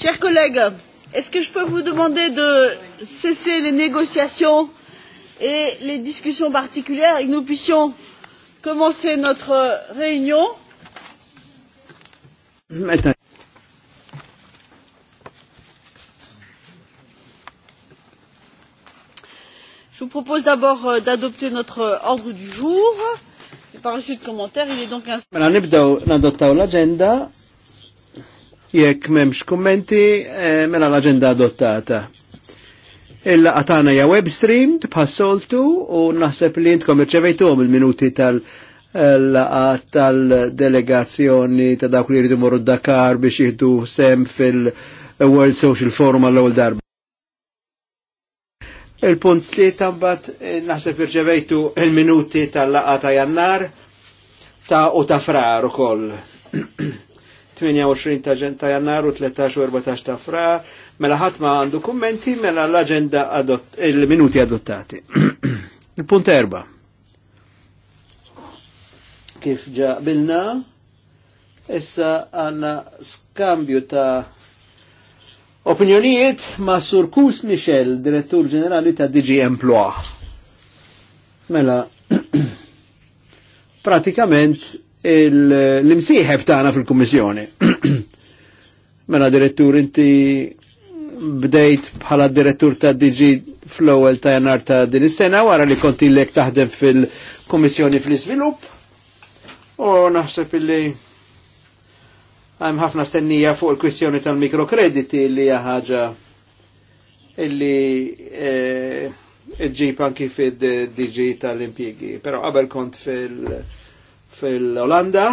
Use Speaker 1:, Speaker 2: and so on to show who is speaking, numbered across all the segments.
Speaker 1: Chers collègues, est-ce que je peux vous demander de cesser les négociations et les discussions particulières et que nous puissions commencer notre réunion Maintenant. Je vous propose d'abord euh, d'adopter notre ordre du jour. Par un suite commentaire, il est donc
Speaker 2: mela l'agenda. Jekk memx kommenti, eh, mela l-agenda adottata. Illa għatana ja web stream, tpassoltu u naħseb li jintkom għom il-minuti tal-delegazzjoni ta' dawk li jridu morru Dakar biex jihdu sem fil-World Social Forum għall-ewwel darba. Il-punt li tambat eh, naħseb irċevejtu il-minuti tal-laqa ta' jannar ta' u ta' frar ukoll. koll. 28 ta' ġenta jannar u 13 u 14 ta' fra, mela ħatma għandu kummenti, mela l-agenda adott, il-minuti adottati. Il-punt erba. Kif ġabilna. issa għanna skambju ta' opinjonijiet ma' Sur Kus Michel, direttur ġenerali ta' DG Emploi. Mela, pratikament l-imsieħeb tagħna fil-Kummissjoni. mela direttur inti bdejt bħala direttur ta' DG fl-ewwel ta' jannar ta' din is-sena wara li konti lek taħdem fil-Kummissjoni fl-Iżvilupp. U naħseb illi hemm ħafna stennija fuq il-kwistjoni tal-mikrokrediti li hija ħaġa illi e, ġib anki fid-DG tal impjiegi Però qabel kont fil- fil-Olanda,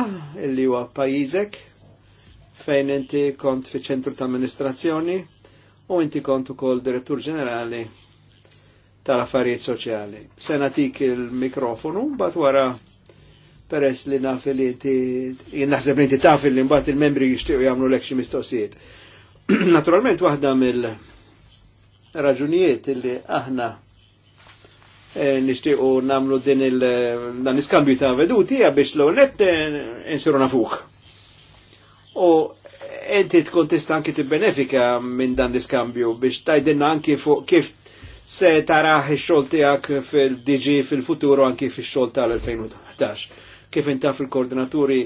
Speaker 2: illi huwa pajjiżek, fejn inti kont fi ċentru ta' amministrazzjoni u inti kont ukoll direttur ġenerali tal-affarijiet soċjali. Se natik il-mikrofonu, bat wara peress li naf li inti, naħseb li inti taf li mbagħad il-membri jixtiequ jagħmlu lek xi mistoqsijiet. Naturalment waħda mill-raġunijiet illi aħna Eh, nishtiqu namlu din il dan iskambju ta' veduti biex l net eh, insiru nafuk. U enti tkun tista' anki tibbenefika minn dan l-iskambju biex tajdinna anki fuq kif se taraħ ix-xogħol tiegħek fil-DG fil futuro anki fix-xogħol tal-2011. Kif inta fil-koordinaturi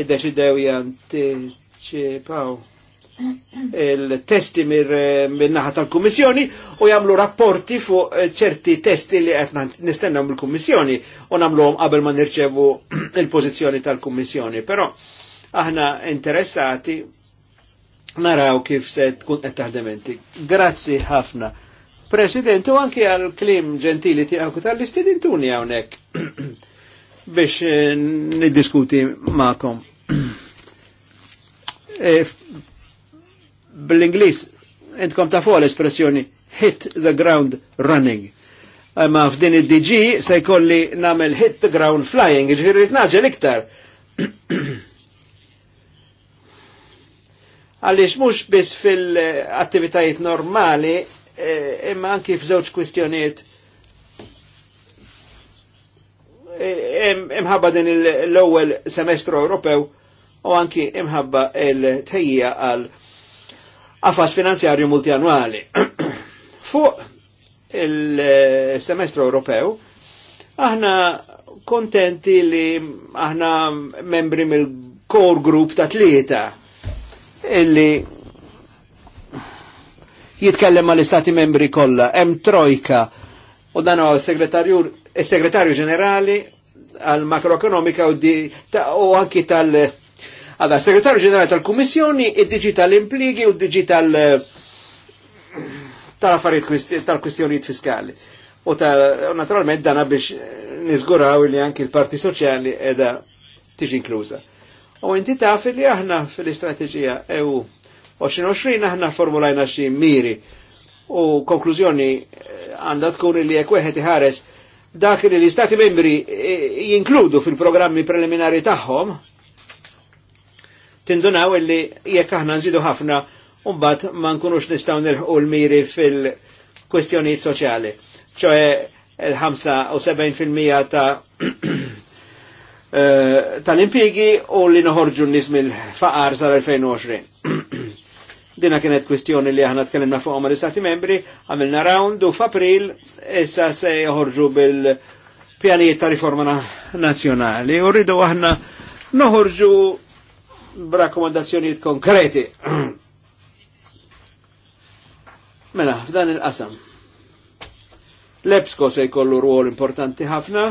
Speaker 2: id-deċidew janticipaw il-testi minnaħa tal-Kummissjoni u jagħmlu rapporti fuq eh, ċerti testi li qed nistenna mill-Kummissjoni u nagħmluhom qabel ma nirċevu il-pożizzjoni tal-Kummissjoni. Però aħna interessati naraw kif se tkun qed taħdem Grazzi ħafna. President, u anki għal klim ġentili tiegħek tal-istidintuni hawnhekk biex eh, niddiskuti ma'kom. Eh, bl-Inglis entkom ta' fuq l-espressjoni hit the ground running. Ma f'din id-DG se jkolli namel hit the ground flying, ġifiri naġel iktar. Għalix mux bis fil-attivitajiet normali, eh, imma anki f'żewġ kwistjoniet eh, imħabba din l-ewwel semestru Ewropew u anki imħabba il-tejja għal għafas finanzjarju multianwali. Fuq il-semestru Ewropew, aħna kontenti li aħna membri mill-core group ta' tlieta illi jitkellem mal istati membri kollha, hemm trojka u dan huwa segretarju ġenerali għal makroekonomika u anki tal- Għada, segretarju ġenerali tal-Kummissjoni, id-digital impligi u digital eh, tal-affarijiet tal-kwistjonijiet fiskali. U naturalment dana biex eh, nizguraw li anki l-parti soċjali edha tiġi inkluża. U inti taf li aħna fil-istrateġija EU 2020 aħna formulajna xi miri u konklużjoni eh, għandha tkun li jekk weħed iħares dak li l-istati membri jinkludu fil-programmi preliminari tagħhom tindunaw illi jekk aħna nżidu ħafna Umbat ma nkunux nistaw nilħu l-miri fil-kwestjonijiet soċjali. ċoħe il-75% ta' eh, tal-impiegi u li noħorġu n-nis mill-faqar sal-2020. Dina kienet kwestjoni li aħna tkellimna fuq ma l-istati membri, għamilna round u f'april issa se joħorġu bil-pjanijiet ta' riforma nazjonali u rridu aħna noħorġu b'rakkomandazzjonijiet konkreti. mela, f'dan il-qasam. L-EBSCO se jkollu ruol importanti ħafna,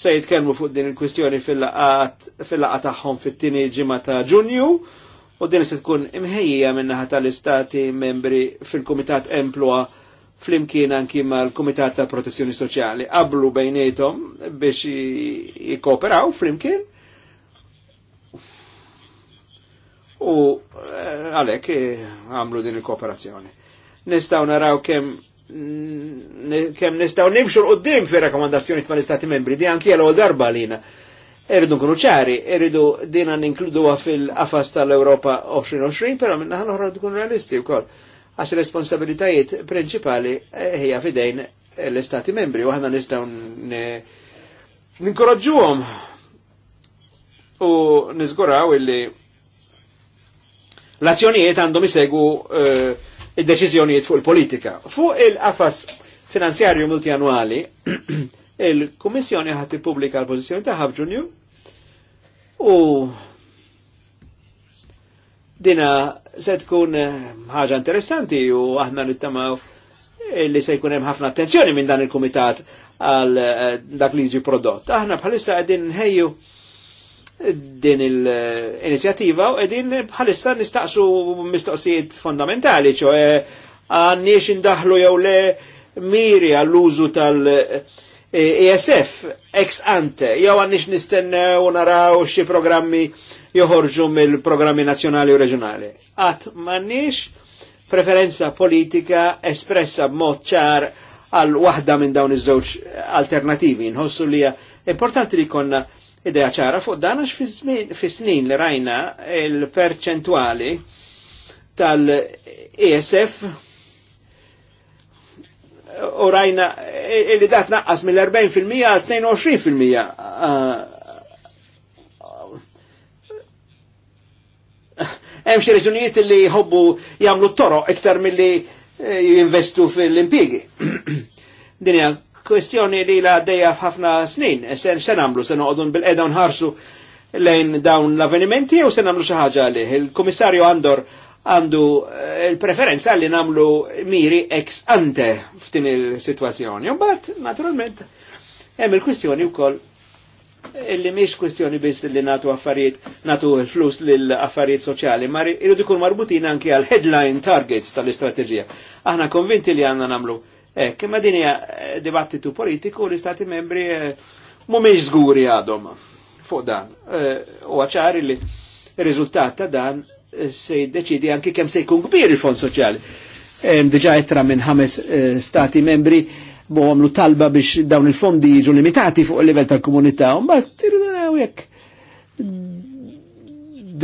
Speaker 2: se jitkellmu fuq din il-kwistjoni fil-laqat tagħhom fit-tieni ġimgħa ta' Ġunju u din se tkun imħejja minnaħa tal-istati membri fil-Kumitat Emploa flimkien anki mal-Kumitat ta' Protezzjoni Soċjali qablu bejnietom biex jikoperaw flimkien u eh, għalek eh, għamlu din il-kooperazzjoni. Nistaw naraw kem kem nistaw nimxu l-qoddim fi rekomandazzjoni tal istati membri, di anki għal darba lina. Eridu nkunu ċari, eridu dina ninkluduwa fil afas tal-Europa 2020, pero minna ħal-ħra tkun realisti u koll. Għax responsabilitajiet principali eh, hija fidejn l-istati membri, u ħana nistaw ninkoraġġuhom u nizguraw illi L-azzjonijiet għandhom isegwu uh, eh, id-deċiżjonijiet fuq il-politika. Fuq il-qafas finanzjarju multianwali, il-Kummissjoni ħadd tippubblika l-pożizzjoni tagħha Ġunju. u dina se tkun eh, ħaġa interessanti u aħna nittamaw eh, li se jkun hemm ħafna attenzjoni minn dan il-kumitat għal dak li jiġi prodott. Aħna bħalissa qegħdin nħejju din il-inizjattiva u edin bħalissa nistaqsu mistoqsijiet fondamentali, ċo eh, għanniex indaħlu jew le miri għall-użu tal-ESF ex ante, jew għanniex nistennew naraw xi programmi joħorġu mill-programmi nazjonali u reġjonali. Għat m'għandniex preferenza politika espressa b'mod ċar għal waħda minn dawn iż-żewġ alternativi. Nħossu li importanti li konna idea ċara fuq dan għax fis-snin li rajna il-perċentwali tal-ESF u rajna li dat naqqas mill-40% għal 22% hemm xi reġunijiet li jħobbu jagħmlu toro iktar milli eh, jinvestu fil-impjiegi. Dinja kwestjoni li la għaddeja f'ħafna snin. E sen se namlu, se noqogħdu bil edha nħarsu lejn dawn l-avvenimenti u se namlu xi ħaġa Il-Kummissarju Andor għandu eh, il-preferenza li namlu miri ex ante f'din il-sitwazzjoni. U bat, naturalment, hemm il-kwistjoni wkoll illi miex kwestjoni biss li natu affarijiet, natu flus l-affarijiet soċjali, ma irridu kun marbutin anki għal headline targets tal-istrateġija. Aħna konvinti li għanna namlu Ek, ma din hija eh, dibattitu politiku li stati membri eh, mhumiex żguri għadhom fuq dan. Eh, U ċari li riżultat ta' dan se jiddeċidi anki kemm se jkun kbir il-Fond Soċjali. Diġà etra minn ħames stati membri bo għamlu talba biex dawn il-fondi jiġu limitati fuq il-level tal-komunità, un bat jek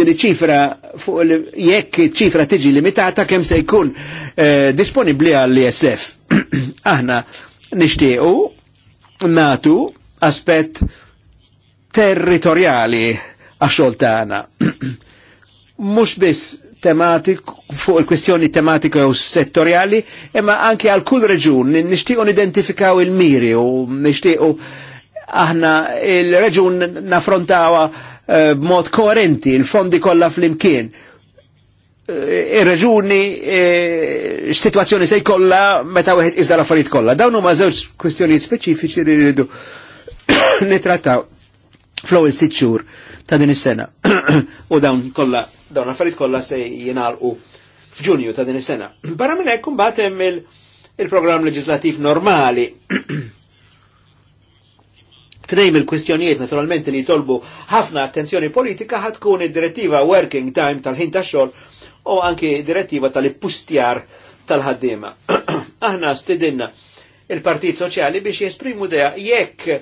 Speaker 2: din ċifra fuq jekk ċifra tiġi limitata kemm se jkun disponibli għall-ISF. Aħna nixtiequ natu aspett territorjali għaxoltana. tagħna. Mhux biss tematik fuq il-kwestjoni tematika u settorjali, imma anke għal kull reġun nixtiequ nidentifikaw il-miri u nixtiequ aħna il-reġun nafrontawa eh, b'mod koerenti, il-fondi kollha flimkien Eh, ir-raġuni eh, x-situazzjoni se jkollha meta wieħed iżda l-affarijiet kollha. Dawn huma żewġ kwistjonijiet speċifiċi li rridu nitrattaw flow ewwel sitt xhur ta' din is-sena. U dawn kollha dawn affarijiet kollha se jingħalqu f'Ġunju ta' din is-sena. Barra minn hekk imbagħad hemm il-programm leġislativ normali. Tnejn il-kwistjonijiet naturalment li jitolbu ħafna attenzjoni politika tkun id-direttiva working time tal-ħin tax-xogħol u anki direttiva tal-ippustjar tal-ħaddima. Aħna stedinna il-Partit Soċjali biex jesprimu dea jekk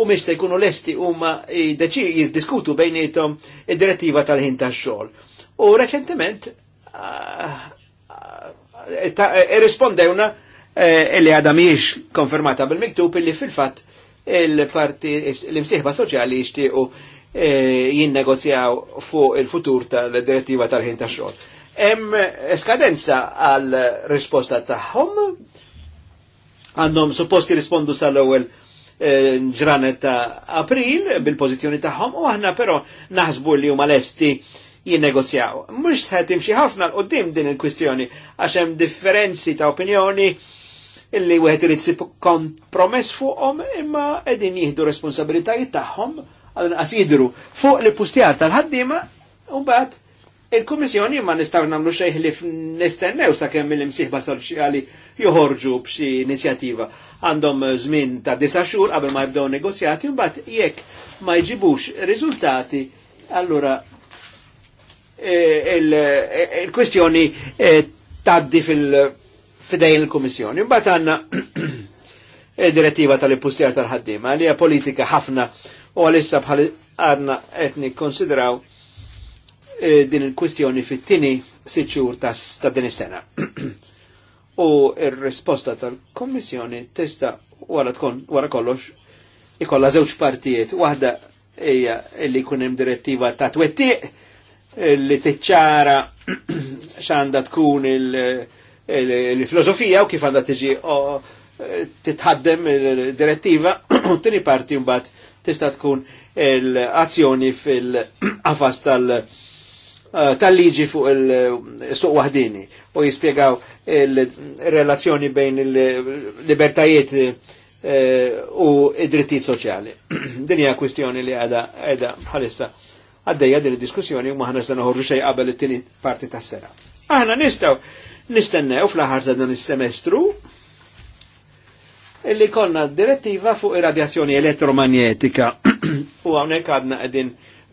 Speaker 2: u mis se jkunu lesti huma jiddiskutu bejnietom id-direttiva tal-ħin tax-xogħol. U reċentement ah, ah, irrispondewna eh, illi għadha miex konfermata bil-miktub illi fil-fatt il-parti l-imsieħba soċjali jixtiequ Eh, jinnegozjaw fuq il-futur tal-direttiva tal-ħin ta' xogħol. Hemm skadenza għal risposta tagħhom għandhom supposti rispondu sal-ewwel eh, ġranet ta' april bil-pożizzjoni tagħhom u aħna però naħsbu li huma lesti jinnegozjaw. Mhux se timxi ħafna l qoddim din il-kwistjoni għax hemm differenzi ta' opinjoni illi wieħed irid kompromess fuqhom imma qegħdin jieħdu responsabilitajiet tagħhom għas jidru fuq li pustijar tal-ħaddima u bat il-Komissjoni ma nistaw namlu xejn li nistennew sa kemm il msiħba soċjali joħorġu b'xi inizjattiva. Għandhom eh, żmien ta' disa xhur qabel ma jibdew negozjati u mbagħad jekk ma jġibux riżultati, allura eh, eh, il-kwestjoni taddi fil-fidejn il-Komissjoni. Mbagħad għandna direttiva tal-impustjar tal-ħaddiema li hija politika ħafna u għalissa bħal għadna etni konsideraw eh, din il-kwistjoni fit-tini siċur ta' din is-sena. u il risposta tal-Kommissjoni testa wara tkun wara kollox ikolla żewġ partijiet. Waħda hija li jkun hemm direttiva ta' twettiq eh, li tiċċara x'għandha tkun il-filosofija u kif għandha tiġi eh, titħaddem il-direttiva u tini parti mbagħad tista' tkun l-azzjoni fil-qafas tal- eh, liġi fuq il-suq eh, wahdini u jispiegaw il-relazzjoni bejn il-libertajiet eh, u id-drittijiet soċjali. Din hija kwistjoni li għada għada bħalissa għaddejja din id-diskussjoni u maħna se noħorġu xejn qabel it-tieni parti tas-sena. Aħna nistgħu nistennew fl-aħħar ta' dan is-semestru Illi konna direttiva fuq irradjazzjoni elettromagnetika u hawnhekk għadna qegħdin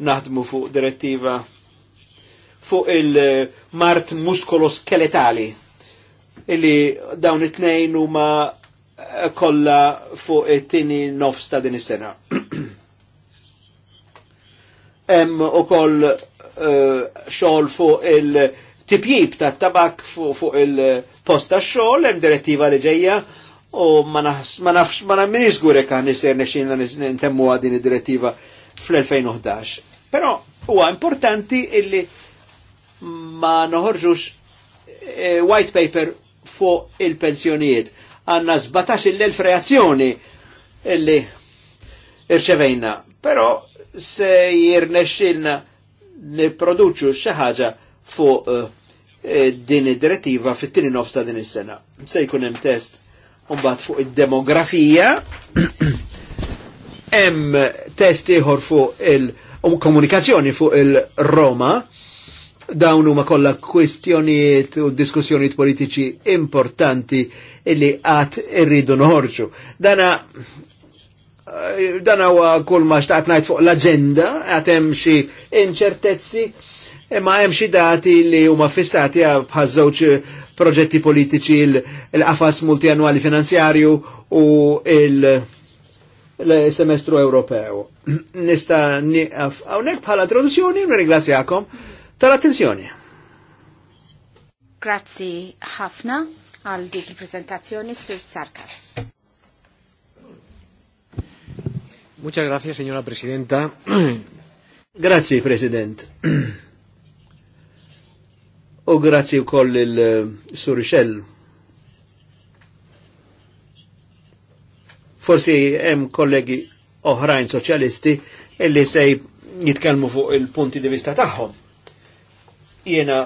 Speaker 2: naħdmu fuq direttiva fuq il-mart muskoloskeletali illi dawn it-tnejn huma eh, kolla fuq it tini nofs ta' din is-sena. Hemm ukoll eh, xogħol fuq il- tipjib ta' tabak fuq il-posta xogħol hemm direttiva li ġejja u ma nafx ma nafx gurek għan nisir nexina nintemmu għadin id-direttiva fl-2011. Però huwa importanti illi ma noħorġux eh, white paper fuq il-pensjonijiet. Għanna 17.000 reazzjoni illi irċevejna. Però se jirnexxilna niproduċu ħaġa fuq eh, din id-direttiva fit tieni nofs ta' din is-sena. Se jkun hemm test Umbat fuq il demografija hemm um, testi ħor fuq il-komunikazzjoni fuq il-Roma, dawn huma kollha kwistjonijiet u diskussjonijiet politiċi importanti illi qatt irridu noħorġu. Dana eh, dan huwa kull ma xtaqt ngħid fuq l-aġenda, għad hemm xi inċertezzi, imma hemm xi dati li huma fissati bħaż żewġ proġetti politiċi, il-qafas multianuali finanzjarju u il-semestru Ewropew. Nista niqaf għawnek bħala introduzzjoni u nirringrazzjakom tal-attenzjoni.
Speaker 3: Grazzi ħafna għal dik il-prezentazzjoni sur Sarkas.
Speaker 4: Muchas gracias, señora presidenta.
Speaker 2: Grazie, Presidente. u grazzi wkoll il-Surixell. Eh, Forsi hemm kollegi oħrajn soċjalisti illi se jitkellmu fuq il-punti di vista tagħhom. Jiena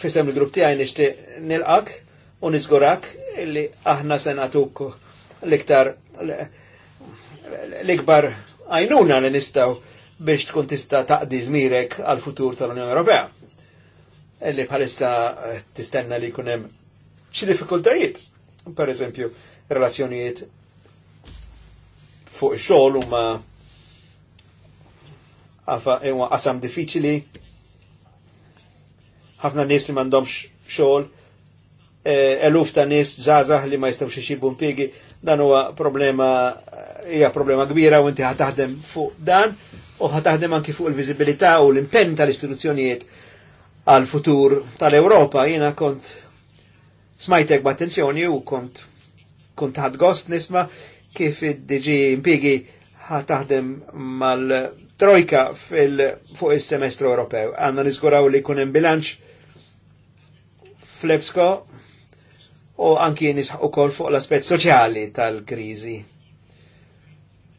Speaker 2: fisem il-grupp tiegħi nixtieq nilqak u nizgurak illi aħna se nagħtuk l-iktar l-ikbar għajnuna li nistaw biex tkun tista taqdi żmirek għal-futur tal-Unjoni Ewropea li bħalissa eh, tistenna li kunem xi diffikultajiet. Per eżempju, relazzjonijiet fuq xogħol huma eh, huwa qasam diffiċili. Ħafna nies li m'għandhomx xogħol, eh, eluf ta' nies żgħażagħ li ma jistgħux ixibu impjiegi, dan huwa problema hija problema kbira u inti ħataħdem fuq dan u ħataħdem anki fuq il-viżibilità u l-impenn tal-istituzzjonijiet għal futur tal-Europa. jina kont smajtek b'attenzjoni u kont kont ħad gost nisma kif id-DG impigi taħdem mal-trojka fuq il-semestru Ewropew. Għanna nizguraw li kunem bilanċ f'Lebsko u anki nisħu kol fuq l-aspet soċjali tal-krizi.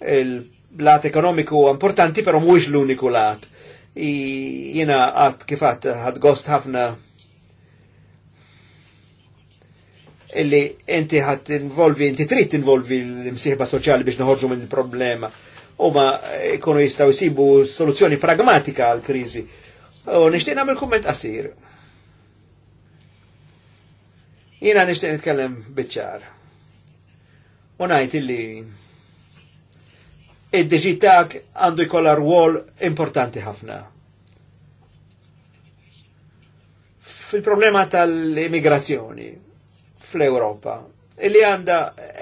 Speaker 2: Il-lat ekonomiku importanti, pero mhuwiex l-uniku lat jina għat kifat għad gost ħafna illi inti għat involvi, inti trit involvi l-imsieħba soċjali biex noħorġu minn problema U ma ikonu jistaw jisibu soluzzjoni pragmatika għal krizi. U nishtiq namil kumment għasir. Jina nishtiq nitkellem bieċar. U najt illi id-diġitak għandu jkollar rwol importanti ħafna. Fil-problema tal immigrazjoni fl-Europa, illi għanda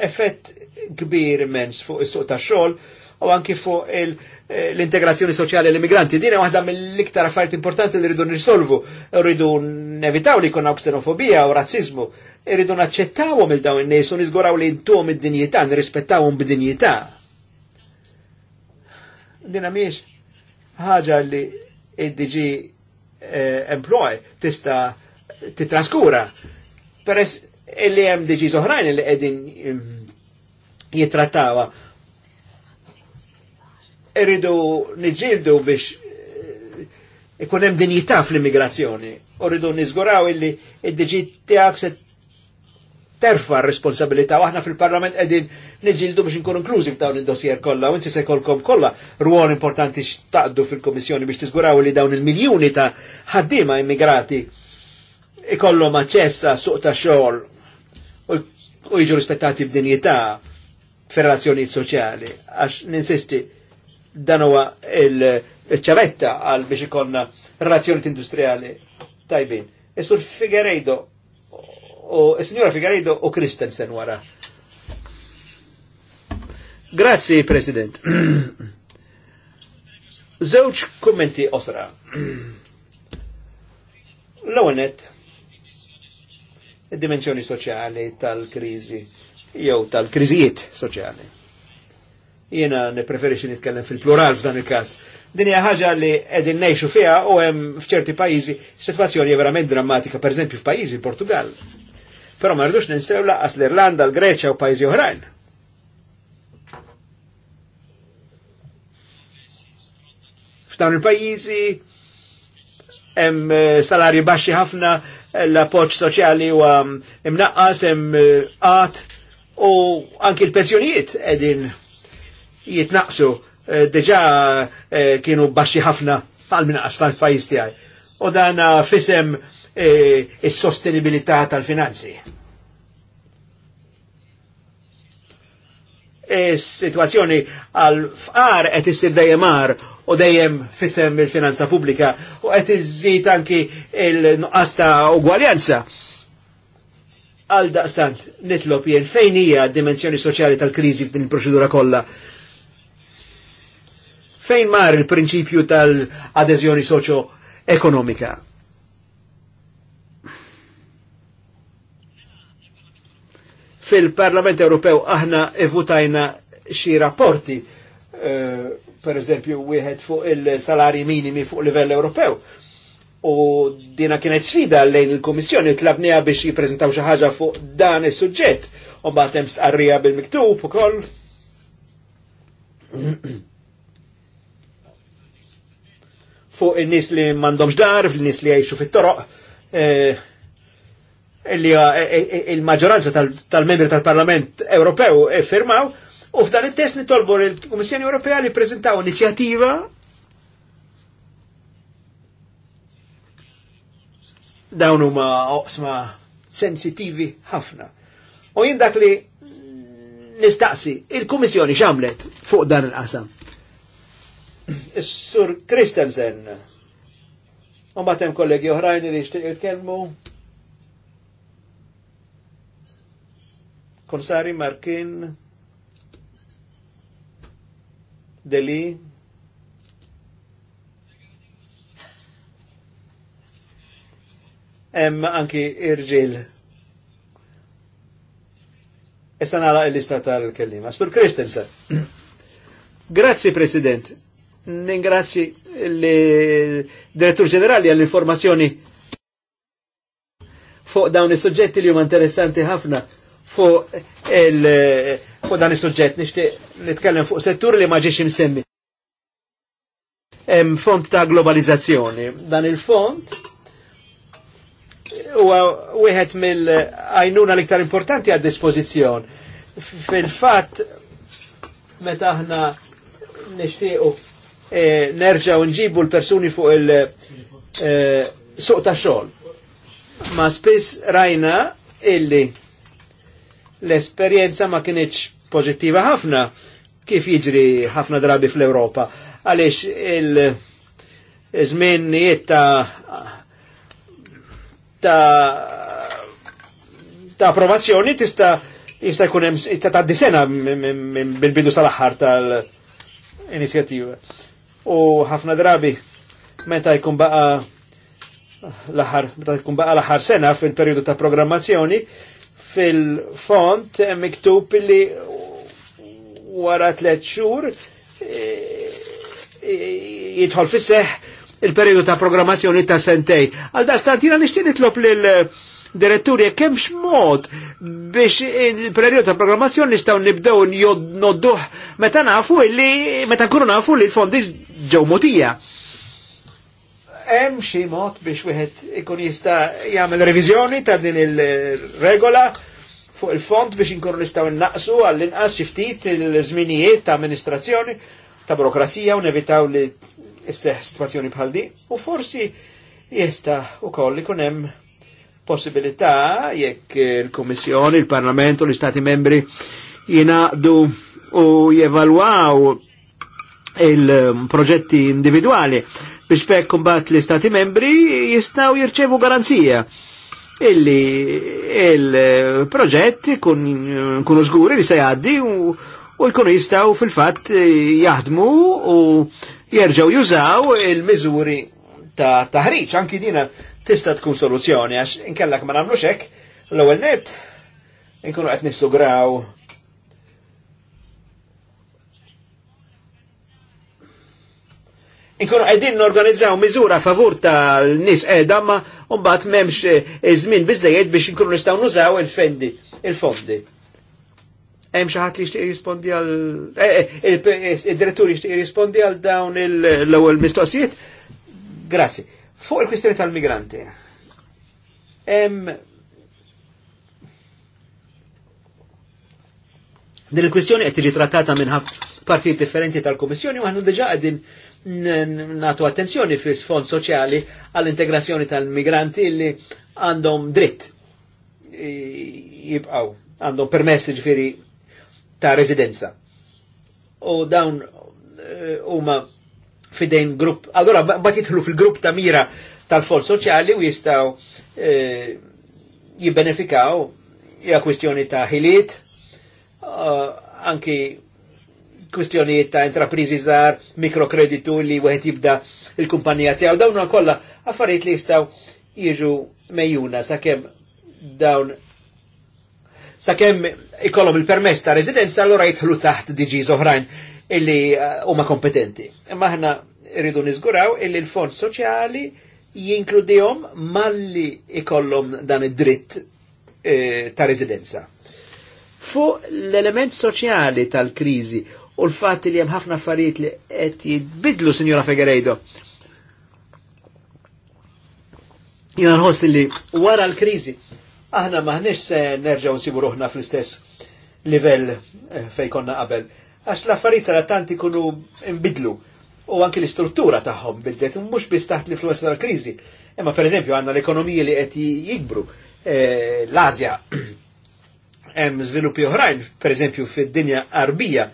Speaker 2: effett kbir mens fuq is-suq ta' xol u anki fuq eh, l-integrazzjoni soċjali l-immigranti. Dina waħda mill-iktar affarijiet importanti li rridu nirsolvu, rridu nevitaw li jkun xenofobija u razzizmu, rridu naċċettawhom il dawn in-nies u niżguraw li ntuhom id-dinjità, nirrispettawhom b'dinjità dina miex ħaġa li id-DG eh, employ tista titraskura. Peress illi hemm DG oħrajn li qegħdin mm, jitrattawa. Irridu niġġieldu biex eh, ikun hemm dinjità fl-immigrazzjoni. Urridu niżguraw illi id-DG tiegħek se terfa responsabilità u aħna fil-parlament edin nġildu biex nkun inklużiv f'dawn il-dossier kollha u se jkollkom kollha ruol importanti x'taqdu fil-Kommissjoni biex tiżguraw li dawn il-miljuni ta' ħaddiema immigrati ikollhom aċċess suq ta' xogħol u jiġu rispettati b'dinjità fir-relazzjonijiet soċjali. Għax ninsisti dan huwa il-ċavetta għal biex ikollna relazzjoni industrijali tajbin. Isur e figerejdo u signora Figarido u Kristensen wara. Grazzi, President. Zewċ kommenti osra. L-għonet, dimensjoni soċjali tal-krizi, jew tal krizijiet soċjali. Jena preferisċi nitkellem fil-plural f'dan il-kas. Din hija ħaġa li qegħdin ngħixu fiha u hemm f'ċerti pajjiżi sitwazzjoni verament drammatika, pereżempju f'pajjiżi Portugal Però ma rridux ninsew laqas l-Irlanda, l-Greċja u pajjiżi oħrajn. F'dawn il-pajjiżi hemm eh, salarji baxxi ħafna, eh, l-appoġġ soċjali huwa mm, imnaqqas hemm qat, eh, u anki l-pensjonijiet qegħdin jitnaqsu Diġà kienu baxxi ħafna tal-minqas tal-pajjiż tiegħi. U dan fisem E, il sostenibilità tal-finanzi. E situazzjoni sitwazzjoni għal fqar qed issir dejjem u dejjem fisem il-finanza pubblika u qed iżid anki il-nuqqas ta' ugwaljanza. Għal daqstant nitlob jien fejn hija d-dimensjoni soċjali tal-kriżi f'din il-proċedura kollha fejn mar il-prinċipju tal-adeżjoni soċo-ekonomika? Fil-Parlament Ewropew aħna votajna xi rapporti, eh, per eżempju, wieħed fuq il-salari minimi fuq livell Ewropew. U dina kienet sfida lejn il-Komissjoni tlabnija biex jippreżentaw xi ħaġa fuq dan is-suġġett. U mbagħad hemm stqarrija bil-miktub ukoll. fuq in-nies li m'għandhomx dar, fil-nies li jgħixu fit-toroq. Eh, li e, e, e, il-maġġoranza tal-membri tal-Parlament Ewropew firmaw u f'dan it-test nitolbu l-Kummissjoni Ewropea li prezentaw inizjattiva dawn huma oqsma sensitivi ħafna. U jien dak li nistaqsi, il-Kummissjoni x'għamlet fuq dan il-qasam. Is-Sur Christensen. U matem kollegi oħrajn li xtieq jitkellmu. Komissari Markin Deli Em anki irġil. Issa e nagħlaq il-lista tal-kellima. Astur Kristensen. Grazzi President. Ningrazzi il-Direttur Ġenerali għall-informazzjoni fuq dawn is-suġġetti li huma interessanti ħafna fuq il fuq dan is-suġġett nixtieq nitkellem fuq settur li ma ġiex imsemmi. Hemm font ta' globalizzazzjoni. Dan il-font huwa wieħed mill-għajnuna l-iktar importanti għad dispożizzjon. Fil-fatt meta aħna nixtiequ e, eh, nerġgħu nġibu l-persuni fuq il-suq eh, ta' xogħol. Ma spiss rajna illi l-esperienza ma kienieċ pozittiva ħafna kif jiġri ħafna drabi fl-Europa. Għalix il żmien ta' ta' ta' approvazzjoni tista' jista' jkun hemm ta' sena bil-bidu sal-aħħar tal-inizjattiva. U ħafna drabi meta jkun baqa l-aħħar meta jkun baqa l-aħħar sena fil-perjodu ta' programmazzjoni, fil-font miktub li wara tlet xhur e, e, jidħol fis il-periodu ta' programmazzjoni ta' sentej. Għal da' stantina nixtieq nitlob lil diretturi kemx mod biex il-periodu ta' programmazzjoni nistaw nibdew nodduh meta nafu li meta nkunu nafu li l-fondi ġew motija. Hemm xi mod biex wieħed ikun jista' jagħmel reviżjoni ta' din il-regola fuq il-fond biex inkunu nistgħu innaqsu għall-inqas xi ftit il-żminijiet ta' amministrazzjoni ta' burokrazija u nevitaw li isseħ situazzjoni bħal di u forsi jista' ukoll ikun hemm possibilità jekk il kummissjoni il-Parlamentu, l-Istati membri jinaqdu u jevalwaw il-proġetti individuali biex bekk kumbat li stati membri jistaw jirċevu garanzija illi il-proġett kun żguri li sejaddi u, jkun jistaw fil fat jahdmu u jerġaw jużaw il mizuri ta' taħriċ, Anki dina tista' tkun soluzzjoni għax inkellak ma nagħmlux xek, l-ewwel net inkunu qed nissugraw Inkunu għedin n-organizzaw mizura favur tal-nis edha ma bat memx eh, izmin bizzejed biex inkunu nistaw nużaw il-fendi, il-fondi. Hemm xi ħadd li jixtieq jirrispondi għal eh, eh, id-direttur jixtieq jirrispondi għal dawn l-ewwel mistoqsijiet. Grazzi. Fuq il-kwistjoni tal-migranti. Hemm Din il-kwistjoni qed tiġi trattata minn ħafna partijiet differenti tal-Kummissjoni u aħna diġà qegħdin natu attenzjoni fil-fond soċjali għall-integrazzjoni tal-migranti illi għandhom dritt jibqaw, għandhom permess ġifiri ta' residenza. U dawn eh, huma fidejn grupp, allora bat jitħlu fil-grupp ta' mira tal-fond soċjali u jistaw eh, jibbenefikaw hija kwistjoni ta' ħiliet, eh, anki kwistjonijiet ta' intraprizi żgħar, mikrokreditu li wieħed jibda il-kumpanija tiegħu, dawn kollha affarijiet li jistgħu jiġu mejjuna sakemm dawn sakemm ikollhom il-permess ta' residenza allura jidħlu taħt diġi oħrajn illi eh, huma kompetenti. Imma aħna rridu niżguraw illi l-fond soċjali jinkludihom malli ikollhom dan id-dritt eh, ta' residenza. Fu l-element soċjali tal-krizi u l fat li hemm ħafna affarijiet li qed jitbidlu, Sinjora Figueiredo. Jina nħoss li wara l-kriżi aħna maħniex se nerġgħu nsibu ruħna fl-istess livell eh, fejn konna qabel. Għax l-affarijiet sara tant ikunu imbidlu u anki l-istruttura tagħhom biddet mhux biss taħt l-influenza tal-kriżi. Imma pereżempju għandna l-ekonomiji li qed jikbru eh, l-Asja hemm żviluppi oħrajn, pereżempju fid-dinja arbija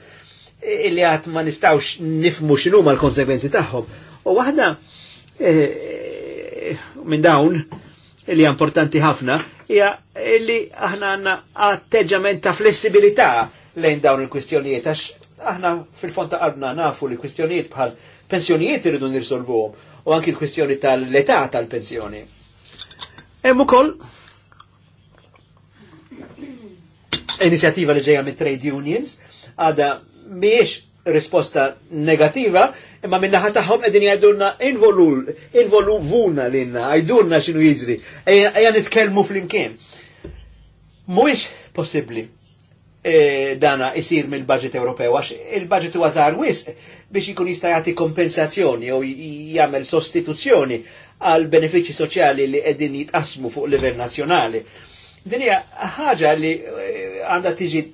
Speaker 2: illi għat ma nistawx nifmu xinu ma l-konsekvenzi tagħhom. U waħda eh, minn dawn illi importanti ħafna hija illi aħna għandna atteġġament ta' flessibilità lejn dawn il-kwistjonijiet għax aħna fil fonta għadna nafu li kwistjonijiet bħal pensjonijiet irridu nirsolvuhom u anki l-kwistjoni tal-età tal-pensjoni. Hemm ukoll inizjattiva li ġejja mit trade unions għadha miex risposta negativa, imma minnaħat taħħom edin jgħidulna vuna l-inna, għajdulna xinu jizri, għajan nitkelmu fl-imkien. Mux possibli e, dana isir mill-budget Ewropew, għax il-budget u għazar wisq biex ikun jista' jagħti kompensazzjoni jew jagħmel sostituzzjoni għal benefiċċji soċjali li qegħdin jitqasmu fuq livell nazzjonali. Din hija ħaġa li e, għandha tiġi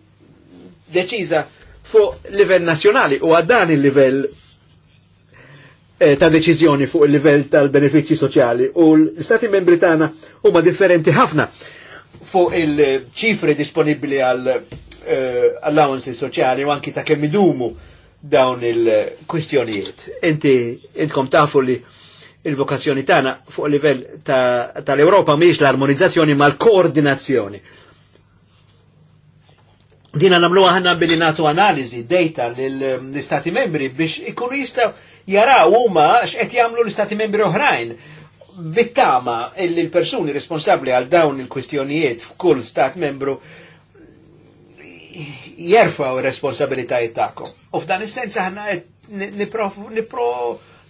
Speaker 2: deċiża fuq livell nazzjonali u għaddan il-livell eh, ta' deċiżjoni fuq il-livell tal-benefiċċji soċjali u l-Stati membri tagħna huma differenti ħafna fuq il-ċifri disponibbli għal allowance eh, allowances soċjali u anki ta' kemm idumu dawn il-kwistjonijiet. Inti intkom tafu li il-vokazzjoni tagħna fuq il livell tal-Ewropa mhix mhijiex l-armonizzazzjoni mal koordinazzjoni Dina namluwa ħanna billi natu analizi, data ehm, l-istati membri biex ikunu jistaw jaraw huma x'qed jagħmlu l-istati membri oħrajn. Bittama illi l-persuni responsabli għal dawn il-kwistjonijiet f'kull stat membru jerfaw responsabilitajiet tagħkom. U f'dan is-sens aħna qed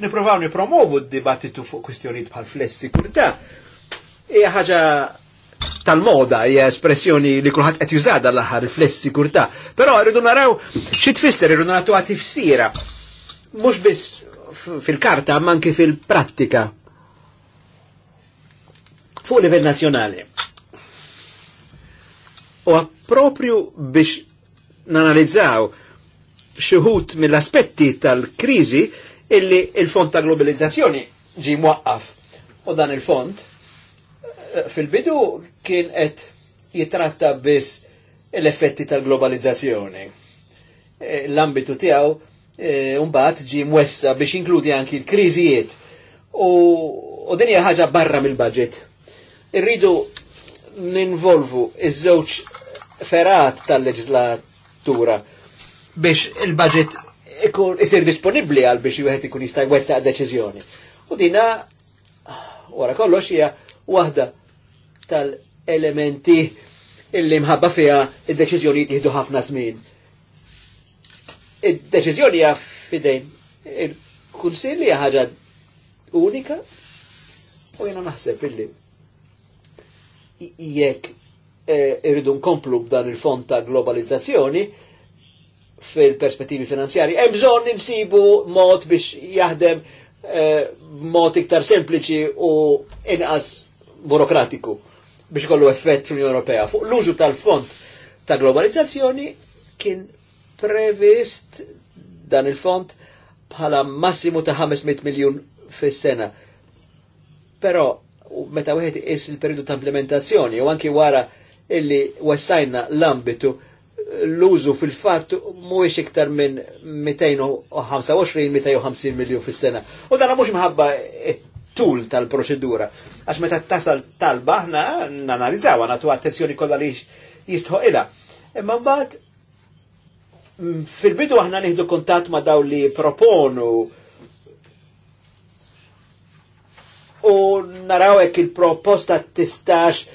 Speaker 2: nipprovaw nipromovu d-dibattitu fuq kwistjonijiet bħal kurta. Hija ħaġa tal-moda hija espressjoni li kulħadd qed jużada l-aħħar fless sikurtà. Però rridu naraw xi tfisser irridu nagħtuha tifsira. Mhux biss fil-karta ma anke fil-prattika. Fuq livell nazzjonali. U propju biex nanalizzaw xuħut mill-aspetti tal-kriżi illi il-fond ta' globalizzazzjoni ġi mwaqqaf. U dan il-fond fil-bidu kien qed jitratta biss l-effetti tal-globalizzazzjoni. E, l-ambitu tiegħu e, mbagħad ġi mwessa biex inkludi anki l-kriżijiet u din ħaġa barra mill-budget. Irridu ninvolvu iż-żewġ ferat tal-leġislatura biex il-budget ikun isir disponibli għal biex wieħed ikun jista' jwettaq deċiżjoni. U dina wara kollox hija waħda tal-elementi illi mħabba fija id-deċizjoni jtihdu ħafna żmien. Id-deċizjoni hija fidejn il-kunsilli hija ħaġa unika u jiena naħseb illi jekk eh, irridu nkomplu b'dan il-fond ta' globalizzazzjoni fil-perspettivi finanzjari, hemm bżonn insibu mod biex jaħdem eh, mod iktar sempliċi u inqas burokratiku biex kollu effett l-Unjoni Ewropea fuq l-użu tal-fond ta' globalizzazzjoni kien previst dan il-fond bħala massimu ta' 500 miljun fis-sena. Però meta wieħed is il-periodu ta' implementazzjoni u anki wara illi wessajna l-ambitu l-użu fil-fatt mhuwiex iktar minn 225-250 miljon fis-sena. U dan mhux mħabba tul tal-proċedura. Għax meta tasal talba ħna nanalizzaw għana tu attenzjoni kollha li jistħoq ila. Imma mbagħad mm, fil-bidu aħna nieħdu kuntatt ma' daw li proponu u naraw hekk il-proposta tistax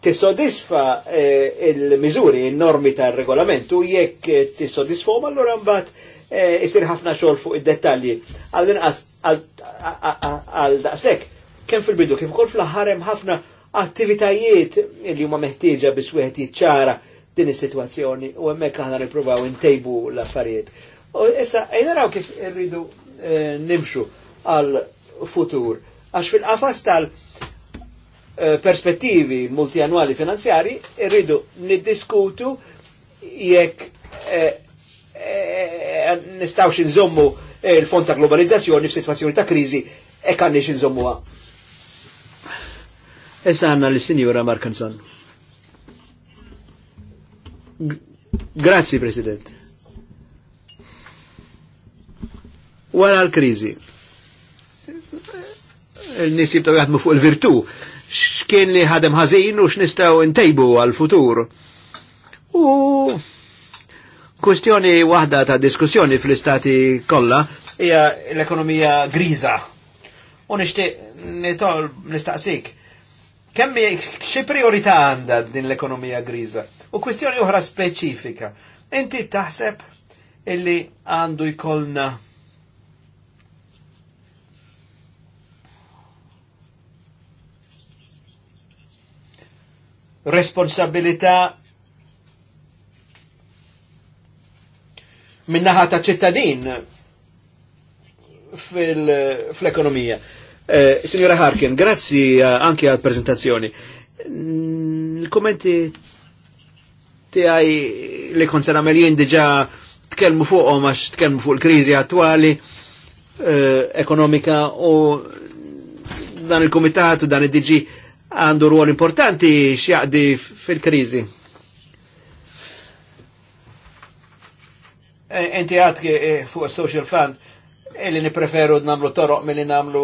Speaker 2: tissodisfa eh, il-miżuri, il-normi tar regolamentu jekk tissodisfhom allura mbagħad Eh, isir ħafna xogħol fuq id-dettalji. Għal inqas għal daqshekk kemm fil-bidu kif ukoll fl-aħħar hemm ħafna attivitajiet li huma meħtieġa biex wieħed jiċċara din is-sitwazzjoni u hemmhekk aħna nippruvaw intejbu l-affarijiet. U issa ejna raw kif irridu eh, nimxu għal futur għax fil-qafas tal- eh, perspettivi multianwali finanzjari irridu niddiskutu jekk nistawx nżommu eh, il-fond ta' globalizzazzjoni f'sitwazzjoni ta' kriżi e xinżommu nżommuha. Issa għanna l-Sinjura Markanson. Grazzi, President. Wara l-krizi, il-nis jibtaw jgħatmu fuq il-virtu, x'kien li ħadem ħażin u x'nistgħu ntejbu għal-futur. U Kustjoni wahda ta' diskussjoni fl-istati kollha hija l-ekonomija griża. U nixtieq nitol nistaqsik. Kemm xi priorità għandha din l-ekonomija griża? U kwestjoni oħra speċifika. Inti taħseb illi għandu jkollna responsabilità minnaħa ta' ċittadin fil ekonomija eh, Signora Harkin, grazzi eh, anki għal prezentazzjoni. Il-kommenti mm, għaj li kont se diġa jien diġà tkellmu fuqhom għax tkellmu fuq eh, il krizi attuali ekonomika u dan il-komitat u dan id-DG għandu ruol importanti x'jaqdi fil-kriżi Enti eh, għad eh, fuq social fund illi nipreferu namlu toroq mill-li namlu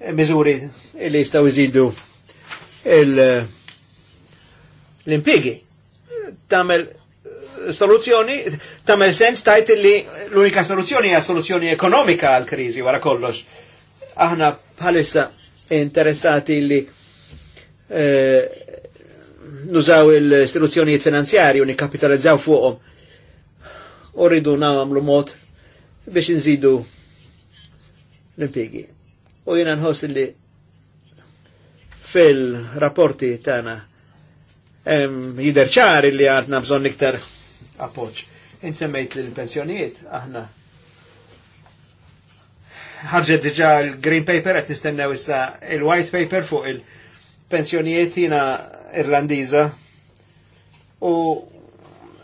Speaker 2: eh, mizuri illi jistaw jizidu l-impigi. Tamel soluzzjoni, tamel sens tajt illi l-unika soluzzjoni hija soluzzjoni ekonomika għal krizi wara kollox. Aħna bħalissa interessati illi eh, nużaw il-istituzzjonijiet finanzjari u nikapitalizzaw fuqhom. U rridu nagħmlu mod biex nżidu l-impjegi. U jiena nħoss li fil-rapporti tagħna jider ċar li għandna bżonn iktar appoġġ. Insemmejt li l-pensjonijiet aħna ħarġet diġà l-green paper qed nistennew issa il-white paper fuq il- pensjonijiet jina Irlandiza u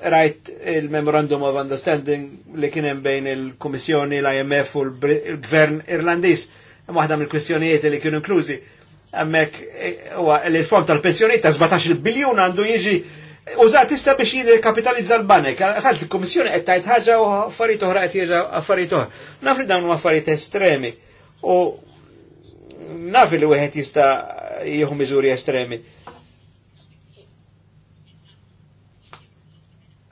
Speaker 2: rajt il-Memorandum of Understanding li kienem bejn il-Komissjoni, l-IMF u l-Gvern Irlandiż. Waħda mill-kwestjonijiet li kienu inklużi. Għammek, e, l-fond tal-pensjoniet ta' 17 biljon għandu jiġi użat issa biex jirkapitalizza l-banek. Għasalt il-Komissjoni qed tajt ħaġa u affarijiet oħra qed jiġa affarijiet oħra. Nafri dawn huma affarijiet estremi. U nafi li wieħed jista' jieħu miżuri estremi.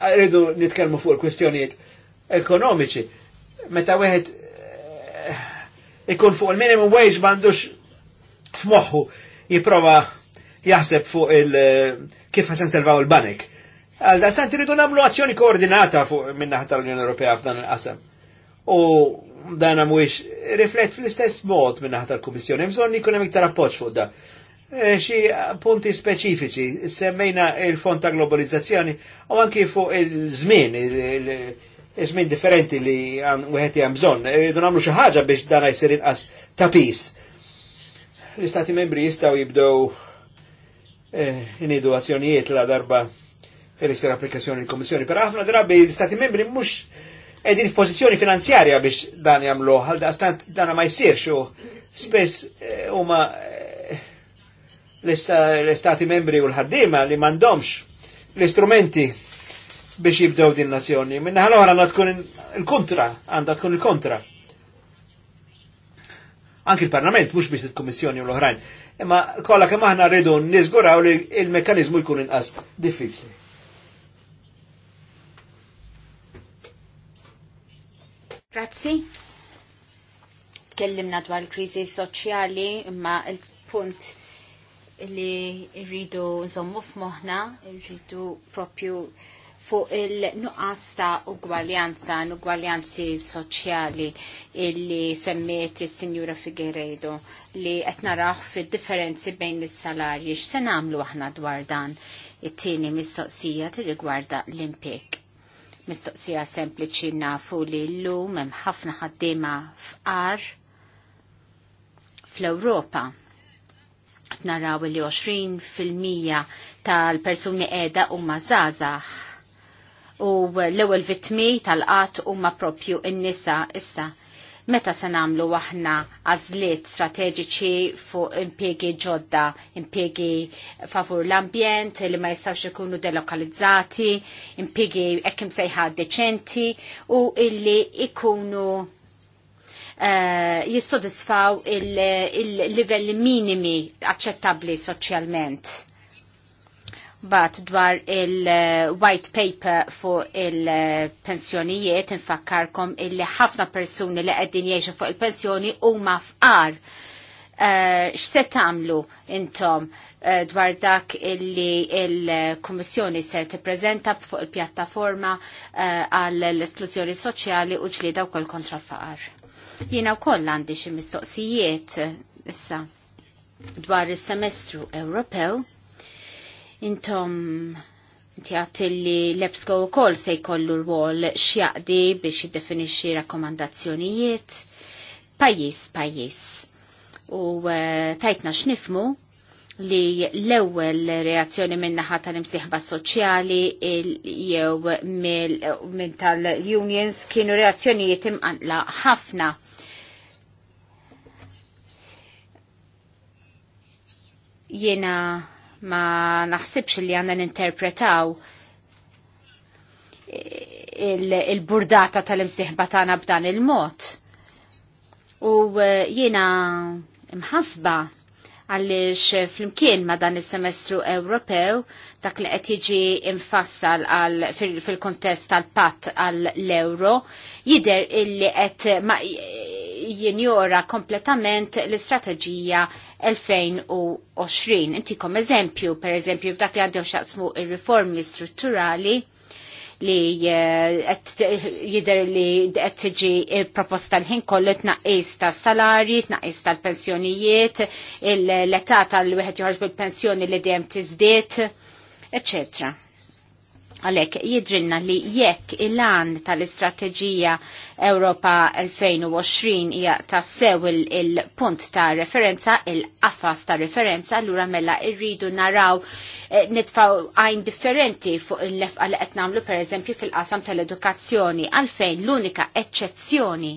Speaker 2: Rridu nitkellmu fuq il kwestjonijiet ekonomiċi. Meta wieħed eh, ikun fuq il-minimum wage m'għandux f'moħħu jipprova jaħseb fuq il- eh, kif ħasen selvaw il-banek. Għal da stant rridu nagħmlu azzjoni koordinata fuq minnaħ tal-Unjoni Ewropea f'dan il-qasam. U dana mwix riflet fl-istess mod minna ħata l-Kummissjoni, bżonn ikun hemm iktar appoġġ fuq da. Eh, xi punti speċifiċi, semmejna il-fond ta' globalizzazzjoni u anki fuq il-żmien, il-żmien differenti li wieħed hemm bżonn. Irridu nagħmlu xi ħaġa biex dana jsir inqas ta' pis. L-Istati membri jistgħu jibdew inidu eh, azzjonijiet la darba il-istir e applikazzjoni l-Komissjoni. Per aħna drabi l istati membri mux edin f'pożizzjoni finanzjarja biex dan jagħmlu għal daqstant dan ma jsirx xo, spess eh, huma eh, l-istati membri u l-ħaddiema li m'għandhomx l-istrumenti biex jibdew din nazzjoni. Minna għal oħra għandha tkun il-kontra, għandha tkun il-kontra. Anki il-Parlament, mhux biex il-Kummissjoni u l-oħrajn. Imma kollha kemm aħna rridu niżguraw li il mekkanizmu jkun inqas diffiċli.
Speaker 3: Grazzi. Tkellimna dwar il-kriżi soċjali imma il-punt li rridu nżommu f'moħħna, rridu propju fuq il-nuqqas ta' ugwaljanza, ugwaljanzi soċjali illi semmiet il-Sinjura Figueredo li qed narah fid-differenzi bejn is-salarji x'se nagħmlu aħna dwar dan it-tieni mistoqsija tirrigwarda l-impjeg. Mistoqsija sempliċi nafu li l-lum hemm ħafna ħaddiema f'qar fl-Ewropa. Naraw li 20% fil-mija tal-persuni qiegħda huma żgħażagħ u l-ewwel vitmi tal-qatt huma propju n-nisa issa Meta se nagħmlu aħna għażliet strateġiċi fuq impjegi ġodda, impjegi favur l-ambjent li ma jistawx ikunu delokalizzati, impjegi ekkim sejħa deċenti u illi ikunu eh, jistodisfaw il-livelli minimi aċċettabbli soċjalment bat dwar il-white paper fuq il-pensjonijiet infakkarkom illi ħafna persuni li qegħdin jgħixu fuq il-pensjoni huma fqar. X'set eh, X'se tagħmlu intom eh, dwar dak illi il-Kummissjoni se tippreżenta fuq il-pjattaforma eh, għall esklużjoni soċjali u ġlieda wkoll kontra l-faqar. Jiena wkoll għandi xi mistoqsijiet issa dwar is-semestru Ewropew Intom inti li l-EBSCO u kol se jkollu rwol xjaqdi biex jiddefinixxi rakkomandazzjonijiet pajis pajis. U eh, tajtna xnifmu li l-ewwel reazzjoni minn naħa tal-imsieħba soċjali jew minn tal-unions kienu reazzjonijiet imqanqla ħafna. Jiena ma naħsibx li għanna ninterpretaw il-burdata il tal-imsiħba tagħna b'dan il-mod. U eh, jiena mħasba għaliex flimkien ma dan is-semestru Ewropew dak li qed jiġi infassal fil-kontest tal-patt għall euro jider illi qed jinjora kompletament l-istrateġija 2020. Inti kom eżempju, per eżempju, f'dak li għandhom xaqsmu il-riformi strutturali li eh, jider li qed tiġi proposta l-ħin kollu tnaqqis tas-salarji, tnaqqis tal-pensjonijiet, l-età tal-wieħed joħorġ bil-pensjoni li dejjem tiżdied, eccetera. Għalek jidrilna li jekk il għan tal-istrateġija Europa 2020 hija tassew il-punt ta' referenza, il-qafas ta' referenza, l-ura mela irridu naraw eh, nitfaw għajn differenti fuq il lef għal qed nagħmlu pereżempju fil-qasam tal-edukazzjoni għalfejn l-unika eċċezzjoni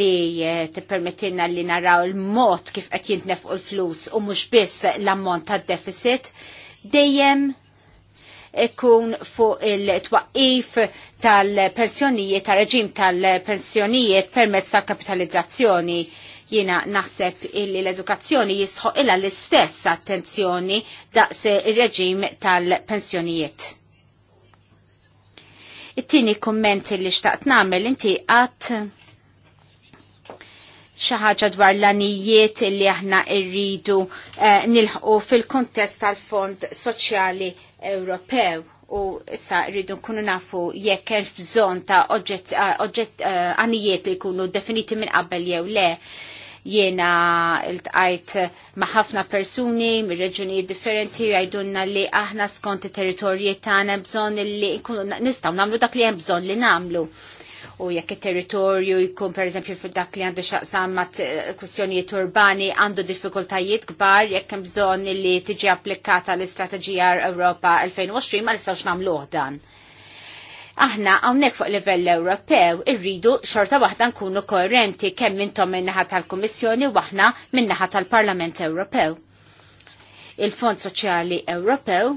Speaker 3: li eh, tippermettilna li naraw il-mod kif qed jintnefqu l-flus u mhux biss l-ammont tad-deficit dejjem ikun fuq il-twaqif tal-pensjonijiet, tal-reġim tal-pensjonijiet permezz tal-kapitalizzazzjoni. Jiena naħseb illi l-edukazzjoni jistħoq illa l-istess attenzjoni daqs il-reġim tal-pensjonijiet. It-tieni komment li xtaqt nagħmel inti għat xi ħaġa dwar l-anijiet li aħna rridu eh, nilħqu fil-kontest tal-Fond Soċjali Ewropew u issa rridu nkunu nafu jekk hemm bżonn ta' oġġett għanijiet li jkunu definiti minn qabel jew le. Jiena l tqajt ma' ħafna persuni mir reġuni differenti jgħidulna li aħna skont it-territorji tagħna bżonn li nkunu nistgħu nagħmlu dak li hemm bżonn li nagħmlu u jekk il-territorju jkun per eżempju dak li għandu xaqsam ma kwestjonijiet urbani għandu diffikultajiet kbar jekk hemm bżonn li tiġi applikata l-istrateġija Ewropa 2020 ma nistgħux nagħmluh dan. Aħna hawnhekk fuq livell Ewropew irridu xorta waħda nkunu koerenti kemm intom min-naħa tal-Kummissjoni u aħna min-naħa tal-Parlament Ewropew. Il-Fond Soċjali Ewropew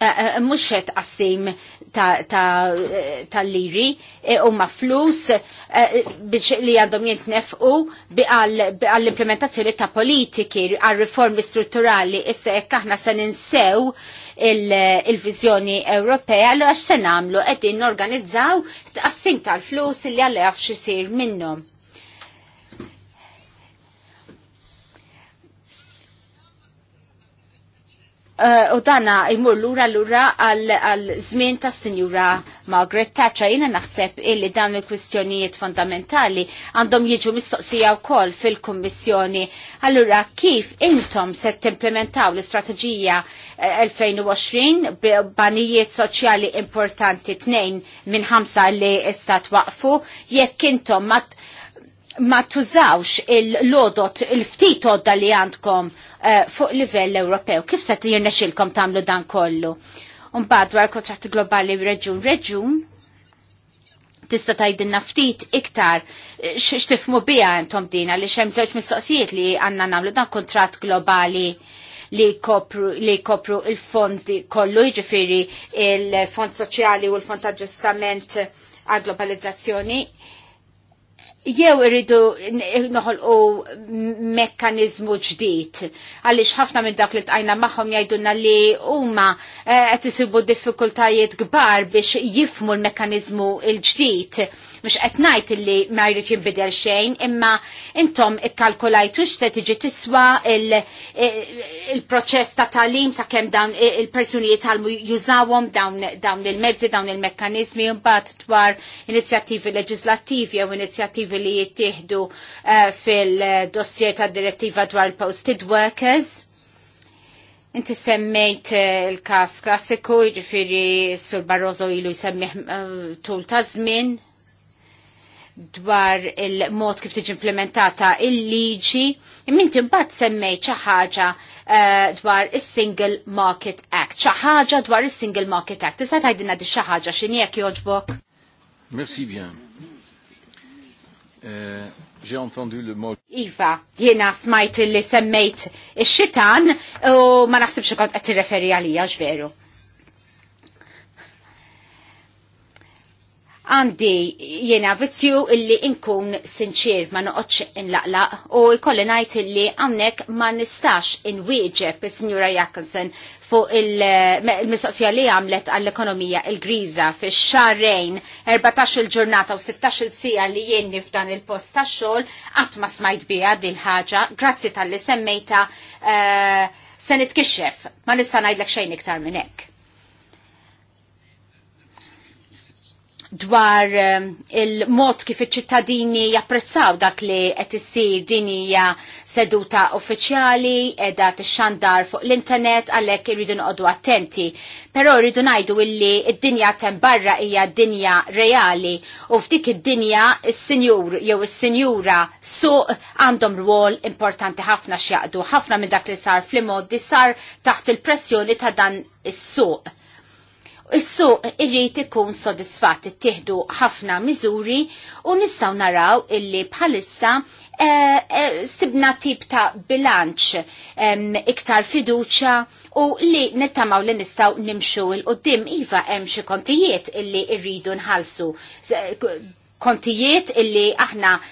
Speaker 3: eh, eh, mhux qed qassim tal-liri e, u ma flus e, biex li għandhom jintnefqu għall-implementazzjoni ta' politiki għal-riformi strutturali issa jekk aħna se ninsew il-vizjoni Ewropea l għax se namlu qegħdin norganizzaw tqassim tal-flus li għalli għafx isir minnhom. Eh, u dana imur lura lura għal żmien ta' sinjura Margaret Thatcher jina naħseb illi dan il-kwistjonijiet fundamentali għandhom jiġu mistoqsija wkoll fil-Kummissjoni. Allura kif intom se t-implementaw l-istrateġija 2020 eh, banijiet soċjali importanti tnejn minn ħamsa li istat waqfu, jekk intom mat ma tużawx il-lodot, il-ftit odda li għandkom eh, fuq livell Ewropew. Kif se tirnexilkom tamlu dan kollu? bad dwar kontrat globali reġun reġun, tista tajdinna ftit iktar eh, x'tifmu biha jentom dina li xem żewġ mistoqsijiet li għandna nagħmlu dan kontrat globali li kopru, li kopru il-fondi kollu, iġifiri il-fond soċjali u l-fond aġġustament għal globalizzazzjoni jew irridu noħolqu mekkanizmu ġdid għaliex ħafna minn dak li tqajna magħhom jgħidulna li huma eh, qed isibu diffikultajiet kbar biex jifmu l mekkanizmu l-ġdid. Mhux qed ngħid illi ma jrid jinbidel xejn, imma intom ikkalkulajtu se tiġi tiswa eh, il-proċess ta' talim sakemm dawn eh, il-persuni għalmu jużawhom dawn il-mezzi, dawn il mekkanizmi mbagħad dwar inizjattivi leġislattivi jew inizjattivi direttivi li jittieħdu uh, fil-dossier ta' direttiva dwar posted workers. Inti semmejt eh, il-kas klassiku, ġifiri sur Barroso ilu jsemmiħ eh, tul ta' żmien dwar il-mod kif tiġi implementata il-liġi, minti mbagħad semmej xi ħaġa dwar is-Single Market Act. Xi ħaġa dwar is-Single Market Act. Tista' tgħidilna di xi ħaġa x'inhi jogħġbok?
Speaker 5: Merci bien. Eh, j'ai entendu le mot.
Speaker 3: Iva, jiena smajt li semmejt ix-xitan u ma naħsibx kont qed tirreferi għalija ġveru. għandi jena vizzju illi inkun sinċir ma noqgħodx inlaqlaq u jkolli najt illi hawnhekk ma nistax inwieġeb is-Sinjura Jackson fuq il-mistoqsija li għamlet għall-ekonomija il-griża fix-xarrejn 14 il-ġurnata u 16 il-sija li jien f'dan il-post tax-xogħol qatt ma smajt biha din ħaġa grazzi tal-li semmejta eh, se kixxef ma nista' ngħidlek xejn iktar minn hekk. dwar ehm, il-mod kif iċ-ċittadini japprezzaw dak li qed issir din hija seduta uffiċjali qiegħda tixxandar fuq l-internet għalhekk irridu noqogħdu attenti. Però rridu ngħidu illi id dinja tem barra hija dinja reali u f'dik id-dinja is-sinjur jew is-sinjura suq għandhom rwol importanti ħafna x'jaqdu. Ħafna minn dak li sar fl li sar taħt il-pressjoni ta' dan is-suq Is-suq irrid ikun sodisfatt ittieħdu ħafna miżuri u nistgħu naraw illi bħalissa E, e, sibna tip ta' bilanċ e, iktar fiduċa u li nittamaw li nistaw nimxu il-qoddim iva hemm xi kontijiet illi rridu nħalsu kontijiet illi aħna uh,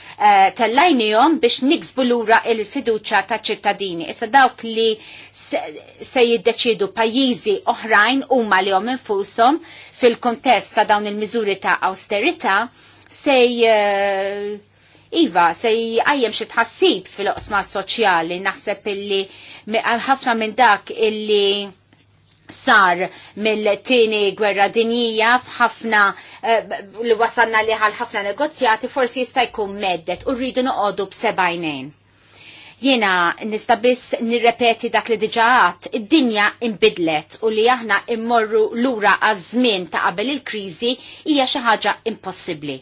Speaker 3: tellajnijom biex niksbu lura il-fiduċa ta' ċittadini. Issa dawk li se, jiddeċidu pajjiżi oħrajn huma li hom infushom fil-kontest ta' dawn il-miżuri ta' austerita se uh, Iva, se jajjem xi tħassib fil-oqsma soċjali naħseb illi ħafna minn dak illi sar mill-tieni gwerra dinjija f'ħafna eh, li wasanna li għal ħafna negozjati forsi jista' jkun meddet u rridu noqogħdu b'sebajnejn. Jiena nista' biss nirrepeti dak li diġà għat, id-dinja imbidlet u li aħna immorru lura għaż-żmien ta' qabel il-kriżi hija xi ħaġa impossibbli.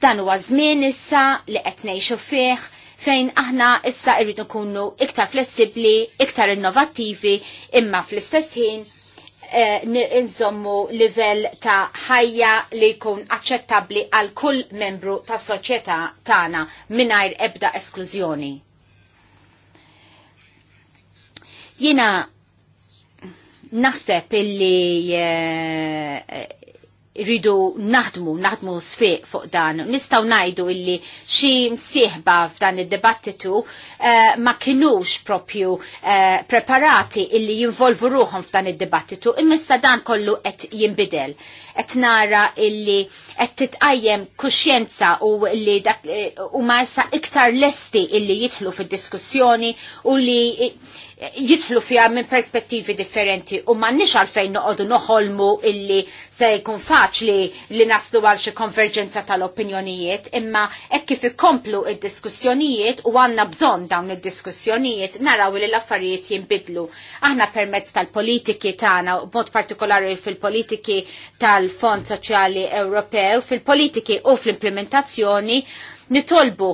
Speaker 3: Dan huwa żmien issa li qed ngħixu fih fejn aħna issa irridu kunnu iktar flessibli, iktar innovattivi, imma fl-istess ħin eh, nżommu livell ta' ħajja li jkun aċċettabbli għal kull membru tas soċjetà tagħna mingħajr ebda esklużjoni. Jiena naħseb illi eh, rridu naħdmu, naħdmu sfiq fuq dan. Nistaw najdu illi xi msieħba f'dan id-dibattitu uh, ma kinux propju uh, preparati illi jinvolvu ruħom f'dan id-dibattitu, immissa dan kollu qed jinbidel. Qed nara illi qed titqajjem kuxjenza u illi dak eh, u ma issa iktar lesti illi jidħlu fid-diskussjoni u li jidħlu fija minn perspettivi differenti u m'għandniex għalfejn noqogħdu noħolmu illi se jkun faċli li naslu għal xi konverġenza tal-opinjonijiet imma hekk kif ikomplu id-diskussjonijiet u għandna bżonn dawn id-diskussjonijiet naraw li l-affarijiet jinbidlu. Aħna permezz tal-politiki tagħna u b'mod partikolari fil-politiki tal-Fond Soċjali Ewropew, fil-politiki u fl-implementazzjoni fil politiki u fl implementazzjoni nitolbu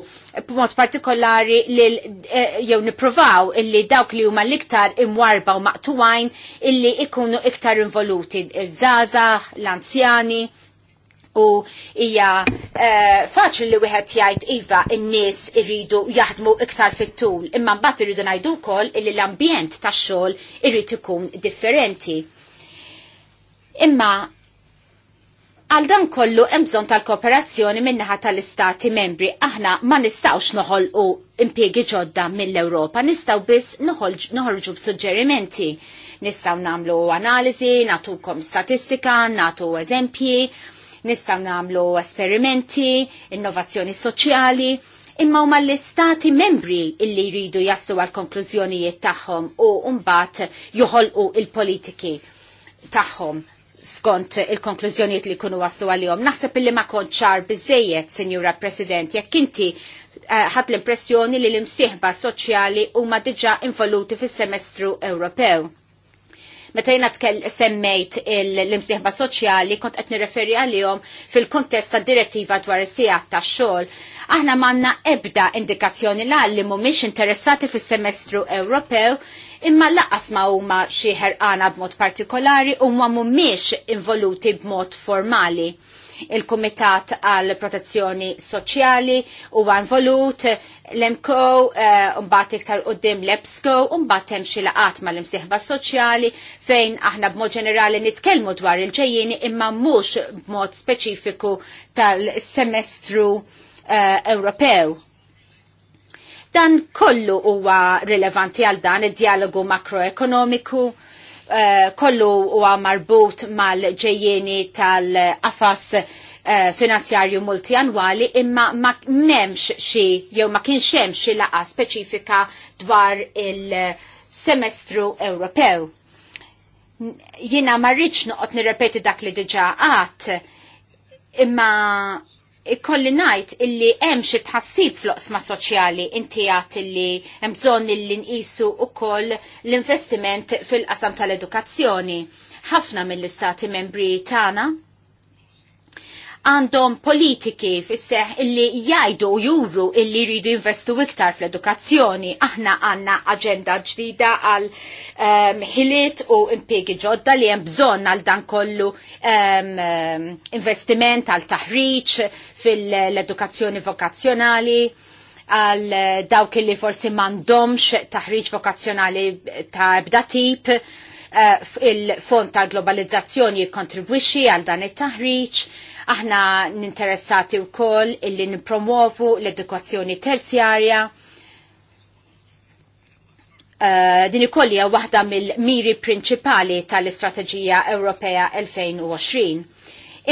Speaker 3: b'mod partikolari eh, jew nippruvaw illi dawk li huma l-iktar imwarba u maqtuwajn illi ikunu iktar involuti iż żaża l-anzjani u hija eh, faċli li wieħed jgħid iva n-nies iridu jaħdmu iktar fit-tul, imma mbagħad iridu ngħidu wkoll illi l-ambjent tax-xogħol irid ikun differenti. Imma Għal dan kollu hemm bżonn tal-kooperazzjoni min-naħa tal-istati membri. Aħna ma nistgħux noħolqu impiegi ġodda mill-Ewropa, nistgħu biss noħorġu b'suġġerimenti. Nistgħu nagħmlu analiżi, natukom statistika, natu eżempji, nistgħu nagħmlu esperimenti, innovazzjoni soċjali, imma huma l-istati membri illi jridu jaslu għal konklużjonijiet tagħhom u mbagħad joħolqu il-politiki tagħhom skont il-konklużjoniet li kunu waslu għal-jom. Naħseb illi ma konċar bizzejiet, Senjura President, jekk inti eh, ħat l-impressjoni li l-imsieħba soċjali huma diġà involuti fis-semestru Ewropew Meta tkell semmejt l-imsieħba soċjali kont qed nirreferi għalihom fil-kuntest ta' direttiva dwar is-sijat tax-xogħol. Aħna m'għandna ebda indikazzjoni la li mhumiex interessati fis-semestru Ewropew imma laqas ma huma xi ħerqana b'mod partikolari u ma mhumiex involuti b'mod formali il-Kumitat għal Protezzjoni Soċjali u għan volut l emko mbagħad uh, iktar qudiem l-EBSCO, un hemm xi laqat mal-imsieħba soċjali fejn aħna b'mod ġenerali nitkellmu dwar il ġejjini imma mhux b'mod speċifiku tal-semestru eh, Ewropew. Dan kollu huwa rilevanti għal dan id-dialogu makroekonomiku, eh, kollu huwa marbut mal ġejjini tal-qafas Eh, finanzjarju multianwali imma ma memx xi jew ma kienx hemm xi laqa speċifika dwar il-semestru Ewropew. Jiena ma rridx noqgħod nirrepeti dak li diġà qatt imma ikolli najt illi hemm xi tħassib fl-oqsma soċjali inti għat illi hemm bżonn illi nqisu wkoll l-investiment fil-qasam tal-edukazzjoni. Ħafna mill-istati membri tagħna għandhom politiki fisseħ illi jajdu juru illi rridu investu iktar fl-edukazzjoni. Aħna għanna agenda ġdida għal ehm, ħiliet hilit u impiegi ġodda li hemm bżonn għal dan kollu um, investiment għal taħriċ fil-edukazzjoni vokazzjonali għal dawk li forsi mandomx taħriġ vokazzjonali ta' ebda tip Eh, il-fond tal-globalizzazzjoni jikkontribwixxi għal dan it-taħriġ, aħna ninteressati wkoll illi nippromuovu l-edukazzjoni terzjarja. Uh, din ikolli hija waħda mill-miri prinċipali tal-Istrateġija Ewropea 2020.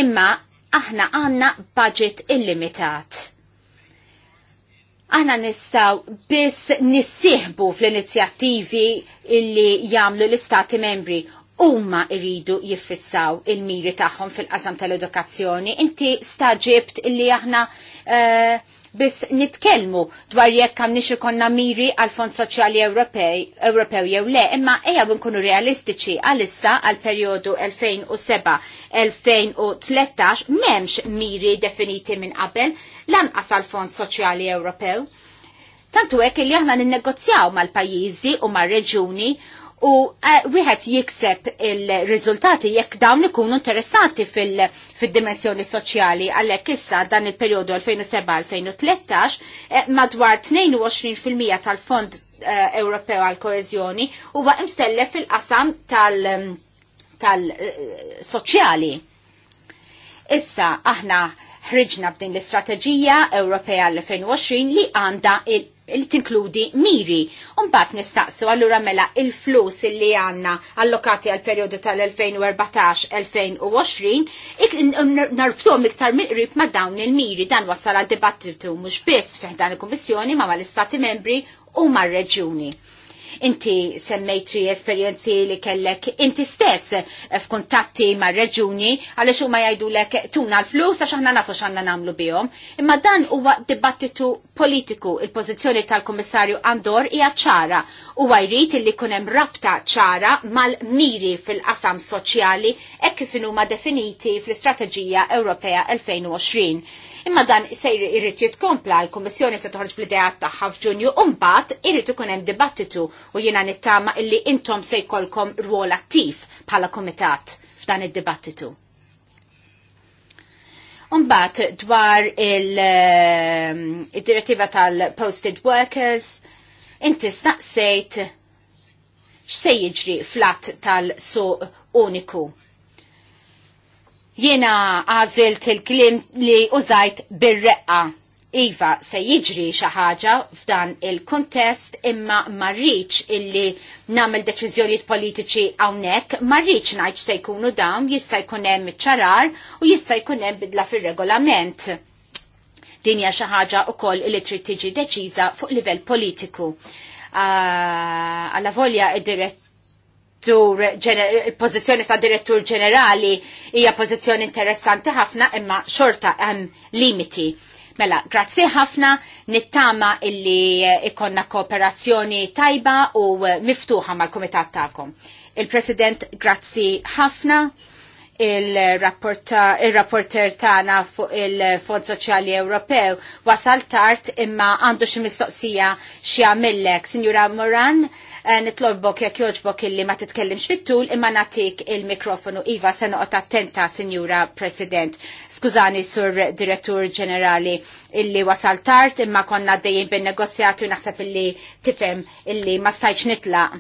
Speaker 3: Imma aħna għandna budget illimitat Aħna nistaw biss nissieħbu fl-inizjattivi illi jagħmlu l-istati membri umma iridu jiffissaw il-miri tagħhom fil-qasam tal-edukazzjoni. Inti staġibt illi aħna uh, biss nitkellmu dwar jekk għamniex ikonna miri għal Fond Soċjali Ewropew jew le, imma eja nkunu realistiċi għalissa għal perjodu 2007-2013 m'hemmx miri definiti minn qabel lanqas għasal Fond Soċjali Ewropew. Tantu hekk li aħna ninnegozjaw mal-pajjiżi u mar-reġuni u eh, wieħed jikseb il-riżultati jekk dawn ikunu interessanti fil-dimensjoni soċjali għalhekk issa dan il-perjodu 2007-2013 eh, madwar 22% tal-Fond eh, Ewropew għal koeżjoni huwa imstellef fil-qasam tal-soċjali. Issa aħna ħriġna b'din l-istrateġija Ewropea l-2020 li għanda il Il tinkludi miri. Umbat nistaqsu allura mela il-flus li għanna allokati għal periodu tal-2014-2020 narbtom iktar miqrib ma dawn il-miri dan wassal għal dibattitu mux biss fiħdan il-Kommissjoni ma mal-Istati membri u mar-Reġjuni. Inti semmejt esperienzi esperjenzi li kellek inti stess f'kuntatti ma' reġuni għaliex huma jgħidulek tuna l-flus għax aħna nafu x'għandna nagħmlu bihom. Imma dan huwa dibattitu politiku il-pożizzjoni tal-Kummissarju Andor hija ċara huwa jrid li jkun hemm rabta ċara mal-miri fil-qasam soċjali hekk kif huma definiti fl-Istrateġija Ewropea 2020. Imma dan sejr irrit jitkompla l-Kummissjoni se toħroġ bl-idea tagħha f'Ġunju u mbagħad irid ikun hemm dibattitu u jiena nittama illi intom se jkollkom rwol attiv bħala komitat f'dan id-dibattitu. Umbat dwar il-direttiva il ehm, direttiva tal posted workers, inti staqsejt x'se jiġri flat tal-suq uniku. Jiena għażilt il-klim li użajt bir-reqqa Iva se jiġri xi ħaġa f'dan il-kuntest imma marriċ illi nagħmel deċiżjonijiet politiċi hawnhekk, marriċ ngħid se jkunu dawn jista' jkun hemm ċarar u jista' jkun hemm bidla fir-regolament din hija xi ħaġa wkoll li trid tiġi deċiża fuq livell politiku. Ah, Alla volja id dirett il-pożizzjoni ta' direttur ġenerali hija pożizzjoni interessanti ħafna imma xorta hemm limiti. Mela, grazzi ħafna, nittama illi eh, ikonna kooperazzjoni tajba u eh, miftuħa mal-komitat ta'kom. Il-President, grazzi ħafna il-rapporter tana fuq il-Fond Soċjali Ewropew wasal tard imma għandu xi mistoqsija xi għamillek. Sinjura Moran, eh, nitlobok jekk joġbok illi ma titkellimx fit-tul imma natik il-mikrofonu. Iva, se noqgħod attenta, Sinjura President. Skużani, Sur Direttur Ġenerali, illi wasal tard imma konna dejjem bin negozjati u naħseb illi tifhem illi ma stajtx nitlaq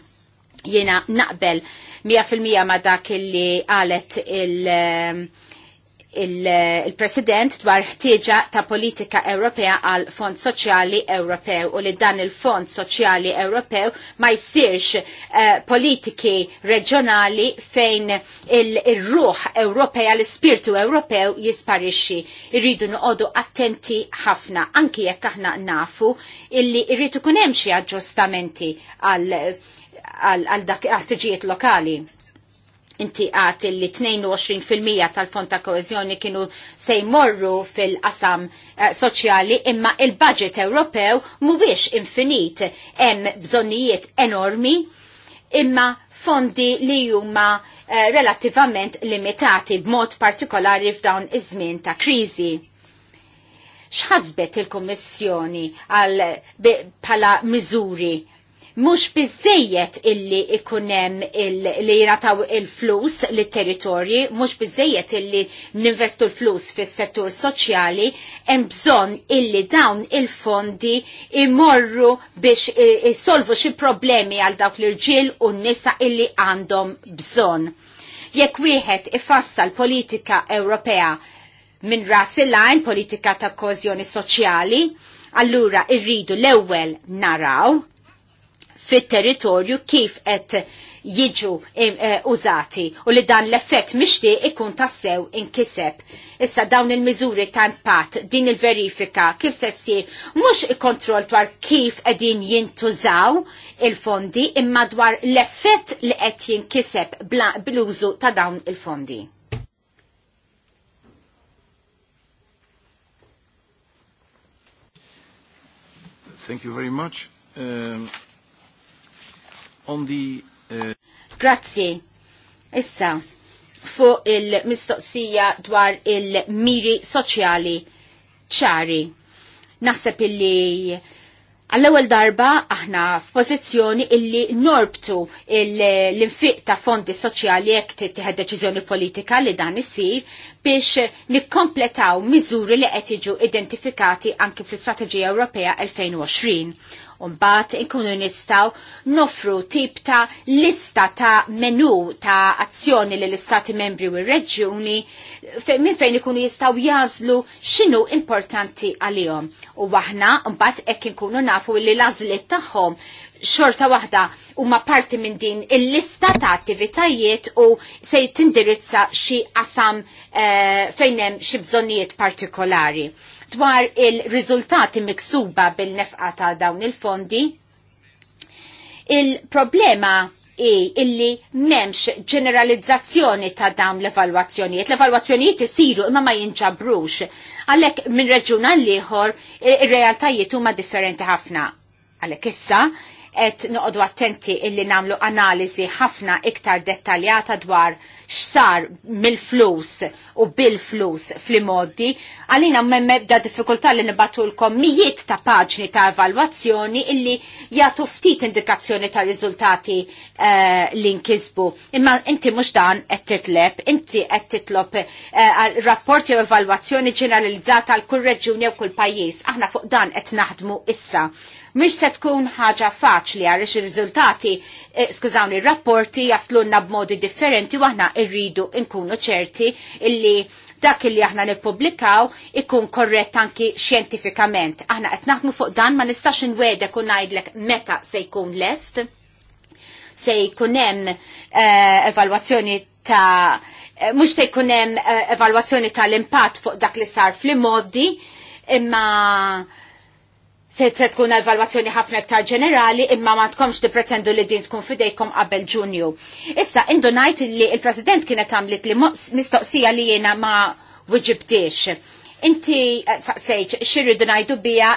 Speaker 3: Jiena naqbel 100% ma dak li għalet il- president um, il uh, dwar ħtieġa ta' politika Ewropea għal Fond Soċjali Ewropew u li dan il-Fond Soċjali Ewropew ma jsirx uh, politiki reġjonali fejn il-ruħ il Ewropea, l-spirtu Ewropew jisparixxi. Irridu noqogħdu attenti ħafna, anki jekk aħna nafu illi irridu kun hemm xi aġġustamenti għal għal dak ħtiġijiet lokali. Inti għat li 22% tal-fond ta' koezjoni kienu se jmorru fil-qasam eh, soċjali imma il-budget Ewropew mhuwiex infinit hemm bżonnijiet enormi imma fondi li huma eh, relativament limitati b'mod partikolari f'dawn iż-żmien ta' kriżi. X'ħasbet il-Kummissjoni għal bħala miżuri mhux biżejjed illi ikunem ill li jirataw il-flus li territorji mhux biżejjed illi ninvestu l-flus fis-settur soċjali, hemm bżonn illi dawn il-fondi imorru biex isolvu xi problemi għal dawk l-irġiel u n-nisa illi għandhom bżonn. Jekk wieħed ifassal politika Ewropea minn ras il-lajn politika ta' kozjoni soċjali, allura irridu l-ewwel naraw fit-territorju kif qed jiġu eh, użati u li dan l-effett mixtieq ikun tassew inkiseb. Issa dawn il-miżuri ta' impatt din il-verifika kif se ssir mhux il-kontroll dwar kif edin jintużaw il-fondi imma dwar l-effett li qed jinkiseb bl-użu ta' dawn il-fondi.
Speaker 5: Thank you very much. Um
Speaker 4: on the... Uh...
Speaker 3: Grazzi. Issa, fuq il-mistoqsija dwar il-miri soċjali ċari. Naħseb illi għall-ewwel darba aħna f'pożizzjoni illi norbtu l-infiq ta' fondi soċjali jekk tittieħed deċiżjoni politika li dan isir biex nikkompletaw miżuri li qed jiġu identifikati anke fl-Istrateġija Ewropea 2020 Umbat ikunu nistaw nofru tip ta' lista ta' menu ta' azzjoni li l-istati membri u reġjuni minn fejn ikunu jistaw jazlu xinu importanti għalihom. U waħna mbagħad hekk inkunu nafu li l-għażliet tagħhom xorta waħda huma parti minn din il-lista ta' attivitajiet u se tindirizza xi qasam e, fejn hemm xi bżonnijiet partikolari dwar il rizultati miksuba bil-nefqa ta' dawn il-fondi. Il-problema i illi memx ġeneralizzazzjoni ta' dawn l-evalwazzjonijiet. L-evalwazzjonijiet isiru imma ma jinġabrux. Għalek minn reġun għall il ir-realtajiet huma differenti ħafna. Għalek issa qed noqogħdu attenti illi namlu analiżi ħafna iktar dettaljata dwar x'sar mill-flus u bil-flus fl-modi, għalina mebda diffikultà li nibatulkom mijiet ta' paġni ta' evalwazzjoni illi jagħtu ftit indikazzjoni ta' riżultati uh, li nkisbu. Imma inti mhux dan qed titleb, inti qed titlob uh, jew evalwazzjoni ġeneralizzata għal kull reġjuni u kull pajjiż. Aħna fuq dan qed naħdmu issa. Mish se tkun ħaġa faċli għaliex ir-riżultati, eh, skużawni, ir-rapporti jaslunna b'modi differenti waħna irridu nkunu ċerti illi dak illi aħna nippubblikaw ikun korrett anki xjentifikament. Aħna qed naħdmu fuq dan ma nistax inwedek u ngħidlek meta se jkun lest se jkun hemm uh, evalwazzjoni ta' eh, mhux se jkun hemm uh, evalwazzjoni tal-impatt fuq dak li sar fl-modi imma se tkun evalwazzjoni ħafna iktar ġenerali imma ma tkomx tippretendu li din tkun fidejkom qabel Ġunju. Issa indu ngħid li il-President kienet għamlet li mistoqsija li jiena ma wiġibtiex. Inti eh, saqsejċ xirridu ngħidu bija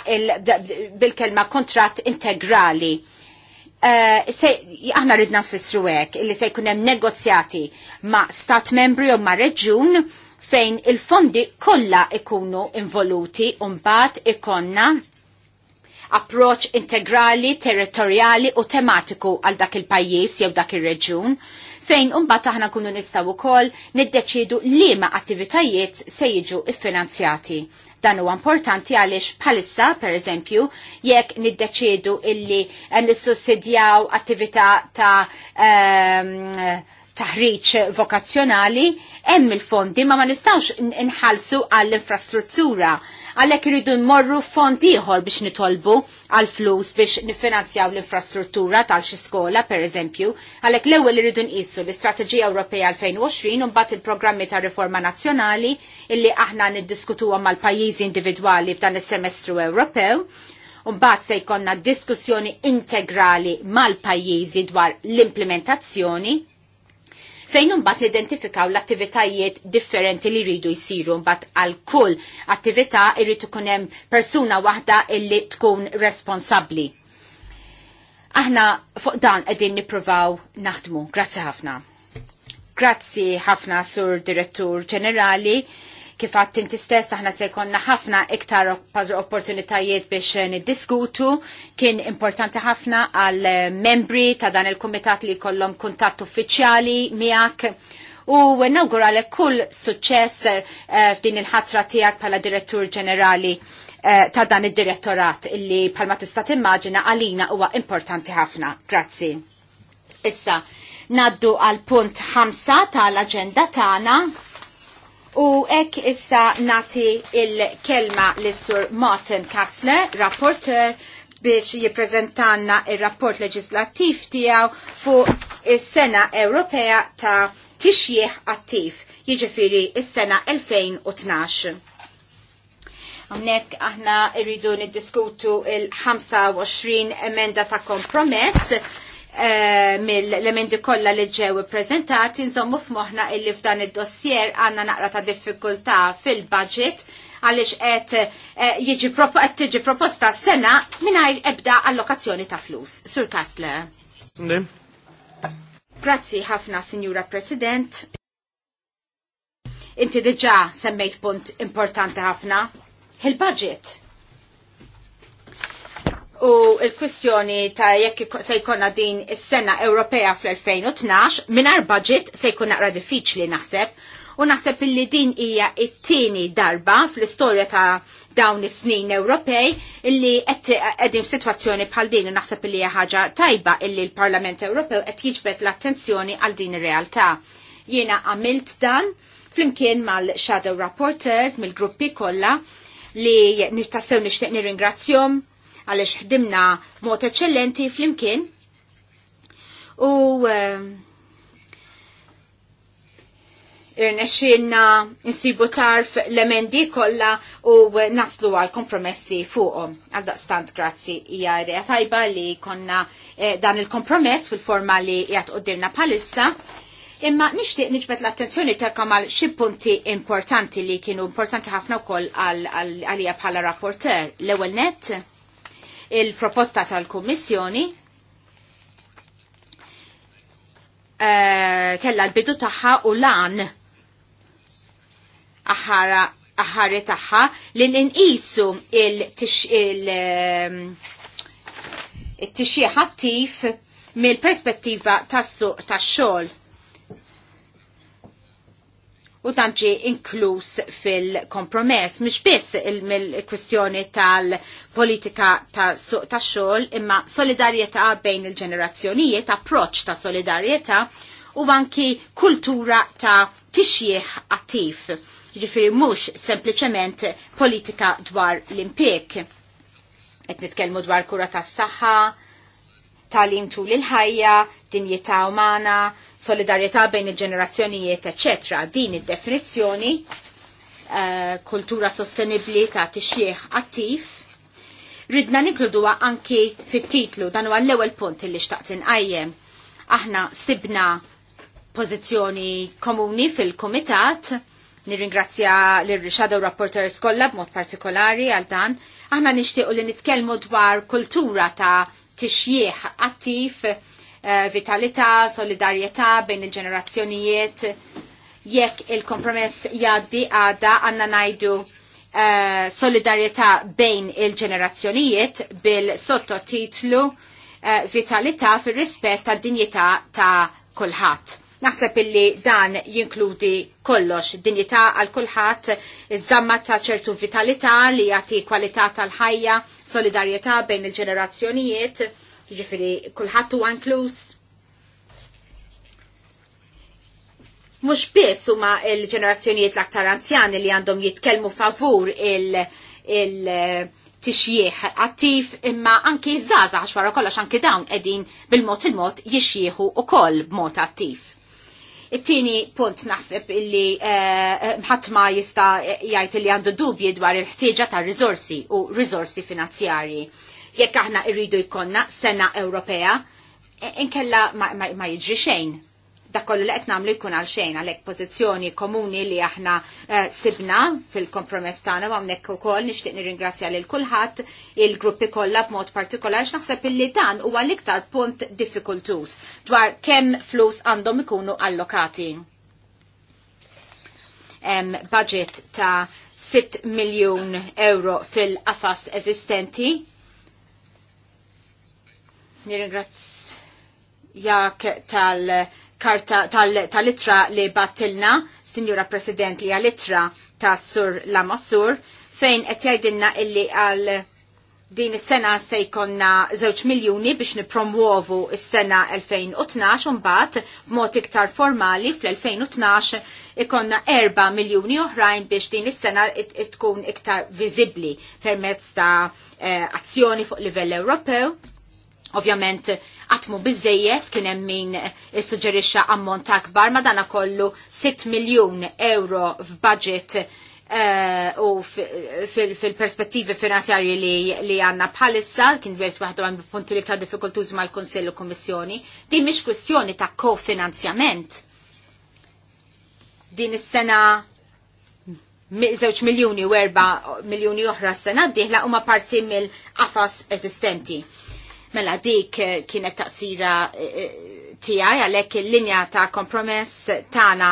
Speaker 3: bil-kelma kontratt integrali. Eh, aħna ridna nfissru hekk illi se jkun hemm negozjati ma' stat membri u ma' reġjun fejn il-fondi kollha ikunu involuti u mbagħad ikonna approċ integrali, territorjali u tematiku għal dak il-pajjiż jew dak ir-reġjun, fejn imbagħad aħna kunu nistgħu ukoll niddeċidu liema attivitajiet se jiġu iffinanzjati. Dan huwa importanti għaliex bħalissa, per eżempju, jekk niddeċidu illi nissussidjaw attività ta' um, taħriġ vokazzjonali, hemm il-fondi ma ma nistawx inħalsu għall-infrastruttura. Għallek irridu nmorru fond ieħor biex nitolbu għal-flus biex nifinanzjaw l-infrastruttura tal xi skola, per eżempju. Għallek l-ewwel irridu nqisu l-Istrateġija Ewropea 2020 u mbagħad il-programmi ta' riforma nazzjonali illi aħna niddiskutuha mal-pajjiżi individwali f'dan is-semestru Ewropew Mbagħad se jkollna diskussjoni integrali mal-pajjiżi dwar l-implementazzjoni fejn imbagħad nidentifikaw l-attivitajiet differenti li jridu jsiru mbagħad għal kull attività jrid ikun hemm persuna waħda illi tkun responsabbli. Aħna fuq dan qegħdin nippruvaw naħdmu. Grazzi ħafna. Grazzi ħafna sur Direttur Ġenerali Kif għatt inti stess aħna se jkollna ħafna iktar opportunitajiet biex eh, niddiskutu. Kien importanti ħafna għal eh, membri ta' dan il-kumitat li kollom kuntatt uffiċjali miegħek u nawguralek kull suċċess eh, f'din il-ħatra tiegħek bħala direttur ġenerali ta' dan id-direttorat il illi bħalma tista' timmaġina għalina huwa importanti ħafna. Grazzi. Issa, naddu għal punt 5 tal-agenda tagħna U ek issa nati il-kelma l-Sur Martin Kassler, rapporter, biex jiprezentanna il-rapport leġislattiv tijaw fuq il-sena Ewropea ta' tixjieħ attiv, jiġifiri il-sena 2012. Għamnek aħna irridu niddiskutu il-25 emenda ta' kompromess Eh, mill-elementi kollha li ġew ippreżentati nżommu f'moħħna illi f'dan id-dossier għandna naqra ta' diffikultà fil-budget għaliex qed eh, jiġi tiġi proposta sena mingħajr ebda allokazzjoni ta' flus. Sur Kassler. Grazzi ħafna, Sinjura President. Inti diġà semmejt punt importanti ħafna. Il-budget U il-kwistjoni ta' jekk se jkollna din is-sena Ewropea fl-2012 mingħajr budget se jkun naqra diffiċli naħseb u naħseb illi din hija t-tieni darba fl-istorja ta' dawn is-snin Ewropej illi qegħdin f'sitwazzjoni bħal din u naħseb illi hija ħaġa tajba illi l-Parlament Ewropew qed jiġbed l-attenzjoni għal din ir-realtà. Jiena għamilt dan flimkien mal-Shadow Rapporters mill-gruppi kollha li nistassew nixtieq nirringrazzjom għaliex ħdimna mod eċċellenti flimkien. U eh, irnexxinna insibu tarf l-emendi kollha u naslu għal kompromessi fuqhom. Għal daqstant grazzi hija idea tajba li konna eh, dan il-kompromess fil-forma li jgħat qoddimna palissa. Imma nixtieq niġbed l-attenzjoni ta' għal xi punti importanti li kienu importanti ħafna wkoll għalija bħala rapporter. L-ewwel net il-proposta tal-Kummissjoni uh, kella l-bidu tagħha u lan aħħari aħari tagħha li nqisu il-tixjieħ attiv mill-perspettiva tas-suq tax-xogħol u tanċi ġie inkluż fil-kompromess, mux biss il-kwistjoni tal-politika tax-xogħol imma solidarjetà bejn il-ġenerazzjonijiet, approċċ ta' solidarjetà u anki kultura ta' tixjieħ attiv. Ġifiri mhux sempliċement politika dwar l impiek Qed nitkellmu dwar kura tas-saħħa, talim tul il-ħajja, dinjità umana, solidarietà bejn il-ġenerazzjonijiet, etc. Din id-definizzjoni uh, kultura sostenibli ta' tixjieħ attiv. Ridna nikluduha anki fit-titlu dan huwa l-ewwel punt li xtaqt inqajjem. Aħna sibna pożizzjoni komuni fil-kumitat nirringrazzja l-Shadow rapporters kollha b'mod partikolari għal dan. Aħna nixtiequ li nitkellmu dwar kultura ta' tixjieħ attiv, eh, vitalità, solidarjetà bejn il-ġenerazzjonijiet. Jekk il-kompromess jaddi għada għanna najdu uh, solidarjetà bejn il-ġenerazzjonijiet bil-sottotitlu uh, vitalità fil-rispett tad dinjità ta' kulħadd Naħseb illi dan jinkludi kollox dinjità għal kulħadd, iż-żamma ta' ċertu vitalità li jagħti kwalità tal-ħajja, solidarjetà bejn il-ġenerazzjonijiet, jiġifieri kulħadd huwa inkluż. Mhux biss huma l-ġenerazzjonijiet l-aktar anzjani li għandhom jitkellmu favur il- il- tixjieħ attiv imma anki iż-żaza għax wara kollox anki dawn qegħdin bil-mod il-mod jixjieħu ukoll b'mod attiv. It-tieni punt naħseb illi eh, ħadd ma jista' jgħid li għandu dubji dwar il-ħtieġa ta' rizorsi u rizorsi finanzjarji. Jekk aħna rridu jkollna sena Ewropea, eh, inkella ma, jġri ma jiġri xejn da kollu li qed nagħmlu jkun għal xejn għalhekk pożizzjoni komuni li aħna uh, sibna fil-kompromess tagħna hawnhekk ukoll nixtieq nirringrazzja lil kulħadd il-gruppi kollha b'mod partikolar x'naħseb illi dan huwa l-iktar punt diffikultus dwar kemm flus għandhom ikunu allokati. Um, budget ta' 6 miljun euro fil-qafas eżistenti. Nirringrazzjak tal- uh, karta tal-litra li battilna, Signora President, li għal-litra ta' Sur Lamassur, fejn qed jgħidilna illi għal din is-sena se jkollna żewġ miljuni biex nipromuovu is-sena 2012 u mbagħad b'mod iktar formali fl-2012 ikonna 4 miljuni oħrajn biex din is-sena tkun iktar viżibbli permezz ta' eh, azzjoni fuq livell Ewropew. Ovvjament għatmu bizzejiet kien hemm min eh, issuġġerixxa ammont akbar ma dana kollu 6 miljun euro f'budget uh, u fil-perspettivi finanzjarji li, li għanna bħalissa, kien għert waħdu għan punti li ta' diffikultuż ma' l-Konsellu Komissjoni, din mish kwestjoni ta' kofinanzjament. Din is-sena zewċ miljoni u erba miljoni oħra s-sena diħla u ma parti mill-qafas eżistenti. Mela dik eh, kienet taqsira eh, eh, tiegħi għalhekk il-linja ta' kompromess tagħna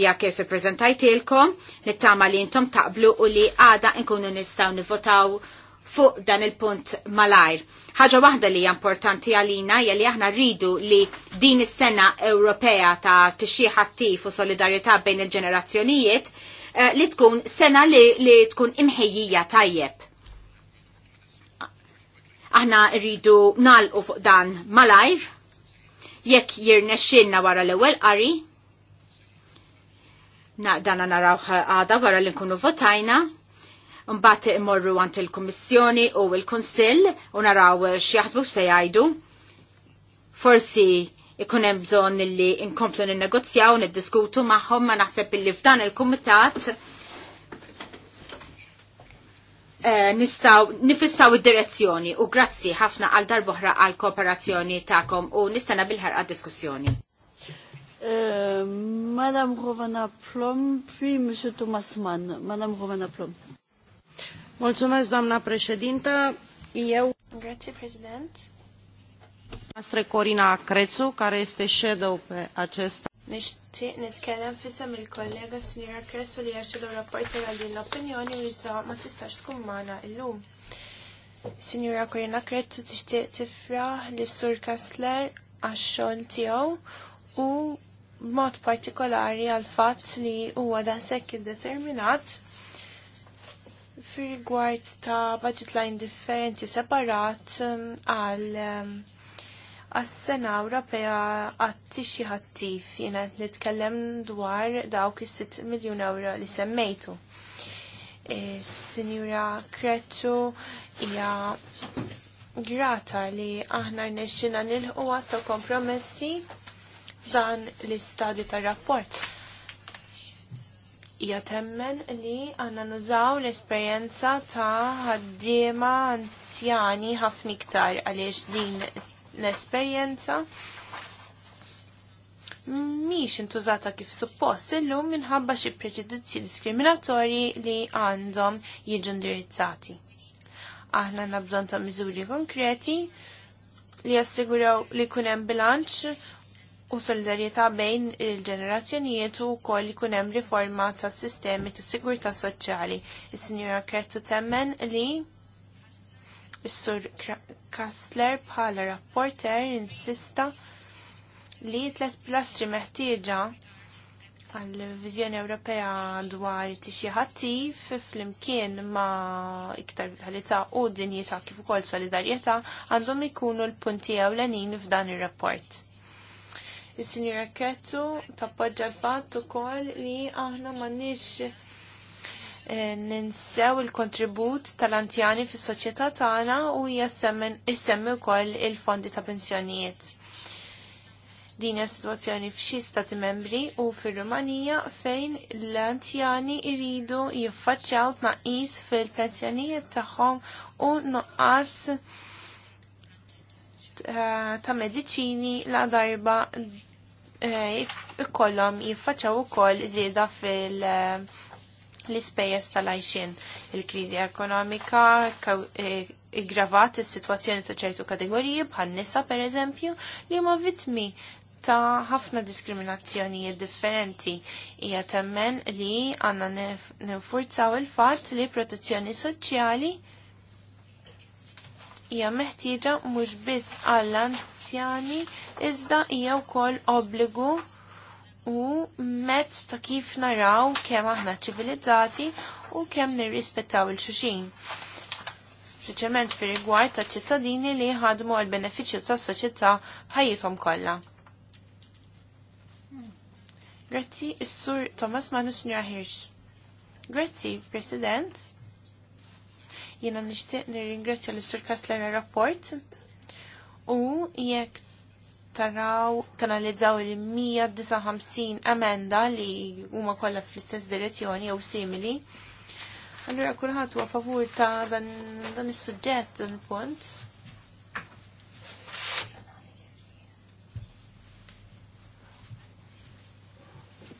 Speaker 3: hija kif ippreżentajtilkom, nittama li intom taqblu u li għada nkunu nistgħu nivotaw fuq dan il-punt malajr. ħaġa waħda li hija importanti għalina hija li aħna rridu li din is-sena Ewropea ta' tixjih attiv u solidarjetà bejn il-ġenerazzjonijiet li tkun sena li, li tkun imħejjija tajjeb. Aħna rridu nalqu fuq dan malajr, jekk jirnexxinna wara l-ewwel qari, Dan naraw għada wara li nkunu votajna, mbagħad imorru għand il-Kummissjoni u l-Kunsill u naraw x'jaħsbu se jgħidu. Forsi ikun hemm bżonn li nkomplu ninnegozjaw, niddiskutu magħhom ma naħseb illi f'dan il-kumitat Eh, nistaw nifissaw id-direzzjoni u grazzi ħafna għal darbohra għal kooperazzjoni ta'kom u nistana bilħar ħarqa diskussjoni.
Speaker 1: Eh, Madam Rovana Plom, fi Mr. Thomas Mann. Madam Rovana Plom. Mulțumesc, doamna președintă. Eu...
Speaker 6: Grazie, președinte. Noastră e Corina Crețu, care este shadow pe acest Nixtieq nitkellem fisem il-kollega Sinjora Kretu li jaxilu rapporter għal din l-opinjoni u iżda ma tistax tkun il illum. Sinjora Korina Kretu tixtieq tifra li sur Kassler għax-xogħol tiegħu u mod partikolari għal fatt li huwa il-determinat fir rigward ta' budget line differenti separat um, għal um, għas-sena Ewropea għatti xi ħattif jiena nitkellem dwar dawk is-6 miljun euro li semmejtu. E, Sinjura Kretu hija grata li aħna rnexxina nilħu għatta kompromessi dan l-istadju tar-rapport temmen li għanna nużaw l-esperienza ta' ħaddiema anzjani ħafna iktar għaliex din l-esperjenza miex intużata kif suppost illum minħabba xi preġudizzji diskriminatorji li għandhom jiġu indirizzati. Aħna għandna bżonn ta' miżuri konkreti li jassiguraw li jkun hemm bilanċ u solidarjetà bejn il-ġenerazzjonijiet u wkoll jkun hemm riforma tas sistemi tas sigurtà soċjali. Is-Sinjura Kertu temmen li Is-Sur Kassler bħala rapporter insista li tlet plastri meħtieġa għal viżjoni Ewropea dwar tixi ħattiv fl-imkien ma iktar vitalità u dinjità kif ukoll solidarjetà għandhom ikunu l-punti ewlenin f'dan ir-rapport. Is-Sinjura Kettu tappoġġa l-fatt ukoll li aħna m'għandniex Eh, ninsew il-kontribut tal-antjani fis soċjetà tagħna u jissemmi wkoll il-fondi ta' pensjonijiet. Din hija sitwazzjoni f'xi stati membri u fir-Rumanija fejn l-antjani jridu jiffaċċjaw tnaqqis fil-pensjonijiet tagħhom u nuqqas eh, ta' mediċini la darba eh, ikollhom jiffaċċaw ukoll żieda fil- l-ispejjeż tal-għajxin. Il-kriżi ekonomika e, iggravat is-sitwazzjoni ta' ċertu kategoriji bħal nisa pereżempju li huma vittmi ta' ħafna diskriminazzjonijiet differenti. Hija temmen li għandna ninfurzaw il-fatt li protezzjoni soċjali hija meħtieġa mhux biss għall-anzjani iżda hija wkoll obbligu u mezz ta' kif naraw kemm aħna ċivilizzati u kemm nirrispettaw il-xuxin. Speċjalment fir rigward ta' ċittadini li ħadmu għal benefiċċju tas soċjetà ħajjithom kollha. Grazzi is-Sur Thomas Manus Njura Grazzi, President. Jiena nixtieq nirringrazzja l-Sur Kassler rapport u jekk taraw, tanalizzaw il-159 amenda li huma kollha fl-istess direzzjoni jew simili. Allura kulħadd huwa favur ta' dan, dan is-suġġett dan il-punt.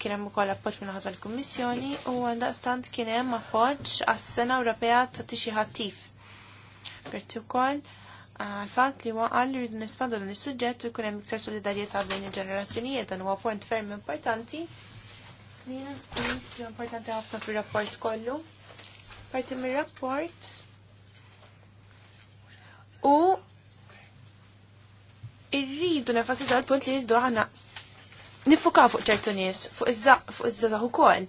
Speaker 6: kien hemm ukoll appoġġ minn ħadd tal-Kummissjoni u għaldaqstant kien hemm appoġġ għas-Sena Ewropea ta' tixi ħattif. Grazzi wkoll għal-fatt li għal li rridu nispandu dan is sujġet u jkun hemm iktar solidarieta bejn il-ġenerazzjonijiet dan huwa punt ferm importanti li importanti ħafna fil rapport kollu. Parti mir-rapport u irridu nefassi dal-punt li rridu għana nifukaw fuq ċertu nies, fuq iż-żazax ukoll.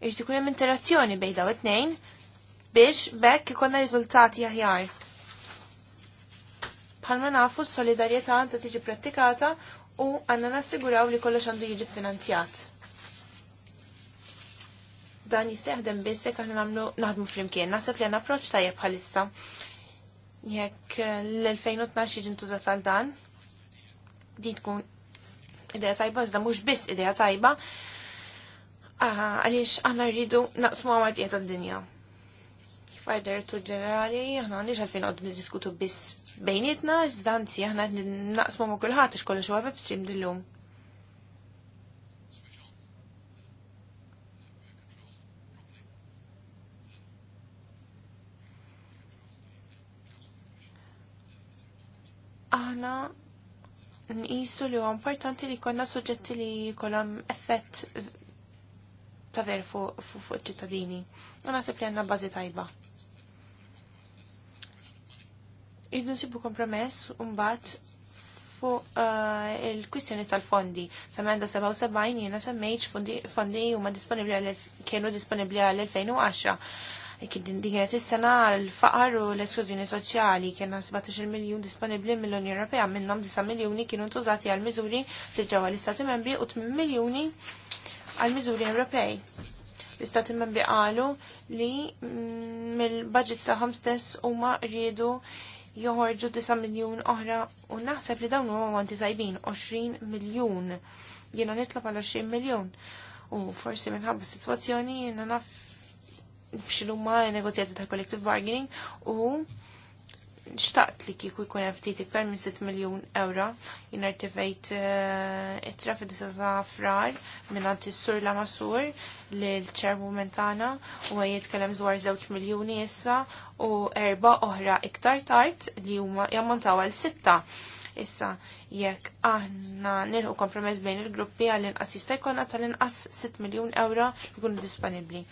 Speaker 6: Irrid ikun hemm interazzjoni bejn daw it-tnejn biex bekk ikonna riżultati aħjar. Bħalma nafu s-solidarjetà għandha tiġi prattikata u għandna nassiguraw li kollox għandu jiġi finanzjat. Dan jisteħdem biss jekk aħna nagħmlu naħdmu flimkien. Naħseb li għandna approċċ tajjeb bħalissa. Jekk l-2012 jiġi ntużat għal dan, din tkun ideja tajba, iżda mhux biss ideja tajba, ah, għaliex aħna rridu naqsmu għamar d-dinja tu ġenerali, aħna għandix għalfin għod diskutu biss bejnietna, zdanzi, aħna naqsmu ma kullħat xkolla kollox webstream dillum. Aħna nqisu li huwa importanti li konna suġġetti li jkollhom effett ta' ver fuq ċittadini. U sepp li għandna bażi tajba. Iddu nsibu kompromess un-bat fuq eh, il-kwistjoni tal-fondi. Femenda 77 jiena semmejċ fondi huma disponibbli kienu disponibbli għal-2010. Din kienet is-sena l-faqar u l-esklużjoni soċjali kien 17 miljun disponibbli mill-Unjoni Ewropea minnhom 9 miljuni kienu ntużati għal miżuri li ġewwa l-Istati Membri u 8 miljuni għal miżuri Ewropej. L-Istati Membri qalu li mm, mill-budget tagħhom stess huma rridu joħorġu 9 miljun oħra u naħseb li dawn huma wanti tajbin 20 miljun. Jiena nitlob għal 20 miljun. U forsi minħabba s-sitwazzjoni jiena naf x'ilhuma negozjati tal-collective bargaining u xtaqt li kiku jkun hemm ftit iktar minn 6 miljun euro jien it eh, ittra fi ta' frar minn għanti is-sur la masur li l ċermu tagħna u jitkellem dwar 2 miljuni issa u erba' oħra iktar tard li huma jammontaw għal sitta. Issa jekk aħna nilħu kompromess bejn il-gruppi għall-inqas jista' jkollna tal-inqas 6 miljun euro jkunu disponibbli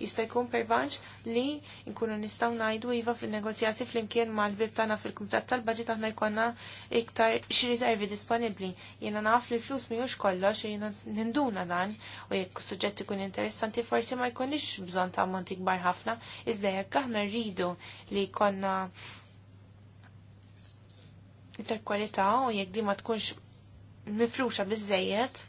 Speaker 6: jista' jkun pervanċ li nkunu nistgħu ngħidu iva fil-negozjati flimkien mal-bib tagħna fil-kumitat tal-baġit aħna jkollna iktar xi riservi disponibbli. Jiena naf li flus mhijiex kollox jiena ninduna dan u jekk suġġett ikun interessanti forsi ma jkunix bżonn ta' monti kbar ħafna, iżda jekk aħna rridu li jkollna iktar kwalità u jekk di ma tkunx mifruxa biżejjed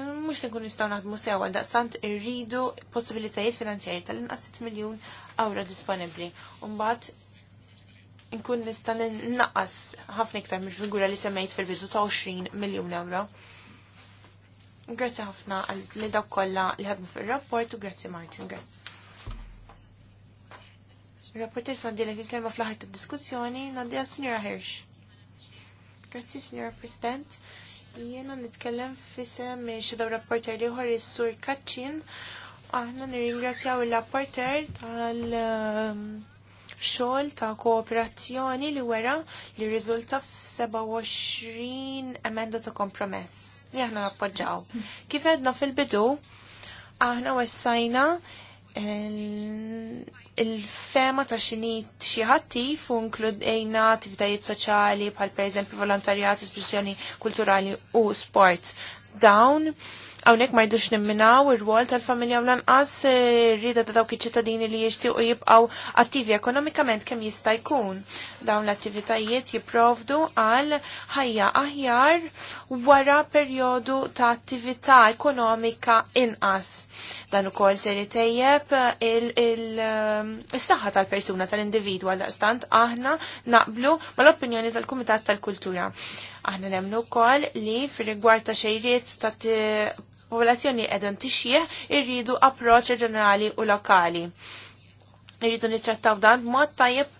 Speaker 6: mux se nkun nistaw naħdmu sew għal daqstant irridu possibilitajiet finanzjari tal-inqas 6 miljon awra disponibli. Umbat nkun nista' naqqas ħafna iktar mill-figura li semmejt fil-bidu ta' 20 miljun awra. Grazzi ħafna lil dawk kollha li ħadmu fir-rapport u grazzi Martin. Rapporter sandilek il-kelma fl-aħħar tad-diskussjoni, nandija Sinjora Hirsch. Grazzi, Sinjora President. Jena nitkellem fissem xedaw rapporter liħor il-sur Kaċin. Aħna nirringrazzjaw il-rapporter tal xogħol ta' kooperazzjoni li wera li rizulta f-27 emenda ta' kompromess li aħna nappoġġaw. Kif edna fil-bidu, aħna wessajna il-fema ta' xini xieħatti fu inkludejna attivitajiet soċali bħal per eżempju volontarjat, espressjoni kulturali u sport. Dawn Għawnek ma jdux nimminaw ir-rwol tal-familja u lanqas eh, rrida ta' dawk iċ-ċittadini li jixtiequ jibqgħu attivi ekonomikament kemm jista' jkun. Dawn l-attivitajiet jipprovdu għal ħajja aħjar wara perjodu ta' attività ekonomika inqas. Dan ukoll se jtejjeb eh, eh, is-saħħa tal-persuna tal-individwa daqstant aħna naqblu mal-opinjoni tal-Kumitat tal-Kultura. Aħna nemmnu wkoll li fil rigward ta' xejriet ta' popolazzjoni edin tixjieħ irridu approċ reġjonali u lokali. Irridu nittrattaw dan b'mod tajjeb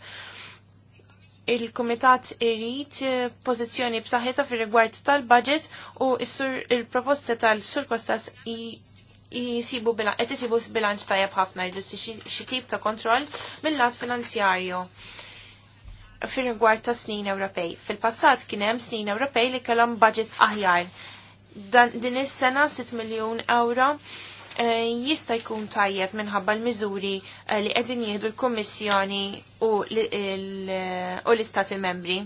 Speaker 6: il-Kumitat irrit eh, pożizzjoni b'saħħitha fir-rigward tal-budget u il-proposta tal-Sur Kostas jisibu bilanċ, jisibu bilanċ tajab ħafna, ġusti xi tip ta' kontroll mill-lat finanzjarju fil rigward ta' snin Ewropej. Fil-passat kien hemm snin Ewropej li kellhom budgets aħjar din is-sena 6 miljun euro eh, jista' jkun tajjeb minħabba l-miżuri eh, li qegħdin jieħdu l-Kummissjoni u l-Istati membri.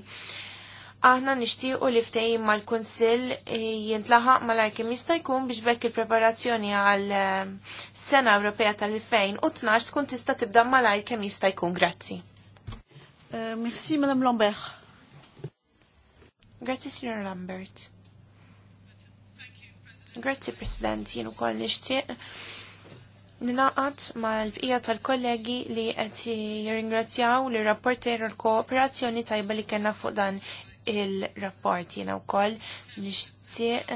Speaker 6: Aħna nixtiequ li ftehim mal-Kunsill eh, jintlaħaq mal arkim kemm jista' jkun biex bekk il-preparazzjoni għal sena Ewropea tal-2012 tkun tista' tibda mal arkim kemm jista' jkun. Grazzi. Merci, Madame Lambert. Grazzi, Signor Lambert. Grazzi President, jien ukoll nixtieq nilaqat ma' l-bqija tal-kollegi li qed jirringrazzjaw li rapporter l-kooperazzjoni tajba li kena fuq dan il-rapport jiena koll nixtieq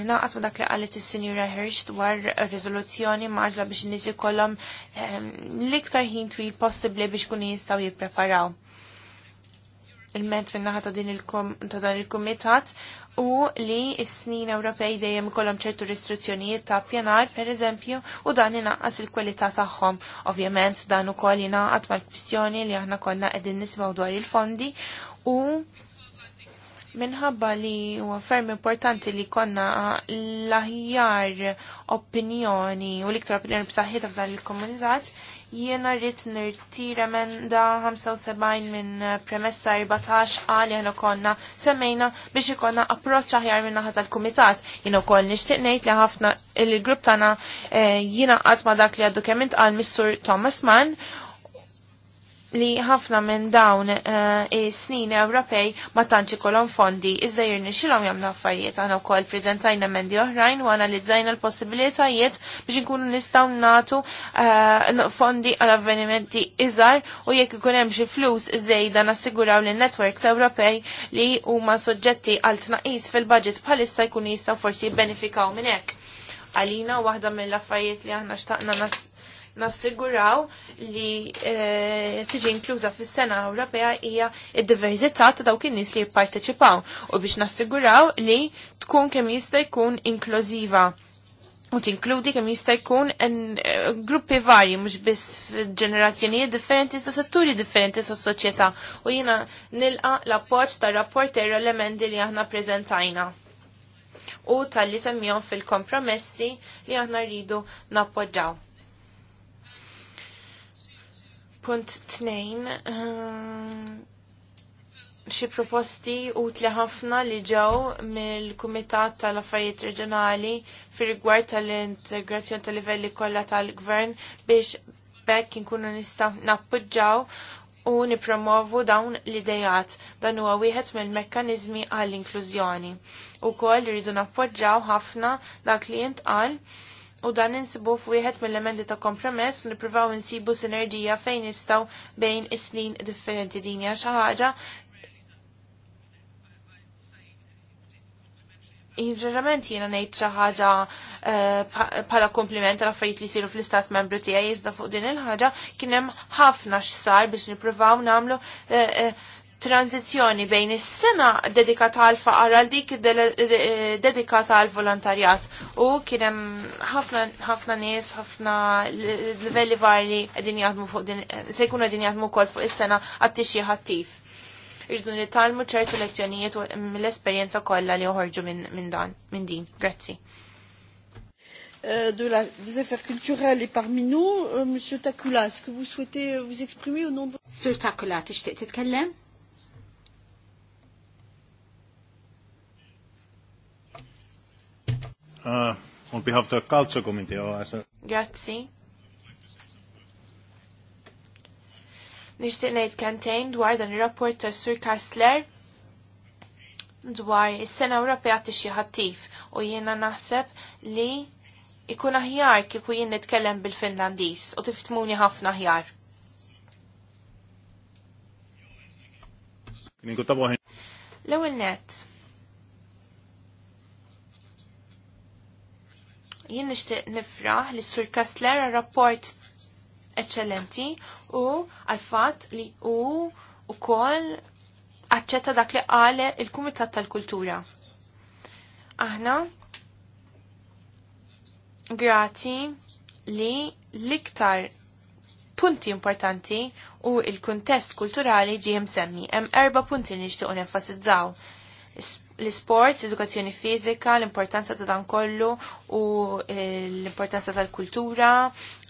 Speaker 6: nilaqat ma' dak li qalet is-Sinjura Hirsch dwar riżoluzzjoni maġla biex nies ikollhom ehm, l-iktar ħin twil possibbli biex kun jistgħu jippreparaw il-ment minnaħa ta' din il-komitat u li s-snin Ewropej dejjem ikollhom ċertu restrizzjonijiet ta' pjanar, per eżempju, u dan inaqqas il-kwalità tagħhom. Ovvjament dan ukoll jingħaqad mal-kwistjoni li aħna konna qegħdin nisimgħu dwar il-fondi u minħabba li huwa ferm importanti li konna l-aħjar opinjoni u l-iktar opinjoni b'saħħitha f'dan il-komunitat, Jiena rrit nirtira emenda 75 minn eh, premessa 14 għal jena konna semmejna biex ikonna approċ aħjar minn naħat tal-kumitat. Jiena koll nishtiq nejt li ħafna il-grupp tana eh, jiena għazma dak li għaddu kemmin għal Missur Thomas Mann li ħafna minn dawn uh, is-snin Ewropej ma tantx ikollhom fondi iżda xilhom jagħmlu affarijiet aħna wkoll preżentajna emendi oħrajn u analizzajna l-possibilitajiet biex inkunu nistgħu nagħtu uh, fondi għal avvenimenti iżgħar u jekk ikun hemm xi flus żejda nassiguraw lin networks Ewropej li huma soġġetti għal tnaqis fil-budget bħalissa jkunu jistgħu forsi jibbenefikaw minn hekk. Għalina waħda mill-affarijiet li aħna xtaqna nas nassiguraw li eh, tiġi inkluża fis-sena Ewropea hija id-diversità ta' dawk in-nies li jipparteċipaw u biex nassiguraw li tkun kemm jista' jkun inklużiva u tinkludi kemm jista' jkun eh, gruppi varji mhux biss ġenerazzjonijiet differenti sta' setturi differenti sas-soċjetà u jiena nilqa l-appoġġ tar-rapporter elementi li aħna preżentajna u tal-li semmihom fil-kompromessi li aħna rridu nappoġġaw. Punt tnejn, ehm, Xi proposti utli ħafna li ġew mill-Kumitat tal-Affarijiet Reġjonali fir-rigward tal-integrazzjoni tal-livelli kollha tal-Gvern biex bekk inkunu nista' nappoġġaw u nipromovu dawn l-idejat dan huwa wieħed mill-mekkaniżmi għall-inklużjoni. Ukoll rridu nappoġġaw ħafna dak li jintqal u dan insibu f'wieħed mill-elementi ta' kompromess li provaw insibu sinerġija fejn nistgħu bejn is-snin differenti din hija xi ħaġa Ġerament jena nejt ħaġa eh, bħala kompliment għal affarijiet li jsiru fl-istat membru tiegħi iżda fuq din il-ħaġa kien hemm ħafna x'sar biex nippruvaw nagħmlu eh, eh, transizjoni bejn is-sena dedikata għal faqar għal dik dedikata għal volontarjat u kien hemm ħafna ħafna nies, ħafna livelli varji qegħdin jaħdmu fuq din se jkunu qegħdin jaħdmu wkoll fuq is-sena għat-tixji ħattif. Irridu nitalmu ċertu lezzjonijiet mill-esperjenza kollha li joħorġu minn dan
Speaker 1: minn din. Grazzi. Euh, de la, des affaires culturelles et parmi nous, euh, Monsieur Takula, est-ce que vous souhaitez vous exprimer au nom de... Sur Takula, tixtieq titkellem?
Speaker 5: uh, on behalf of the Culture Committee. Or as a...
Speaker 6: Grazzi. Nishtiq ngħid kantejn dwar dan ir-rapport ta' Sur Kassler dwar is-sena Ewropea tixi ħattif u jiena naħseb li ikun aħjar kiku jien nitkellem bil-Finlandiż u tiftmuni ħafna aħjar.
Speaker 4: L-ewwel
Speaker 6: nett. jien nixtieq nifraħ li sur Kastler rapport eccellenti u għal fatt li u ukoll aċċetta dak li għale il-Kumitat tal-Kultura. Aħna grati li l-iktar punti importanti u il-kuntest kulturali ġie msemmi hemm erba punti li nixtiequ nenfasizzaw l-sport, edukazzjoni fizika, l-importanza ta' dan kollu u eh, l-importanza tal-kultura,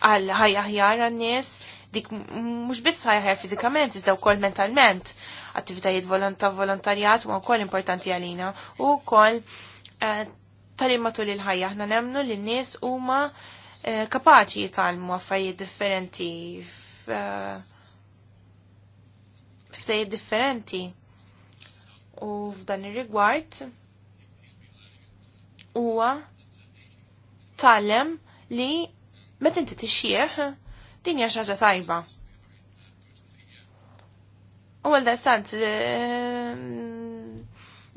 Speaker 6: għal ħajja ħjar għan-nies, dik mhux biss ħajja ħjar fiżikament, iżda wkoll mentalment. Attivitajiet volonta volontarjat u wkoll importanti għalina u wkoll eh, tal-imma il-ħajja ħna nemnu li n-nies huma eh, kapaċi jitalmu affarijiet differenti f'tajiet differenti. differenti u f'dan ir-rigward huwa tallem li meta inti tixjieħ din hija xaġa tajba. U għal sant eh,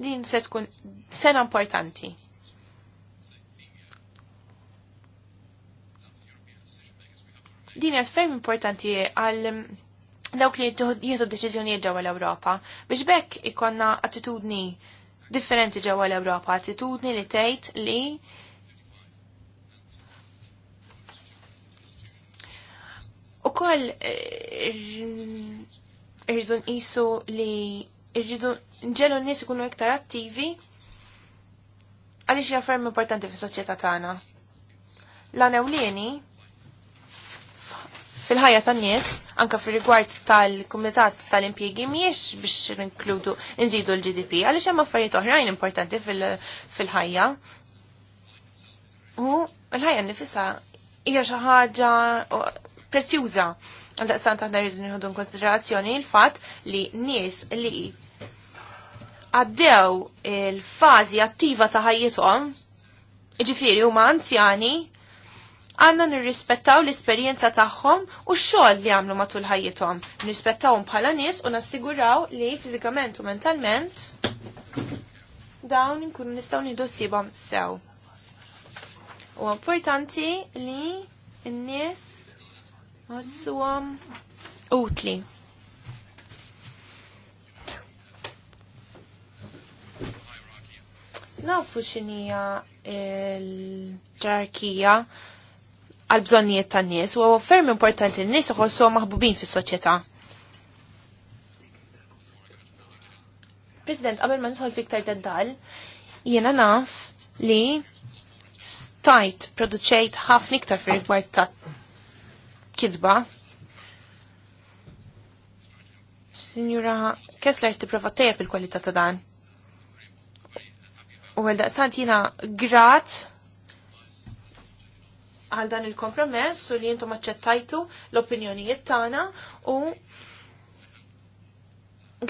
Speaker 6: din se tkun sena importanti. Din hija ferm importanti għal dawk li jieħdu deċiżjonijiet ġewwa l-Ewropa biex bekk ikonna attitudni differenti ġewwa l-Ewropa, attitudni li tgħid li ukoll eh, irridu nqisu li irridu nġelu n-nies ikunu iktar attivi għaliex hija ferm importanti fis-soċjetà tagħna. L-għanewlieni fil-ħajja tan-nies, anka fil-rigward tal-Kumitat tal-Impjegi mhijiex biex ninkludu nżidu l-GDP, għaliex hemm affarijiet oħrajn importanti fil-ħajja. U l-ħajja nifisha hija xi ħaġa prezzjuża. Għaldaqstant aħna rridu nieħdu konsiderazzjoni l-fatt li nies li għaddew il-fażi attiva ta' ħajjithom, ġifieri huma anzjani, għanna nirrispettaw l-esperjenza tagħhom u x-xogħol li għamlu matul ħajjithom. Nirrispettawhom bħala nies u nassiguraw li fiżikament u mentalment dawn inkunu nistgħu nidossibhom sew. U importanti li n-nies għassuhom utli. nafu xinija il-ġarkija għal bżonnijiet tan-nies u ferm importanti n-nies iħossu maħbubin fis-soċjetà. President, qabel ma nħol fiktar dental, jiena naf li stajt produċejt ħafna iktar fir-rigward ta' kidba Signora Kessler tipprova tejjeb il-kwalità ta' dan. U għal daqsant jiena grat għal dan il-kompromess u li jintom aċċettajtu l-opinjonijiet tagħna u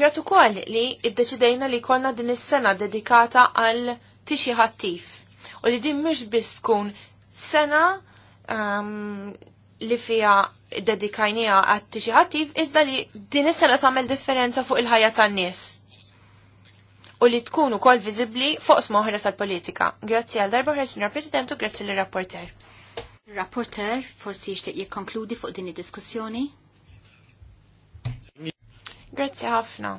Speaker 6: Gratu kol li id-deċidejna li konna din is-sena dedikata għal tixi ħattif. U li din mhux biss tkun sena um, li fija dedikajnija għat tixi ħattif, iżda li din is-sena tagħmel differenza fuq il-ħajja tan-nies. U li tkun ukoll viżibbli fuq smoħra tal-politika. Grazzi għal darba ħarġ President u grazzi l-rapporter. Rapporter, forsi jixtieq jikkonkludi fuq din id-diskussjoni? Grazie ħafna.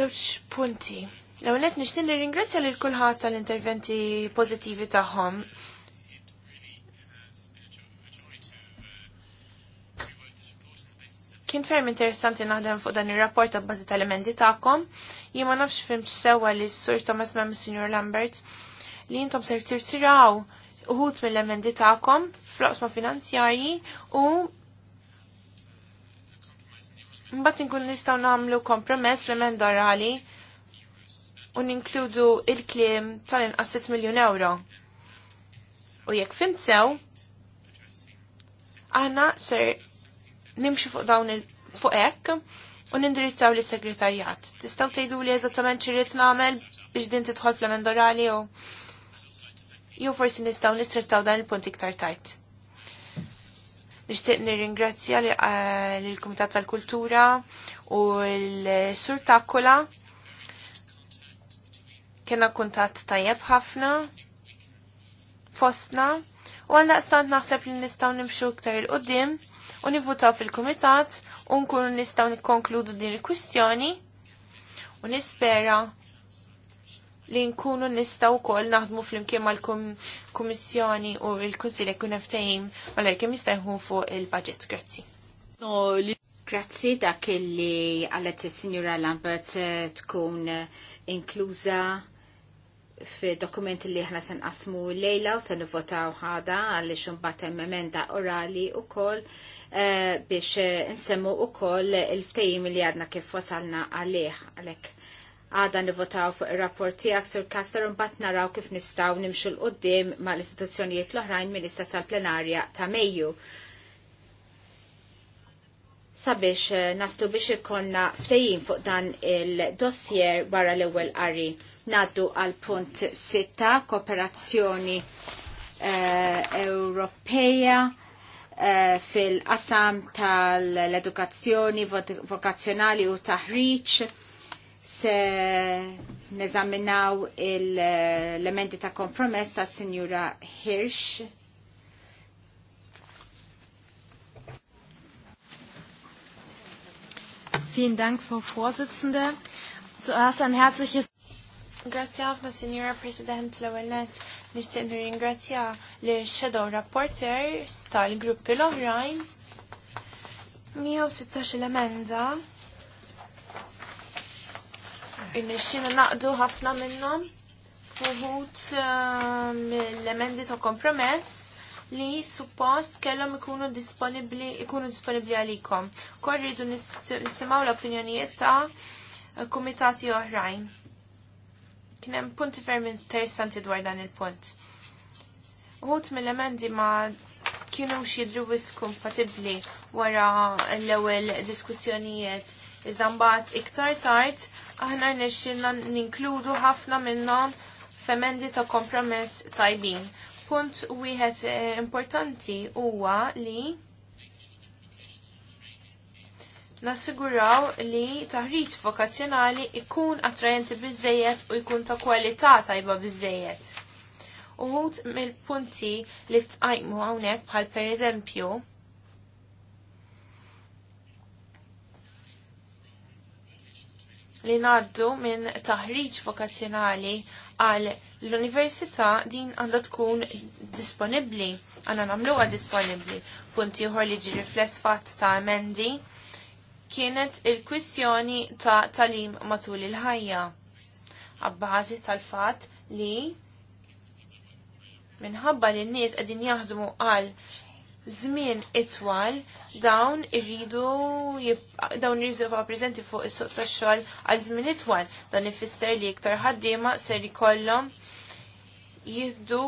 Speaker 6: Żewġ punti. l għonet nishtin li nixtieq li l kulħadd tal-interventi pozitivi taħħom. kien ferm interessanti naħdem fuq dan il rapport ta' bażi tal-elementi taħkom. Jien nafx fimx sewa li s-sur Thomas Mem Sr. Lambert li jintom ser tirtiraw uħut mill-emendi ta'kom fl-oqsma finanzjarji u Mbatt nkun nistaw namlu kompromess fl emenda orali u ninkludu il-klim tal-inqas 6 miljon euro. U jekk fimt sew, aħna ser nimxu fuq dawn fuq hekk u nindirizzaw li segretarjat. Tistaw tgħidu li eżattament xirrit nagħmel biex din tidħol fl emendorali orali u jew forsi nistgħu nittrattaw dan il-punt iktar tard. Nixtieq nirringrazzja lill-Kumitat tal-Kultura u l-Sur Takkola. Kena kuntatt tajjeb ħafna fostna u għal naħseb li nistgħu nimxu iktar il-qudiem u nivvutaw fil-Kumitat u nkunu nistgħu nikkonkludu din il-kwistjoni u nispera li nkunu nistaw kol naħdmu fl-imkien mal-Kummissjoni u l-Kunsil jkun ma l erkem jistajħu fuq il-budget. Grazzi.
Speaker 3: Grazzi dak kelli għallet il signora Lambert eh, tkun eh, inkluża fi dokument li ħna sen asmu lejla u sen votaw ħada għalli xumbat emenda orali u kol eh, biex nsemmu u kol il-ftejim li għadna kif wasalna għalih għalek għada nivotaw fuq il-rapport tijak sur kastar un bat naraw kif nistaw nimxu l-qoddim ma l-istituzzjonijiet l-oħrajn minn issa sal-plenarja ta' Mejju. Sabiex eh, naslu biex ikonna ftejjin fuq dan il-dossier barra l-ewwel qari. Naddu għal punt 6 kooperazzjoni uh, Ewropeja eh, fil-qasam tal-edukazzjoni vokazzjonali u taħriċ se neżaminaw l-elementi ta' kompromess ta' Sinjura Hirsch.
Speaker 5: Vielen Dank, Frau Vorsitzende. Zuerst ein herzliches
Speaker 6: Grazie ħafna, Signora President, l-għalnet nishtiq ringrazzja li Shadow rapporteur tal-gruppi l-oħrajn. 116 l-emenda irnexxina naqdu ħafna minnhom uħut eh, mill-emendi ta' kompromess li suppost kellhom ikunu disponibbli ikunu disponibli għalikom. Kor rridu nisimgħu l-opinjonijiet ta' kumitati oħrajn. Kien hemm punti ferm interessanti dwar dan il-punt. Uħut mill-emendi ma kienu xidru wis kompatibli wara l-ewwel diskussjonijiet iżda mbagħad iktar tard aħna rnexxilna ninkludu ħafna minnhom femendi ta' kompromess tajbin. Punt wieħed eh, importanti huwa li nassiguraw li taħriġ vokazzjonali ikun attrajenti biżejjed u jkun ta' kwalità tajba biżejjed. Uħut mill-punti li tqajmu hawnhekk bħal pereżempju li naddu minn taħriġ vokazzjonali għal l-università din għandha tkun disponibbli, għandna nagħmluha disponibbli. Punti uħor li ġi rifless fatt ta' emendi kienet il-kwistjoni ta' talim matul il-ħajja. Abbażi tal-fatt li minħabba li n-nies qegħdin jaħdmu għal żmien itwal dawn irridu dawn irridu jibqa' preżenti fuq is-suq tax-xogħol għal żmien itwal. Dan ifisser li iktar ħaddiema ser jkollhom jieħdu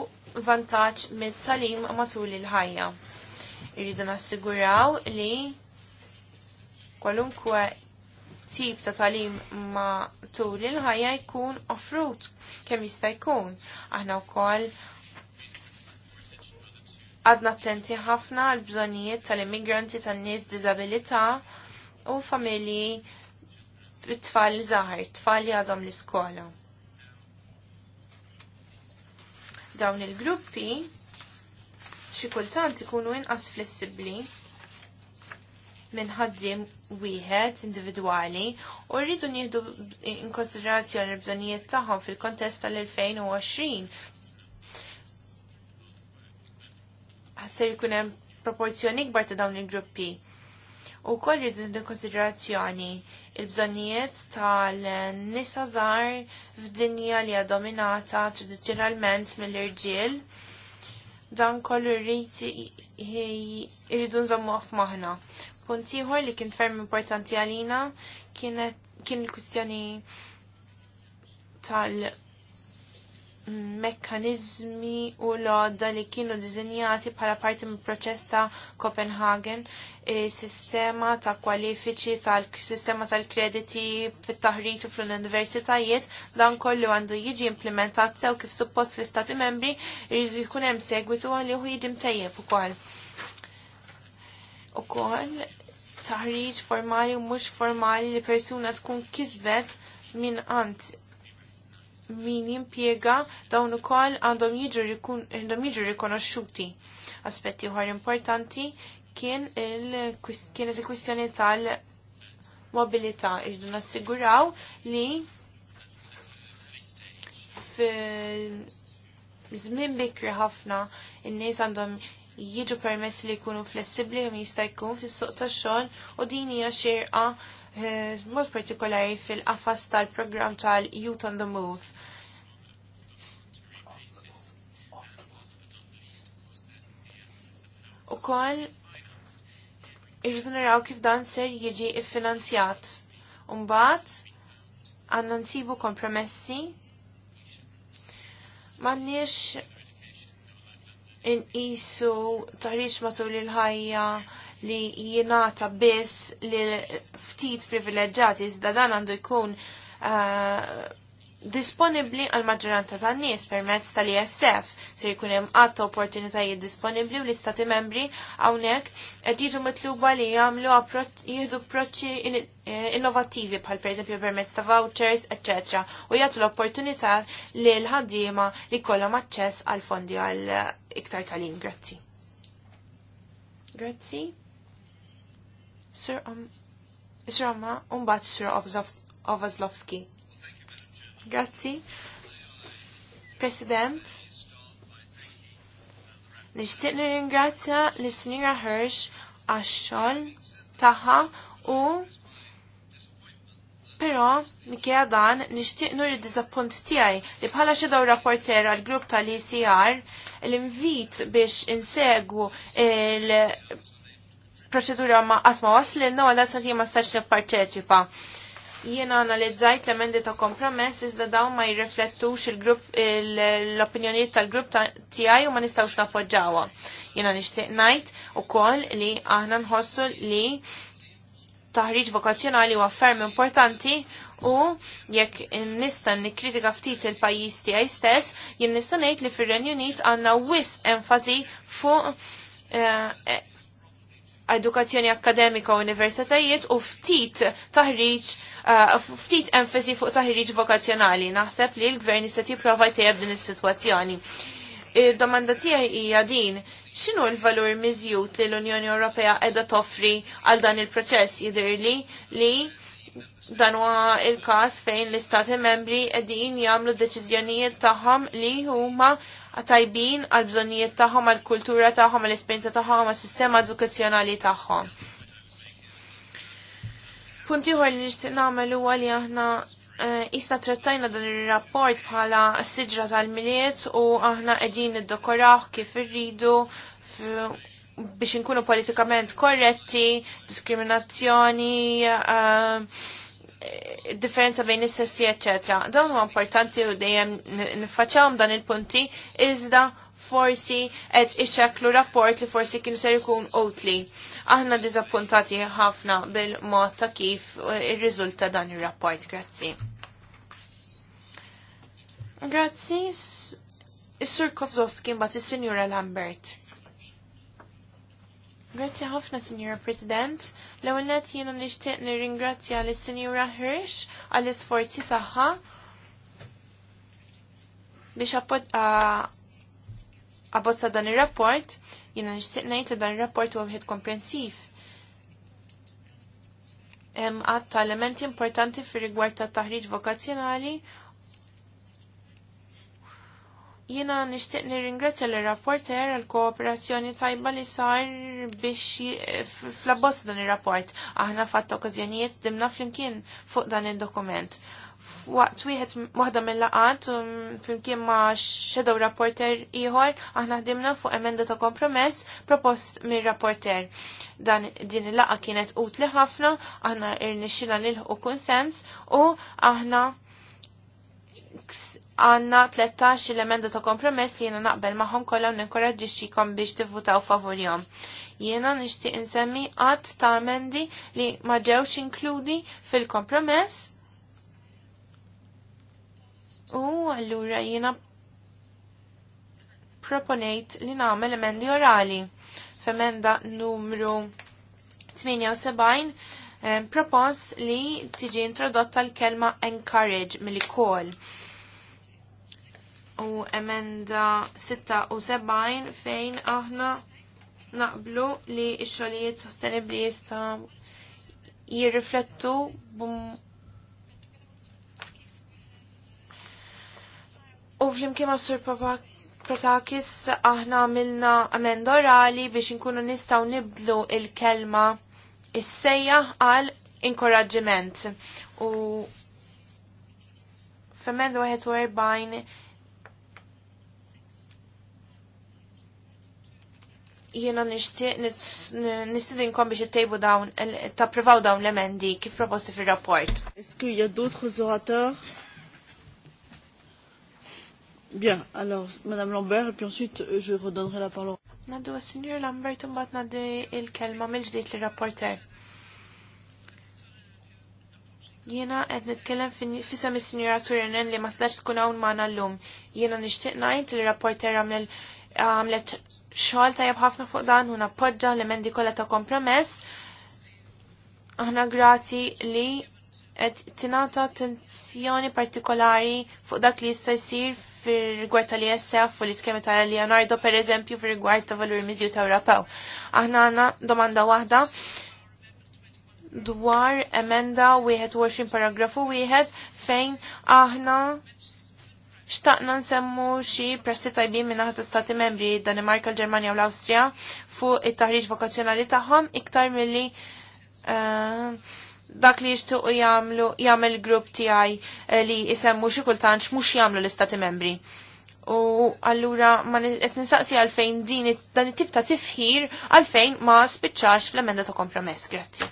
Speaker 6: vantaġġ mit-talim matul il-ħajja. Irridu nassiguraw li kwalunkwe tip ta' talim ma tul il-ħajja jkun offrut kemm jista' jkun. Aħna wkoll Għadna attenti ħafna għal bżonijiet tal-immigranti tan-nies disabilità u familji bit-tfal żgħar, tfal li għadhom l-iskola. Dawn il-gruppi xi kultant ikunu inqas flessibbli minn ħaddiem wieħed individwali u rridu nieħdu in konsiderazzjoni l-bżonijiet tagħhom fil-kontest tal-2020 ħasser jkun hemm proporzjoni kbar ta' dawn il-gruppi. U koll jridu konsiderazzjoni il-bżonnijiet tal-nisa żgħar f'dinja li hija dominata tradizzjonalment mill-irġiel. Dan kollu rrid irridu nżommu f'maħna. Punt ieħor li kien ferm importanti għalina kien il-kwistjoni tal- mekkanizmi u l-odda li kienu dizinjati bħala parti mill proċess ta' Copenhagen, sistema ta' kwalifiċi tal-sistema tal-krediti fit-taħriġ u fl-universitajiet, dan kollu għandu jiġi implementat sew kif suppost l-Istati membri jridu jkun hemm segwitu għal u jiġi mtejjeb ukoll. Ukoll taħriġ formali u mhux formali li persuna tkun kisbet minn għand min jimpiega dawn ukoll għandhom jiġu rikonoxxuti. Aspetti oħar importanti kien kienet il-kwistjoni tal-mobilità irdu nassiguraw li żmien bikri ħafna in-nies għandhom jiġu permess li jkunu flessibbli u jista' jkun fis-suq tax-xogħol u din hija xirqa Eh, mod partikolari fil-qafas tal program tal-Youth on the Move. U koll irridu naraw kif dan ser jiġi iffinanzjat. Umbat, għanna nsibu kompromessi Mannix isu taħriġ matul il-ħajja li jenata biss li ftit privileġġati iżda dan għandu jkun uh, disponibli għal maġġoranza tan-nies permezz tal-ISF se jkun hemm għadd opportunitajiet disponibbli u l-istati membri hawnhekk qed jiġu mitluba li jagħmlu jieħdu approċċi eh, innovattivi bħal pereżempju permezz ta' vouchers, etc. u jagħtu l-opportunità li l-ħaddiema li jkollhom aċċess għal fondi għal iktar tal-in. Grazzi. Grazzi. Sir Roma, um, unbat Sir Ovazlovski. Grazzi. President, nishtiq nirringrazzja l Sinira Hirsch għax-xogħol tagħha u Pero, mikkija dan, nishtiq nur id-dizappunt tijaj li bħala xedaw rapporter għal-grupp tal-ECR l-invit biex insegwu il- proċedura ma qasma waslilna għal sa ma stax nipparteċipa. Jiena analizzajt l-emendi ta' kompromess iżda dawn ma jirriflettux l-opinjonijiet tal-grupp tiegħi u ma nistgħux nappoġġawha. Jiena nixtieq ngħid ukoll li aħna nħossu li taħriġ vokazzjonali huwa ferm importanti u jekk nista' nikkritika ftit il-pajjiż tiegħi stess, jien nista' ngħid li fir-Renju Unit għandna wis enfasi fuq eh, edukazzjoni akademika u universitajiet u ftit taħriġ, uh, ftit enfasi fuq taħriġ vokazzjonali. Naħseb li l-gvern jistat jipprova jtejjeb din is-sitwazzjoni. domanda tiegħi hija din, x'inhu l-valur miżjud li l-Unjoni Ewropea qiegħda toffri għal dan il-proċess jidhirli li dan huwa il-każ fejn l-istati membri qegħdin jagħmlu deċiżjonijiet tagħhom li huma tajbin għal bżonnijiet tagħhom, għal kultura tagħhom, għal esperjenza tagħhom, għal sistema edukazzjonali tagħhom. Punti ħor li nixtieq nagħmel huwa li aħna eh, isna trattajna dan ir-rapport bħala siġra tal-miliet u aħna qegħdin iddokoraw kif irridu biex inkunu politikament korretti, diskriminazzjoni, uh, differenza bejn is-sessi, eccetera. Dawn huwa importanti u dejjem nifaċawhom dan il-punti iżda forsi qed ixxeklu rapport li forsi kien ser ikun utli. Aħna diżappuntati ħafna bil-mod ta' kif uh, irriżulta dan ir-rapport. Grazzi. Grazzi, Is-Sur Kovzowski mbagħad is-Sinjura Lambert. Grazzi ħafna, Sinjura President. L-ewwel nett jiena nixtieq nirringrazzja lis sinjura Hirsch għall-isforzi tagħha biex abbozza dan ir-rapport, jiena nixtieq ngħid li dan ir-rapport u wieħed komprensiv. Hemm għadd elementi importanti fir rigward ta' taħriġ vokazzjonali Jiena nixtieq nirringrazzja l rapporter għal kooperazzjoni tajba li sar biex fl dan ir-rapport. Aħna fatt okkażjonijiet dimna flimkien fuq dan id-dokument. Waqt wieħed waħda mill-laqat um, flimkien ma' shadow rapporter ieħor aħna ħdimna fuq emenda ta' kompromess propost mir-rapporter. Dan din il-laqa kienet utli ħafna, aħna irnexxina nilħu konsens u aħna għanna 13 l-emenda ta' kompromess li jena naqbel maħom inkoraġi ninkoraġġixxikom biex tivvutaw favorjom. Jena nixtieq insemmi għad ta' emendi li ma ġewx inkludi fil-kompromess. U allura jiena proponejt li nagħmel emendi orali f'emenda numru 78 propos propons li tiġi introdotta l-kelma encourage mill-kol u emenda 76 fejn aħna naqblu li x-xogħlijiet sostenibbli jista' jirriflettu U flimkien ma' Sur Protakis aħna għamilna amenda orali biex inkunu nistaw nibdlu il-kelma is-sejja għal inkoraġġiment. U f'emenda 41 jiena nixtieq nistidinkom biex tejbu dawn tapprivaw dawn l-emendi kif proposti fir-rapport. Est-ce
Speaker 1: y a d'autres orateurs? Bien, alors Madame Lambert, et puis ensuite je redonnerai la parole.
Speaker 6: Naddu għas-Sinjur Lambert imbagħad nagħdi il-kelma mill-ġdid l rapporter Jiena qed nitkellem fisem is-Sinjura Turinen li ma sdax tkun hawn magħna llum. Jiena nixtieq ngħid li rapporter għamel għamlet xogħol tajjeb ħafna fuq dan huna podġa l-emendi kollha ta' kompromess. Aħna grati li qed tingħata attenzjoni partikolari fuq dak li jista' jsir fir-rigward tal-ISF u l iskema ta' Leonardo pereżempju fir-rigward ta' valur miżju ta' Ewropew. Aħna għandna domanda waħda dwar emenda 21 paragrafu wieħed fejn aħna Xtaqna nsemmu xi presti tajbin minna ħat stati membri Danimarka, l germania u l austria fuq it-taħriġ vokazzjonali tagħhom iktar milli eh, dak li jishtuq jagħmlu jagħmel grupp tiegħi eh, li jisemmu xi kultant mhux jagħmlu l-istati membri. U allura ma qed nistaqsi għalfejn din dan it-tip ta' tifħir għalfejn ma spiċċax fl-emenda ta' kompromess. Grazzi.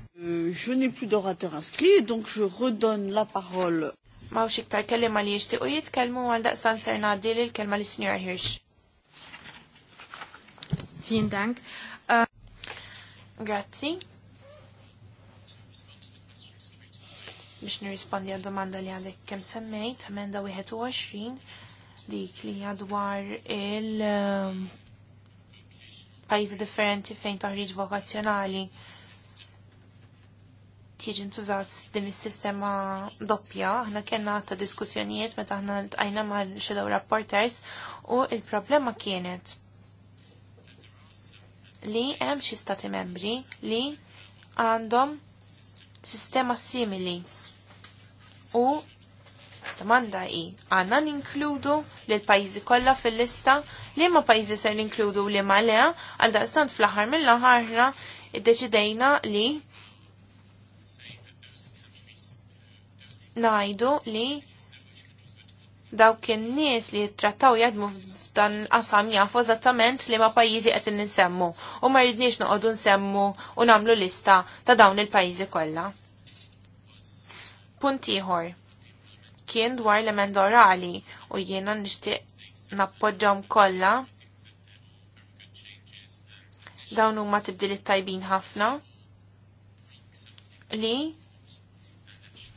Speaker 1: Euh, je n'ai plus d'orateur inscrit, donc je redonne la parole mawx iktar kelima li
Speaker 6: jishtiqu jitkellmu għal daqstan ser li l kelma li Sinjora Hirx. Fien Dank. Äh, Grazzi. Biex nirrispondi għad domanda li għadek kem semmejt, u 21 dik li għadwar il-pajzi um, differenti fejn taħriġ vokazzjonali qed jiġi ntużat din is-sistema doppja, aħna kellna ta' diskussjonijiet meta aħna ltqajna mal xedaw rapporters u il-problema kienet li hemm xi stati membri li għandhom sistema simili u domanda i għanna ninkludu li l-pajzi kollha fil-lista li ma pajzi ser ninkludu li ma le għal daqstant fl-aħħar mill id-deċidejna li najdu li daw kien nies li jittrattaw jadmu f'dan qasam jafu eżattament li ma pajjiżi qed ninsemmu u ma rridniex noqogħdu nsemmu u nagħmlu lista ta' dawn il-pajjiżi kollha. Punt ieħor kien dwar l-emenda orali u jiena nixtieq nappoġġhom kollha dawn huma tibdilit tajbin ħafna li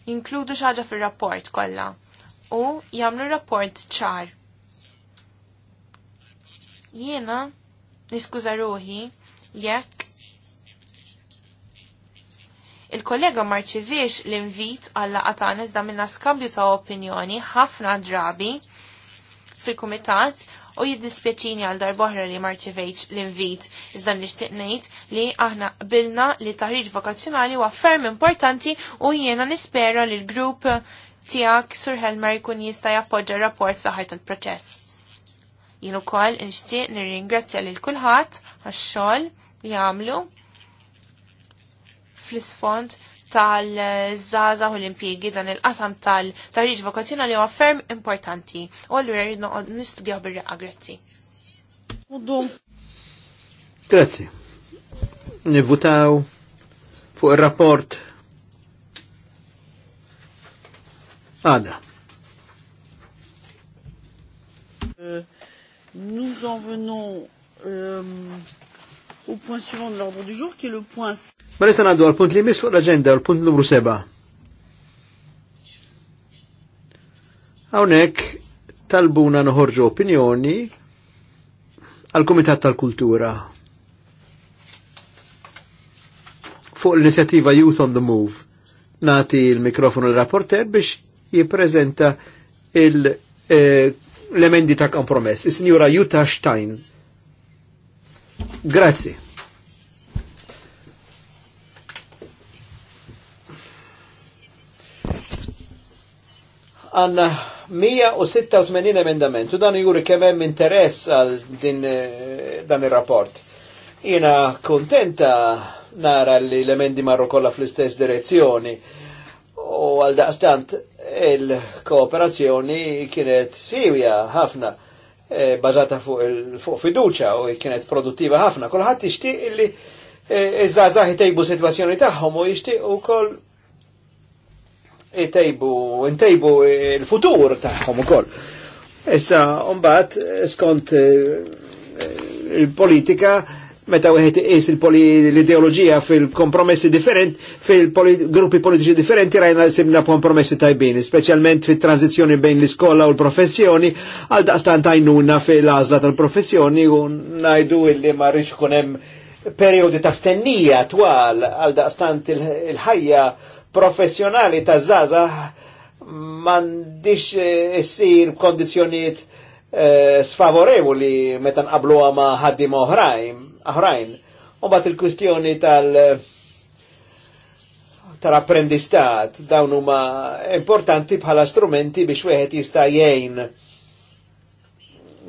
Speaker 6: jinkludu xaġa fil-rapport kollha u jagħmlu rapport ċar. Jiena niskuża ruħi jekk il-kollega marċiviex l-invit għalla għatanis da minna skambju ta' opinjoni ħafna drabi fil-komitat u jiddispjaċini għal darboħra li marċivejċ l-invit. Iżda nixtieq ngħid li aħna bilna li taħriġ vokazzjonali huwa ferm importanti u jiena nispera li l-grupp tiegħek Sur Helmer jkun jista' jappoġġa rapport saħħar tal-proċess. Jien ukoll nixtieq nirringrazzja lil kulħadd għax-xogħol li għamlu fl-isfond tal-żaza u l-impjegi dan il-qasam tal tariġ vokazzjonali huwa ferm importanti. U allura jgħid noqgħod nistudjaw bir-reqqa grazzi.
Speaker 2: Grazzi. Nivvutaw fuq ir-rapport għada.
Speaker 1: Euh, nous en venons euh, au point suivant de l'ordre du jour, qui est le point...
Speaker 2: Ma nistan għaddu għal-punt li mis fuq l'agenda agenda punt numru 7. Hawnhekk talbuna noħorġu opinjoni għal-Kumitat tal-Kultura fuq l inizjativa Youth on the Move. Nati il-mikrofonu l-rapporter biex jiprezenta eh, l-emendi ta' kompromess. is signora Jutta Stein Grazzi. Għanna 186 emendament u dan juri kemem interess għal din, eh, dan il-rapport. Jena kontenta nara li l-emendi marru kolla fl-istess direzzjoni u għal daqstant il-kooperazzjoni kienet siwja ħafna Eh, bazata fuq fu fiduċa u kienet produttiva ħafna. Kolħat ixti illi eh, iż-żgħażagħ jtejbu situazzjoni tagħhom u jixtieq ukoll itejbu intejbu il-futur tagħhom ukoll. Issa mbagħad skont eh, il-politika meta wieħed is l-ideoloġija fil-kompromessi differenti, fil-gruppi politiċi differenti rajna simna kompromessi tajbini, speċjalment fit-tranzizzjoni bejn l-iskola u l-professjoni, għal daqstan tajnuna fil azla tal-professjoni u najdu illi ma rridx hemm periodi ta' stennija twal għal daqstan il-ħajja professjonali ta' zaza mandiċ eh, issir kondizjoniet eh, sfavorevoli meta nqablu ma ħaddim oħrajn aħrajn. U bat il kustjoni tal- tal-apprendistat dawn huma importanti bħala strumenti biex wieħed jista' jgħin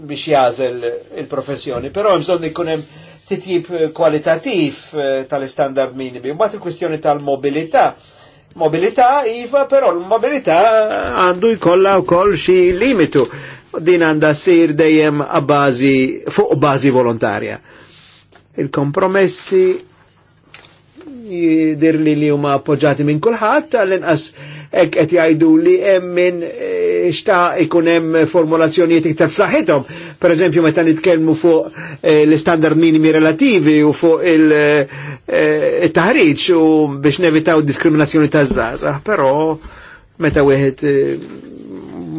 Speaker 2: biex jażel il-professjoni, però hemm bżonn ikun hemm titjib kwalitativ eh, tal-istandard minimi. Mbagħad il-kwistjoni tal-mobilità. Mobilità iva, però l-mobilità għandu jkollha wkoll xi limitu. Din għandha ssir dejjem a bażi fuq bażi volontarja. Il-kompromessi jidir li li huma appoġġati minn kulħadd għall-inqas hekk qed jgħidu li hemm minn eh, xta ikun hemm formulazzjonijiet iktar b'saħħithom. Pereżempju meta nitkellmu fuq eh, l-istandard minimi relativi u fuq eh, il-taħriġ u biex nevitaw diskriminazzjoni ta' żgħażagħ, però meta wieħed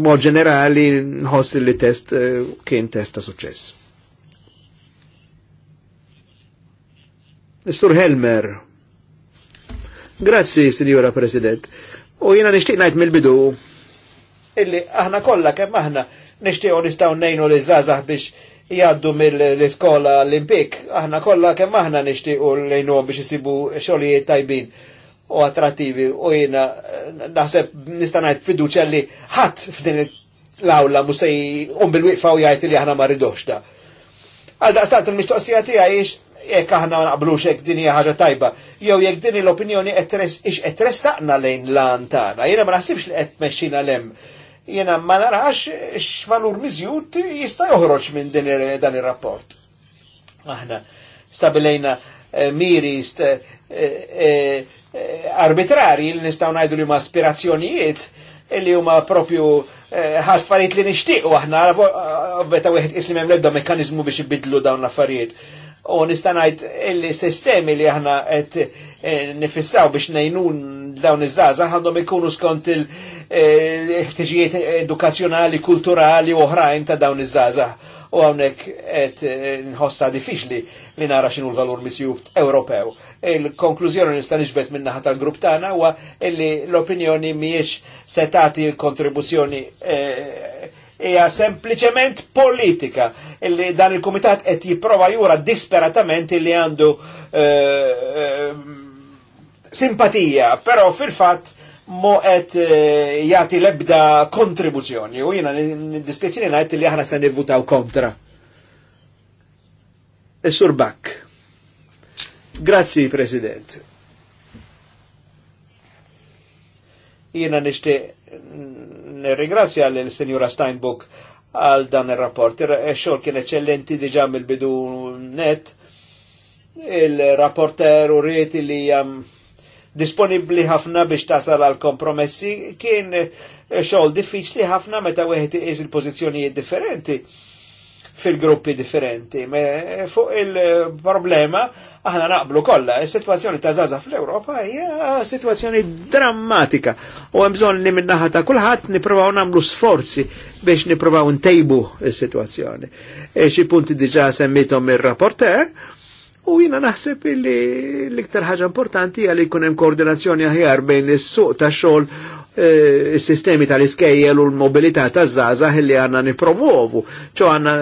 Speaker 2: mod ġenerali nħoss li test kien test ta' suċċess. Sur Helmer. Grazzi, Signora President. U jena nishtiq najt mill-bidu illi aħna kollha kemm aħna nixtiequ nistaw nejnu li zazah biex jgħaddu mill-iskola Olimpik, aħna kollha kemm aħna nixtiequ lejnuhom biex jisibu xogħlijiet tajbin u attrattivi u jiena eh, naħseb nista' ngħid fiduċja li ħadd f'din l-awla musej un bil-wieqfa u jgħid li aħna ma rridux da. Għal il-mistoqsija tiegħi jekk aħna naqblux xek din hija ħaġa tajba, jew jekk din l-opinjoni ix etressaqna lejn lan antana Jiena ma naħsibx li qed tmexxina lem. Jiena ma narax x'valur miżjud jista' joħroġ minn din dan ir-rapport. Aħna stabilejna eh, miri eh, eh, arbitrari li nistgħu ngħidu li ma aspirazzjonijiet li huma propju ħaffariet li nixtiequ aħna beta wieħed islim hemm l-ebda mekkaniżmu biex ibidlu dawn l-affarijiet u nistanajt il-sistemi li aħna qed eh, nifissaw biex nejnun dawn iż-żaza għandhom ikunu skont eh, il-ħtiġijiet edukazzjonali, kulturali u oħrajn ta' dawn iż-żaza. U hawnhekk qed eh, nħossa diffiċli li nara x'inhu l-valur misjub Ewropew. Il-konklużjoni nista' niġbed minna naħa tal-grupp tagħna huwa li l-opinjoni mhijiex se tagħti kontribuzzjoni eh, hija sempliċement politika. Illi dan il komitat qed jipprova jura disperatament illi għandu eh, eh, simpatija, però fil-fatt mo qed eh, jagħti lebda kontribuzzjoni u jiena niddispjaċini ngħid li aħna se nivvutaw kontra. Is-Sur e Back. Grazzi, President. Jiena nixtieq nirringrazzja l-Senjura Steinbuck għal dan il-rapport. Il-xol kien eccellenti diġa mill-bidu net. Il-rapporter u rieti li jam disponibli ħafna biex tasal għal kompromessi kien xol diffiċli ħafna meta weħti iż il-pozizjonijiet differenti fil-gruppi differenti. Fuq il-problema aħna naqblu kollha, is-sitwazzjoni ta' Zaza fl europa hija situazzjoni drammatika u hemm bżonn li minnaħa ta' kulħadd nippruvaw nagħmlu sforzi biex nippruvaw ntejbu is-sitwazzjoni. E xi punti diġà semmithom ir-rapporter u jina naħseb li l-iktar ħaġa importanti għalli kunem jkun hemm koordinazzjoni aħjar bejn is-suq ta' xogħol Eh, il sistemi tal-iskejjel u l-mobilità taż-żgħażagħ li għandna nipromuovu. ċo għandna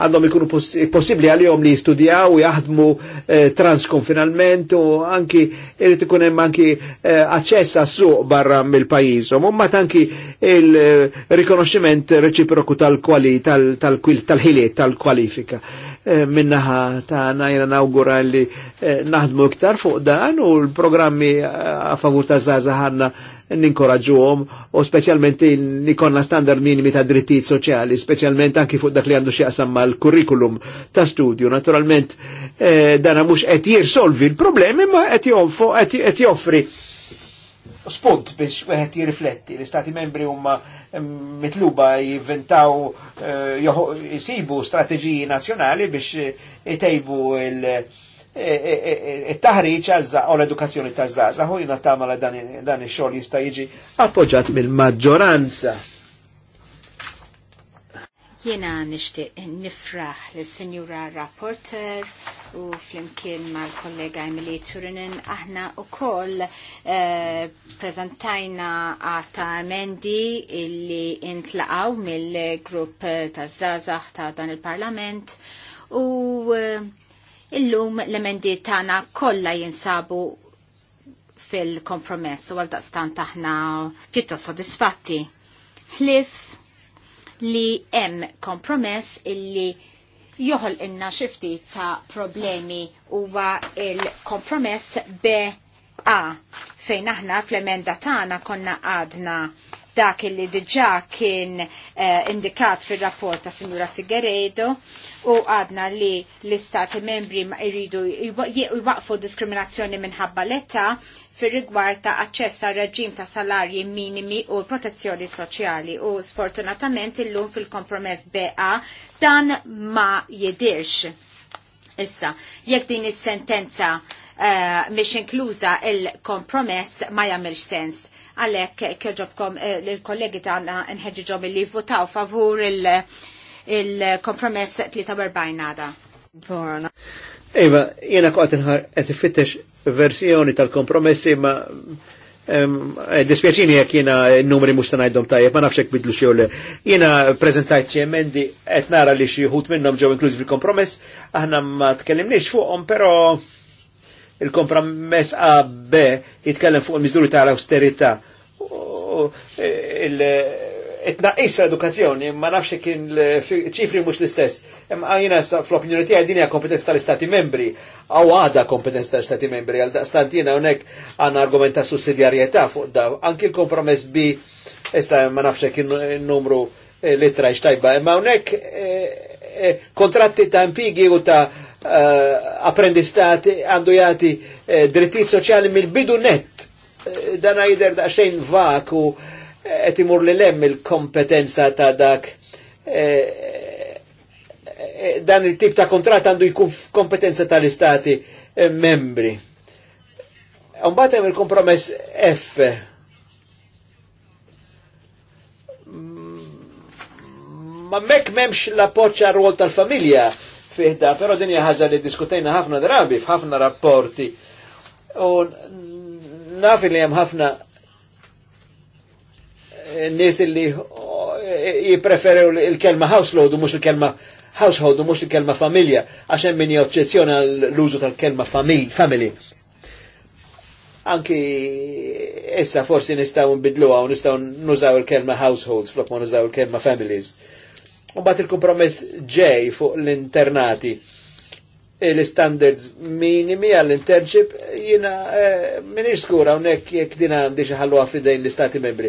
Speaker 2: għandhom ikunu possibbli għalihom li jistudjaw u jaħdmu eh, transkonfinalment u anki irid ikun hemm anki eh, aċċess għas barra mill u Umma tanki il-rikonoxximent reċiproku tal-kwali tal-ħiliet tal-kwalifika. Minnaħa ta' najna nawgura li naħdmu iktar fuq dan u l-programmi a favur taż-żgħażagħ għandna ninkoraġuhom u speċjalment nikonna standard minimi ta' drittijiet soċjali, speċjalment anki fuq dak li għandu x'jaqsam mal-kurrikulum ta' studju. Naturalment eh, dana mhux qed jirsolvi l-problemi ma qed joffri spunt biex wieħed jirrifletti. L-Istati membri huma mitluba jivventaw eh, jisibu strategiji nazzjonali biex jtejbu eh, il- it-taħriġ e, e, e, għazza u l-edukazzjoni ta' żaza Hu jina tamala dan ix-xogħol jista' jiġi appoġġat mill-maġġoranza.
Speaker 3: Jiena nixtieq nifraħ l sinjura Rapporter u flimkien mal-kollega Emily Turinen aħna u koll eh, prezentajna għata emendi illi intlaqaw mill-grupp ta' Zazax ta' dan il-parlament u eh, Illum l-emendi tagħna kollha jinsabu fil-kompromess u għaldaqstant aħna pjuttost sodisfatti. Ħlif li hemm kompromess illi joħol inna xifti ta' problemi huwa il-kompromess B A fejn aħna fl-emenda tagħna konna għadna dak li diġa kien eh, indikat fil rapport ta' Sinjura Figueredo u għadna li l-istati membri ma jridu jwaqfu diskriminazzjoni minħabba l-età fir rigward ta' aċċess għal reġim ta' salarji minimi u protezzjoni soċjali u sfortunatament illum fil-kompromess BA dan ma jidirx. Issa, jekk din is-sentenza uh, mhix inkluża il-kompromess ma jagħmilx sens Għalek kħeġobkom eh, l-kollegi tagħna ġobi li votaw favur il-kompromess 43 għada.
Speaker 2: Iva, jena kħat nħar qed ifittex versjoni tal-kompromessi ma eh, dispjaċini jek jena numri mux tanajdom tajjeb, ma nafxek bidlu xew le. Jena prezentajt ċie emendi et nara li xie hut minnom ġew inkluzi fil-kompromess, aħna ma tkellimniex fuqhom, pero il-kompromess A-B jitkellem fuq il-miżuri tal austerita it-naqis l-edukazzjoni, ma nafx kien ċifri mux l-istess. Imma jina fl-opinjoni tiegħi din hija kompetenza tal-Istati membri, għaw għada kompetenza tal-Istati membri, għal stantina hawnhekk għandna argument ta' sussidjarjetà fuq da, anki l-kompromess bi issa ma nafx kien numru eh, litra xtajba, Ma hawnhekk eh, eh, kontratti ta' impigi u ta' apprendistati għandu jati drittijiet soċjali mill-bidu net dan jider da xejn vak u qed imur li lem il-kompetenza ta' dak e, e, dan il-tip ta' kontrat għandu jkun kompetenza tal-istati e, membri. Umbat hemm il-kompromess F. Ma mek memx la poċċa rwol tal-familja fiħda, pero din hija ħaġa li diskutejna ħafna drabi f'ħafna rapporti nafi li hemm ħafna eh, nis eh, li jipreferew il-kelma household u mux il-kelma household u mhux il-kelma familja għax hemm min joċċezzjona l-użu tal-kelma family. Anki issa forsi nistgħu nbidluha u nistgħu nużaw il-kelma household flok ma nużaw il-kelma families. U bat il-kompromess ġej fuq l-internati l-standards minimi għall internship jina eh, minix skura unnek jek dina għandi ħallu għafri l-istati membri.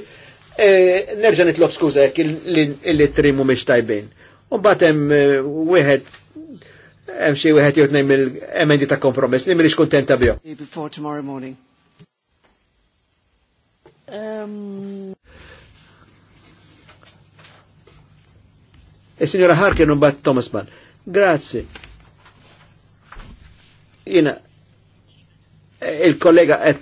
Speaker 2: Eh, nerġa nitlob skuza jek il-trimu miex tajbin. Un batem eh, wieħed hemm xi wieħed jew tnejn mill-emendi ta' kompromess li m'iniex kuntenta bihom.
Speaker 1: Before tomorrow morning. Is-Sinjora
Speaker 2: um, e Harkin u Thomas Mann. Grazie jina il-kollega qed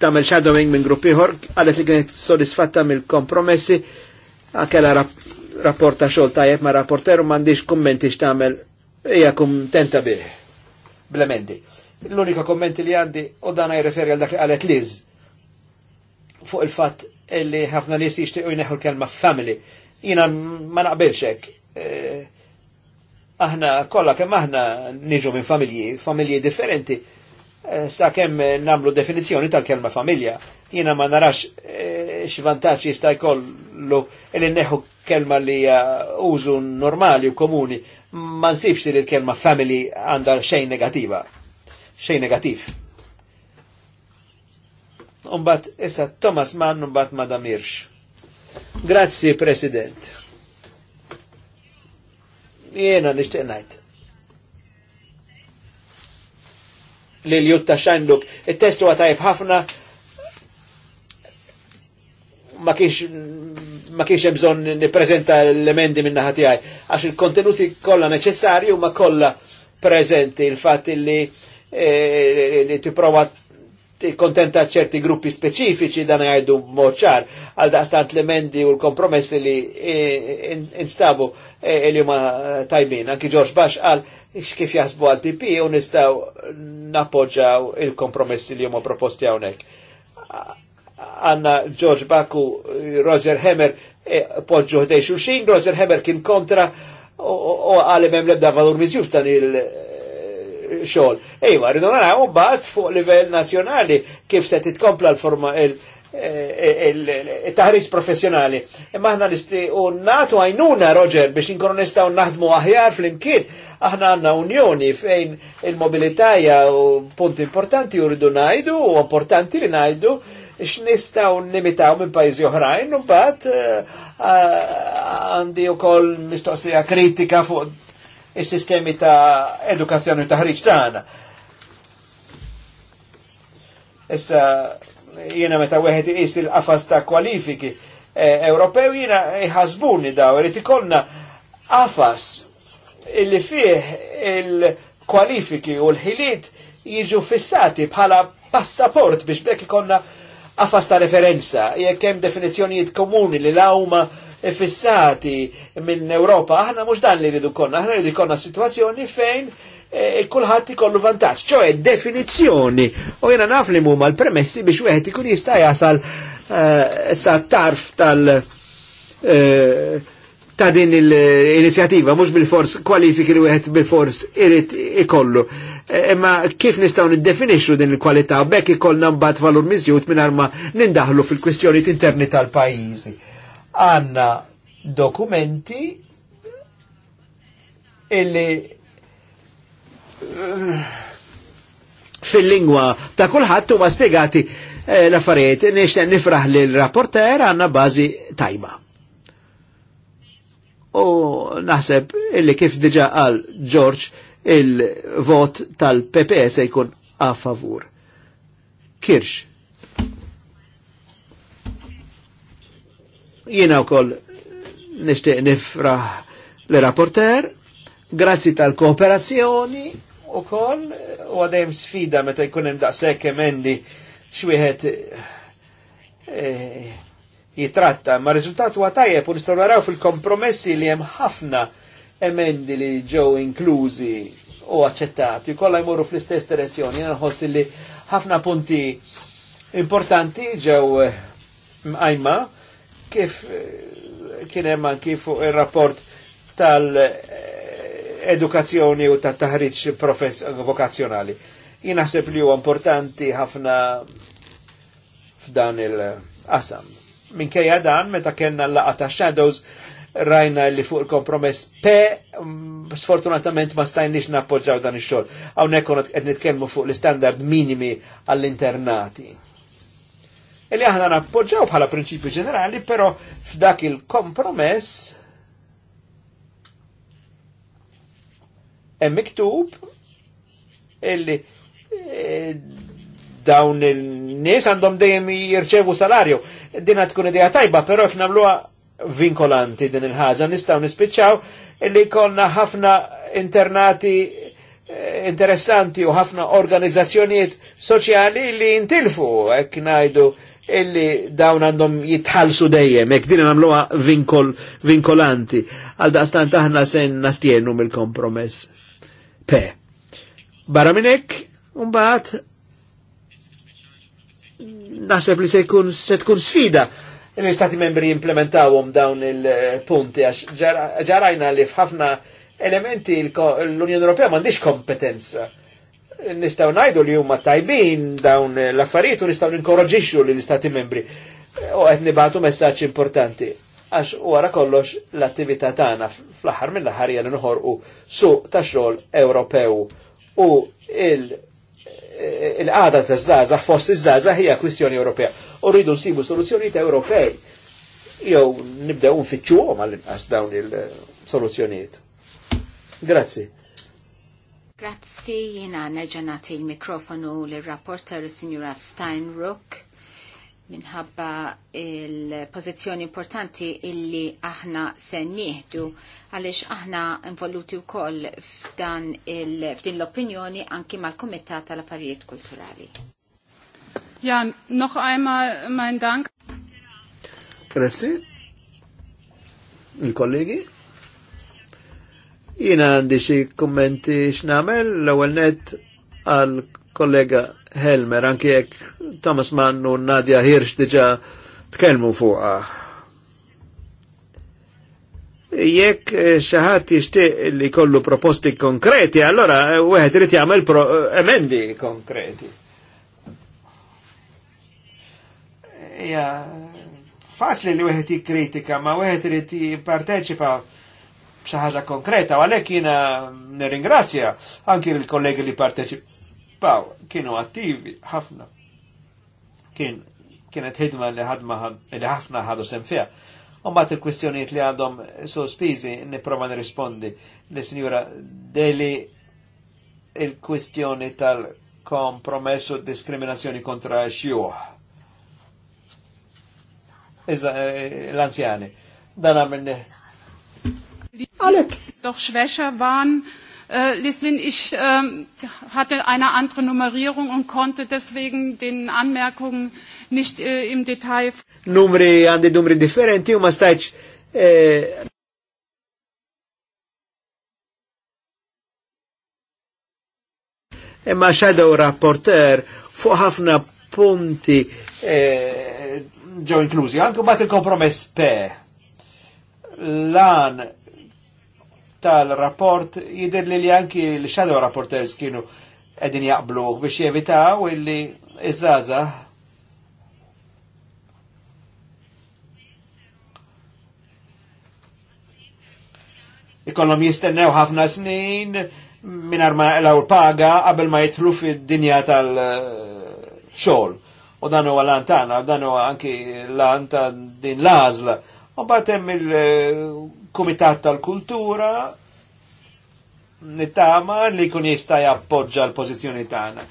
Speaker 2: tagħmel shadowing minn gruppi ieħor qalet li kienet sodisfatta mill-kompromessi għakela rap rapport ta' xogħol tajjeb ma' rapporteru m'għandix kummenti x'tagħmel hija kuntenta bih. Blemendi. L-unika kommenti li għandi u dan referi għal dak li qalet Liz fuq il-fatt li ħafna nies jixtiequ jneħħu l-kelma family. Jina ma naqbilx hekk. Eh, aħna kollha kemm aħna niġu minn familji, familji differenti. Eh, Sa kemm namlu definizzjoni tal-kelma familja, jiena ma narax eh, x'vantaġġ jista' jkollu li neħu kelma li użu normali u komuni, ma nsibx li l-kelma family għandha xejn negativa, xejn negativ. Umbat, issa Thomas Mann, umbat Madam damirx. Grazzi, President. Jena nishtiq najt. Li l-jutta xanduk, il-testu għatajf ħafna, ma kienx ma kienx bżon nipprezenta l-emendi minna ħatijaj, għax il-kontenuti kolla neċessarju ma kolla prezenti il-fat li eh, li tiprova kontenta ċerti gruppi speċifiċi dan għajdu moċar għal daqstant l-emendi u l-kompromessi li instabu e- e il-juma tajmin. Anki George Bax għal xkif jasbu għal PP u nistaw napoġa il-kompromessi li huma proposti hawnhekk. Għanna George Baku, Roger Hemmer e, poġġu ħdej xulxin, Roger Hemmer kien kontra u għalim hemm lebda valur mizjuf dan il- xol. Ejwa, rridu naraw u bat fuq livell nazjonali kif se titkompla l-forma il-taħriġ professjonali. Imma aħna nisti u natu għajnuna, Roger, biex inkunu nistaw naħdmu aħjar fl-imkien. Aħna għanna unjoni fejn il-mobilità hija punt importanti u rridu najdu, u importanti li najdu, ix x'nistgħu nimitaw minn pajzi oħrajn, u bat eh, għandi u koll mistoqsija kritika fuq il sistemi ta' edukazzjoni ta' ħriġ tagħna. Issa jiena meta wieħed is il-qafas ta' kwalifiki eh, Ewropew jiena jħasbuni daw irid ikollna qafas illi fih il-kwalifiki u l-ħiliet jiġu fissati bħala passaport biex bekk ikonna qafas ta' referenza, jekk hemm definizzjonijiet komuni li l-awma fissati mill-Europa, aħna mhux dan li ridu konna, aħna ridu konna situazzjoni fejn E eh, kullħat ikollu vantaġġ, ċoe definizzjoni. U jena naf li mumma l-premessi biex wieħed ikun jista' jasal eh, sa tarf tal eh, ta' din l-inizjativa, mhux bil-fors kwalifiki li wieħed bil-fors irid ikollu. Imma kif nistgħu niddefinixxu din il-kwalità u bekk ikollna mbagħad valur miżjud mingħajr ma nindaħlu fil-kwistjonijiet interni tal-pajjiżi għanna dokumenti illi fil-lingwa ta' kulħadd huma spiegati eh, l-affarijiet nixtieq nifraħ li l-rapporter għandna bażi tajba. U naħseb illi kif diġa għal George il-vot tal-PPS jkun a favur. Kirsch. Jiena wkoll nixtieq nifraħ l-rapporter, grazzi tal-kooperazzjoni koll u għadem sfida meta jkun hemm daqshekk emendi xwieħed eh, jitratta, ma rizultat u tajjeb u nistgħu fil-kompromessi li hemm ħafna emendi li ġew inklużi u aċċettati, kollha jmorru fl-istess direzzjoni, jena nħossi li ħafna punti importanti ġew mqajma kif kien hemm anki fuq ir-rapport tal-edukazzjoni u tat-taħriġ vokazzjonali. Jien naħseb li huwa importanti ħafna f'dan il-qasam. Minkejja dan, meta kellna l-laqa ta' Shadows, rajna li fuq il-kompromess pe sfortunatament ma stajniex nappoġġaw dan ix-xogħol. Hawnhekk qed nitkellmu fuq l-istandard minimi għall-internati li aħna nappoġġaw bħala prinċipju ġenerali, però f'dak il-kompromess hemm miktub illi eh, dawn il-nies għandhom dejjem jirċevu salarju. Dina tkun idea tajba, però jekk nagħmluha vinkolanti din il-ħaġa nistgħu nispiċċaw illi konna ħafna internati eh, interessanti u ħafna organizzazzjonijiet soċjali li jintilfu, hekk ngħidu illi dawn għandhom jitħalsu dejjem, jek din għamluwa vinkol, vinkolanti, għal daqstan taħna sen nastjenu mill-kompromess. Pe. Barra minnek, unbaħt, naħseb li se tkun sfida l-istati membri implementawhom dawn il-punti, għax ġarajna li fħafna elementi l-Unjoni Ewropea m'għandix kompetenza nistaw najdu li huma tajbin dawn l-affarijiet u nistaw ninkoraġixxu li l-istati membri u qed nibatu messaġġ importanti għax wara kollox l-attività tagħna fl-aħħar mill-aħħar jgħal nħorqu suq ta' xogħol Ewropew u il il-qada ta' żgħażagħ fost iż żaza hija kwistjoni Ewropea. U rridu nsibu soluzzjonijiet Ewropej jew nibdew nfittxuhom għall-inqas dawn il-soluzzjonijiet. Grazzi.
Speaker 3: Grazzi, jina nerġanati il-mikrofonu l-rapporter signora Steinrook minħabba il-pozizjoni importanti illi aħna se nieħdu għaliex aħna involuti wkoll f'dan f'din l-opinjoni anki mal-Kumitat tal-Affarijiet Kulturali.
Speaker 5: Ja, noch einmal mein Dank.
Speaker 2: Grazie. Il-kollegi? Jina għandi xi kummenti x'namel l-ewwel net għal kollega Helmer anki jekk Thomas Mann u Nadja Hirsch diġà tkellmu fuqha. Jekk eh, xi ħadd jixtieq li kollu proposti konkreti, allora eh, wieħed irid jagħmel eh, emendi konkreti. Ja, faċli li wieħed jikkritika, ma wieħed irid jipparteċipa ħaġa konkreta, u għalhekk neringrazja nirringrazzja anki l-kollegi li parteċipaw, kienu attivi ħafna. Kien kienet ħidma li ħadma li ħafna ħadu sem fija. Umbat il-kwistjoniet li għadhom sospiżi nipprova nirrispondi li sinjura Deli il-kwistjoni tal-kompromessu diskriminazzjoni kontra xjuħ. Iza, eh, l-anzjani. Dan għamilni
Speaker 5: Alek. doch schwächer waren. Äh, Lislin, ich äh, hatte eine andere Nummerierung und konnte deswegen den Anmerkungen nicht äh, im Detail.
Speaker 2: Numri, an die numri differenti, u ma stajċ. Eh... Imma shadow rapporteur fuq ħafna punti eh, ġo inklużi, anke bat il-kompromess P. Lan tal-rapport jidir li li anki l-shadow rapporters kienu edin jaqblu biex jevitaw illi iż-żaza ikollhom jistennew ħafna snin minar ma law paga qabel ma jitlu fid-dinja tal-xogħol. U dan huwa lantana, dan huwa anki lanta din l-għażla. U batem il Kumitat tal-Kultura nittama li kun jista jappoġġa l-pożizzjoni tana.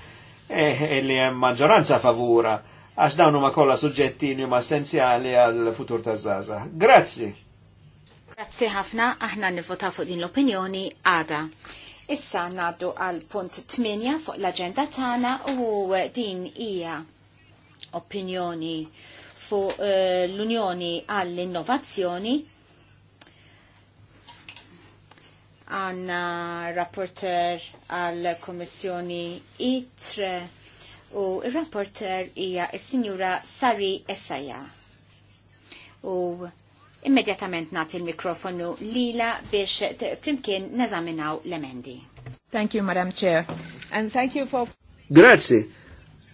Speaker 2: e eh, eh, li hemm maġġoranza favura għax dawn huma kollha suġġetti huma essenzjali għal futur ta' Zaza. Grazzi.
Speaker 3: Grazzi ħafna aħna nivvota fuq din l-opinjoni għada. Issa naddu għal punt 8 fuq l-agenda tana u din hija opinjoni fuq uh, l-Unjoni għall-Innovazzjoni għanna rapporter għal-Komissjoni ITRE u il-rapporter hija il-Sinjura Sari Esaja. U immedjatament nati il-mikrofonu lila biex flimkien nezaminaw l-emendi.
Speaker 5: Thank you, Madam Chair. And thank you for...
Speaker 2: Grazie,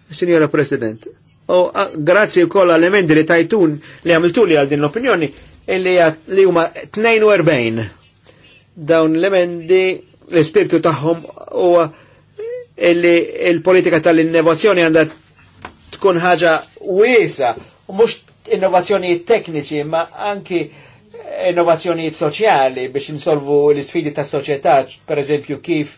Speaker 2: Signora President. O, grazie u koll l emendi li tajtun li għamiltu li għal din l-opinjoni li huma 42 dawn l-emendi l spirtu tagħhom u illi il-politika tal-innovazzjoni għanda tkun ħaġa wiesa u mux innovazzjoni tekniċi ma anki innovazzjoni soċjali biex insolvu l sfidi ta' soċjetà, per eżempju kif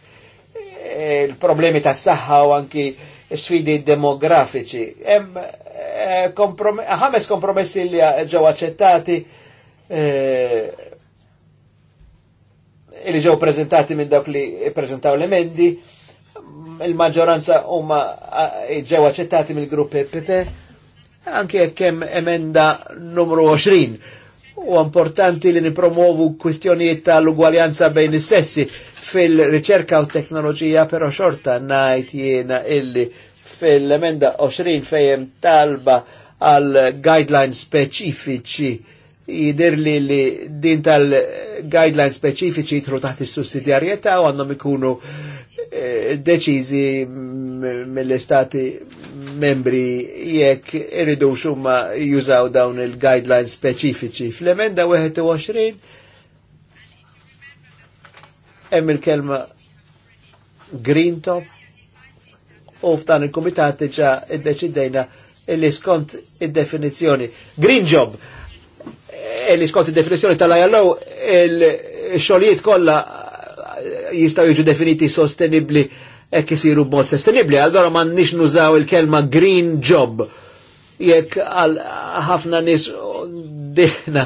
Speaker 2: eh, il-problemi ta' saħħa u anki sfidi demografiċi. Hemm eh, ħames kompromessi li ġew aċċettati eh, li ġew prezentati minn dawk li prezentaw l-emendi, il-maġġoranza huma ġew aċċettati mill-grupp PP, e anke kemm emenda numru 20. U importanti li nipromovu kwistjonijiet tal-ugwaljanza bejn is-sessi fil-riċerka u teknoloġija, però xorta najt jiena illi fil-emenda 20 fejem talba għal guidelines speċifiċi jider li li din tal-guidelines specifici jitru taħt is-sussidjarjetà u għandhom ikunu eh, deċizi mill-istati membri jekk iridu xumma jużaw dawn il-guidelines specifici. Fl-emenda 21 emm il-kelma green top u f'dan il-komitat ġa id-deċidejna il skont id-definizjoni green job Eh, li skont id-definizjoni tal-ILO il xolijiet kolla eh, jistaw jiġu definiti sostenibli e sostenibbli hekk isiru b'mod sostenibbli, allora nix nużaw il-kelma green job Jek għal ħafna nis diħna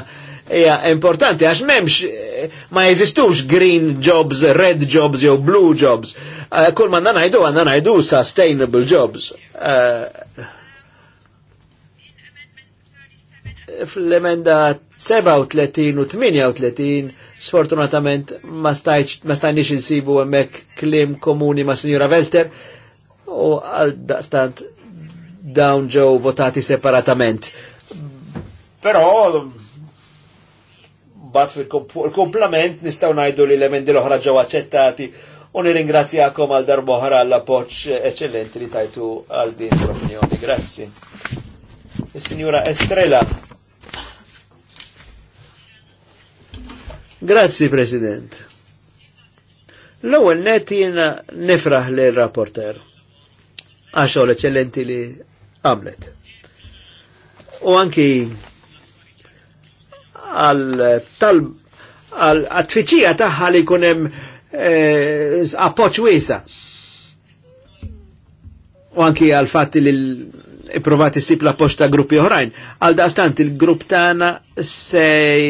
Speaker 2: Ja, importanti għax memx eh, ma jeżistux green jobs, red jobs jew blue jobs. Kull ma nanajdu, għandna ngħidu sustainable jobs. Uh, fl-emenda 37 u 38 sfortunatament ma stajniex insibu emmek klim komuni ma Signora Velter u għal daqstant dawn ġew votati separatament. Però bat fil-komplament nistaw najdu li l-emendi l-oħra ġew accettati u nirringrazzjakom għal darboħra għall-appoċ eccellenti li tajtu għal din l-opinjoni. Grazzi. E, Signora Estrella. Grazzi, President. L-ewwel net jiena nifraħ li rapporter għaxol eccellenti li għamlet. U anki għal talb għal tfiċija taħħa li kunem eh, appoċ wisa. U anki għal fatti li provati sip la posta gruppi oħrajn. Għal daqstant il-grupp tana se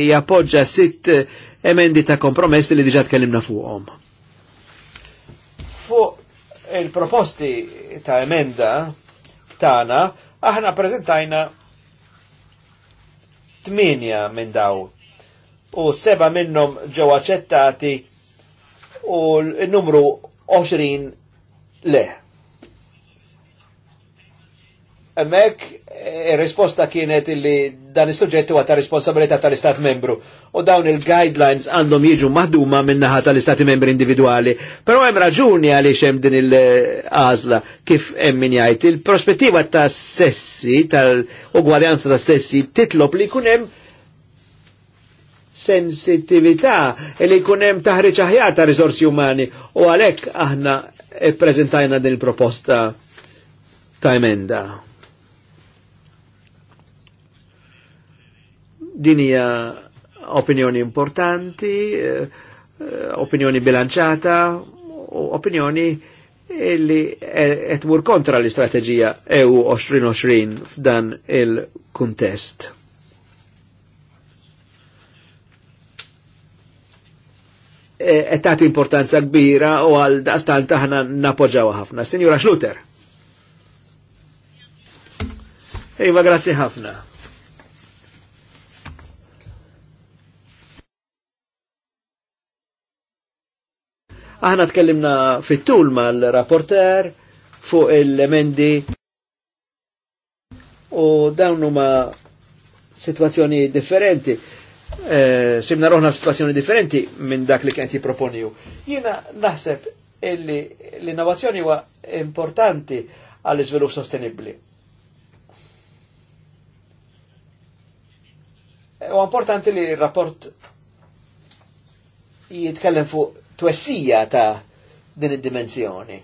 Speaker 2: jappoġġa sitt emendi ta' kompromess li diġa tkellimna fuqhom. Fuq il-proposti ta' emenda tana, aħna prezentajna tminja minn daw u seba minnom ġew aċċettati u l-numru 20 le. Mek, eh, risposta kienet illi dan is-suġġett huwa ta' responsabilità tal-Istat membru u dawn il-guidelines għandhom jiġu maħduma minnaħa tal-Istati membri individuali. Però hemm raġuni għaliex hemm din il-għażla kif hemm min jgħid. Il-prospettiva ta' sessi, tal-ugwaljanza ta' sessi titlob li jkun hemm e li jkun hemm taħriġ aħjar ta' risorsi umani u għalhekk aħna ppreżentajna din il-proposta ta' emenda. Din hija opinjoni importanti, eh, opinjoni bilanċata, opinjoni illi etmur kontra l istrategija EU 2020 f'dan il-kuntest. qed e importanza kbira u għal daqstant aħna napoġġaw ħafna. Signora Schluter. Iva, grazie ħafna. Aħna tkellimna fit-tul mal-rapporter fuq il-emendi u dawn huma situazzjoni differenti. Eh, Simna roħna situazzjoni differenti minn dak li kenti proponiju. Jiena naħseb illi l-innovazzjoni huwa importanti għall iżvilupp sostenibbli. Eh, u importanti li il rapport jitkellem fuq twessija ta' din id-dimensjoni.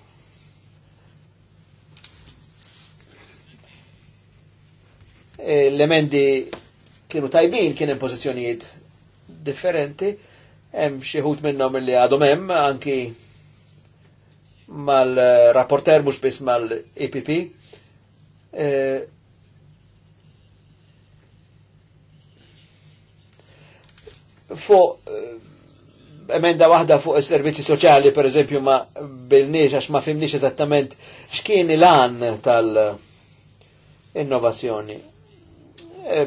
Speaker 2: E, l-emendi kienu tajbin, kien hemm pożizzjonijiet differenti, hemm xi ħut minnhom li għadhom hemm anki mal-rapporter mhux biss mal-EPP. E, fuq emenda waħda fuq is-servizzi soċjali per eżempju ma bilniex għax ma fimniex eżattament x'kien il-għan tal-innovazzjoni. E,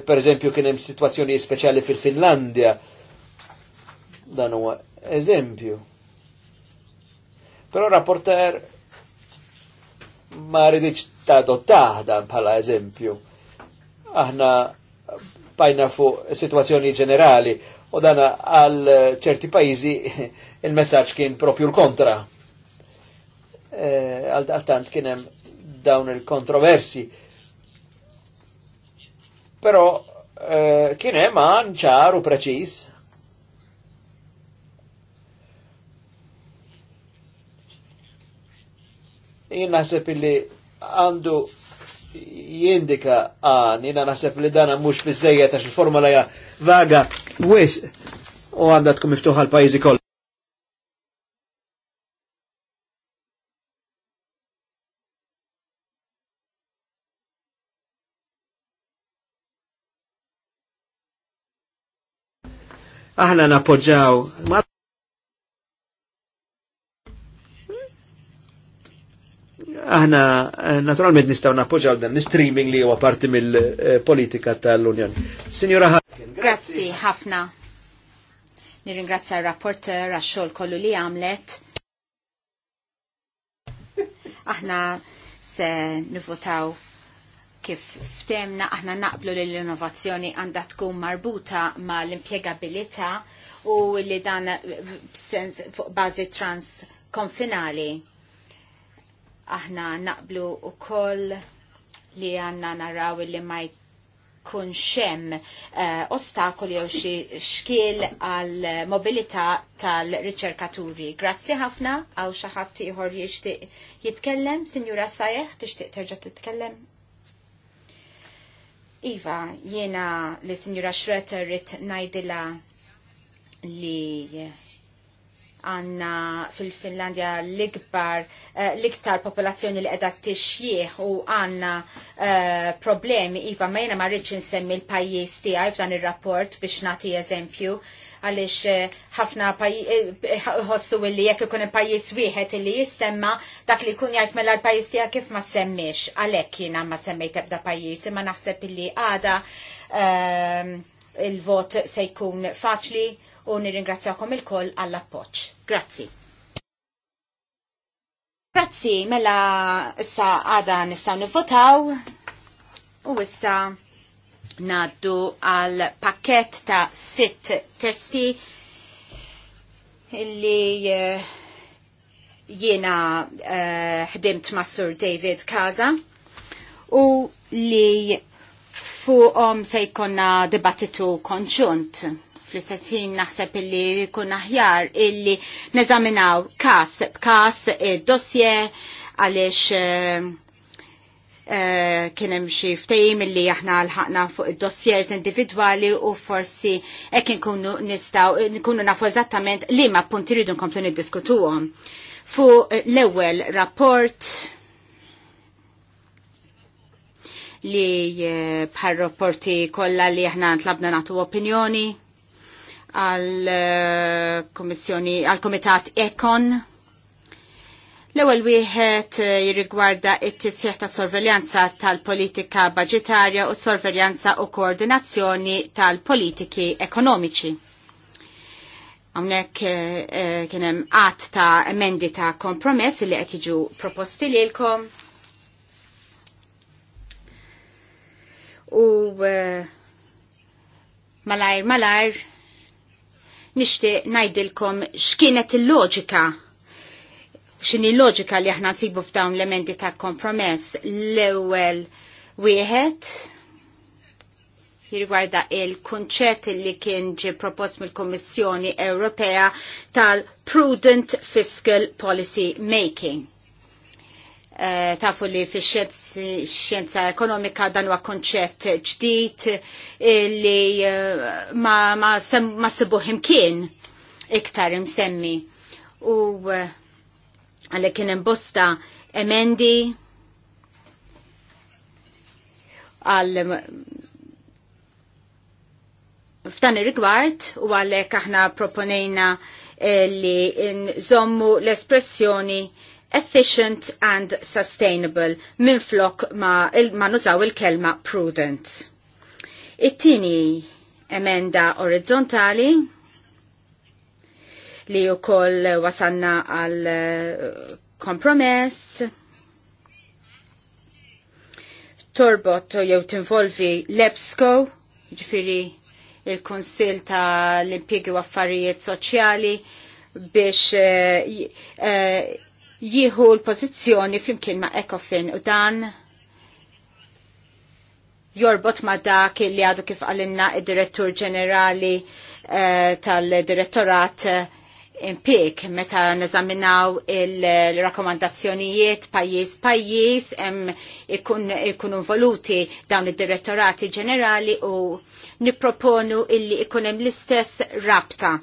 Speaker 2: per eżempju kien hemm situazzjoni speċjali fil-Finlandja. Dan huwa eżempju. Però rapporter ma rridx ta' dottaħ dan bħala eżempju. Aħna bajna fuq situazzjoni ġenerali U dana għal ċerti pajizi il messagġ kien propju l-kontra. E, għal daqstant kienem dawn il-kontroversi. Pero e, kienem għan ċar u preċis. Jinn naħseb illi għandu jindika għan, ah, jina nasib li dana mux bizzejja ta' xil-formula ja vaga, wis, u għandat tkun miftuħa l-pajizi koll. Aħna napoġġaw, ma aħna eh, naturalment nistaw nappoġġaw dan l-streaming li huwa parti mill-politika tal-Unjoni. Signora Harkin,
Speaker 3: grazzi ħafna. Nirringrazzja r-rapporter għax-xogħol kollu li għamlet. Aħna se nivvotaw kif ftemna aħna naqblu li l-innovazzjoni għandha tkun marbuta ma l-impjegabilità u li dan fuq bażi transkonfinali Aħna naqblu u koll li għanna naraw li ma jkun xem uh, eh, ostakoli jew xi xkiel għal mobilità tal-riċerkaturi. Grazzi ħafna għaw xi ħadd ieħor jixtieq jitkellem, Sinjura Sajeh, tixtieq terġa' titkellem? Iva, jiena li Sinjura Schroeter rit ngħidilha li għanna fil-Finlandja l-ikbar, eh, l-iktar popolazzjoni li edha t-tixjieħ u għanna eh, problemi, Iva, ma jena marriċ nsemmi l-pajis tijaj f'dan il-rapport biex nati eżempju, għalix eh, ħafna ħossu illi jekk ikun il-pajis wieħed illi jissemma dak li jkun jgħid mela l-pajis tijaj kif ma semmix, għalek jina ma semmejt ebda pajis, imma naħseb li għada il-vot se jkun faċli u nirringrazzjakom il-koll għall-appoċ. Grazzi. Grazzi, mela issa għada nistaw nivvotaw u issa naddu għal pakket ta' sitt testi illi eh, jiena eh, ħdimt uh, ma' David Kaza u li fuqom se jkonna dibattitu konċunt. Fl-istess ħin naħseb illi kun aħjar illi neżaminaw kas kas eh, dossier għaliex eh, eh, kien hemm xi ftehim illi aħna lħaqna fuq id-dossiers individwali u forsi hekk inkunu nistgħu nkunu nafu eżattament liema punti rridu nkomplu niddiskutuhom. Fuq l-ewwel rapport li bħal rapporti kollha li aħna ntlabna nagħtu opinjoni għal-Komissjoni, eh, għal-Komitat Ekon. L-ewwel wieħed eh, jirrigwarda it tisjeħ ta' sorveljanza tal-politika budgetarja u sorveljanza u koordinazzjoni tal-politiki ekonomiċi. Hawnhekk kienem eh, kien hemm qatt ta' emendi ta' kompromess li qed jiġu proposti lilkom. U malajr malajr nixtieq ngħidilkom x'kienet il-loġika x'inhi l-loġika li aħna sibu f'dawn l-emendi ta' kompromess l-ewwel wieħed jirgwarda il-kunċett li kien ġi propost mill-Kommissjoni Ewropea tal-Prudent Fiscal Policy Making. Eh, tafu li fi xjenza ekonomika dan huwa konċett ġdid eh, li eh, ma, ma, kien iktar imsemmi. U għalli kien imbosta emendi għal f'dan ir-rigward u għalhekk aħna proponejna li nżommu l-espressjoni efficient and sustainable minflok ma, il, ma nużaw il-kelma prudent. It-tini emenda orizzontali li u koll wasanna għal eh, kompromess torbot jew tinvolvi l-EBSCO, ġifiri il-Konsil ta' l impiegi u Affarijiet Soċjali biex uh, uh, jieħu l-pozizjoni flimkien ma' ECOFIN u dan jorbot ma' dak li għadu kif għalinna id-direttur ġenerali eh, tal-direttorat eh, impik meta neżaminaw il-rakkomandazzjonijiet pajjiż pajjiż ikun involuti dawn id-direttorati ġenerali u nipproponu illi ikun hemm l-istess rabta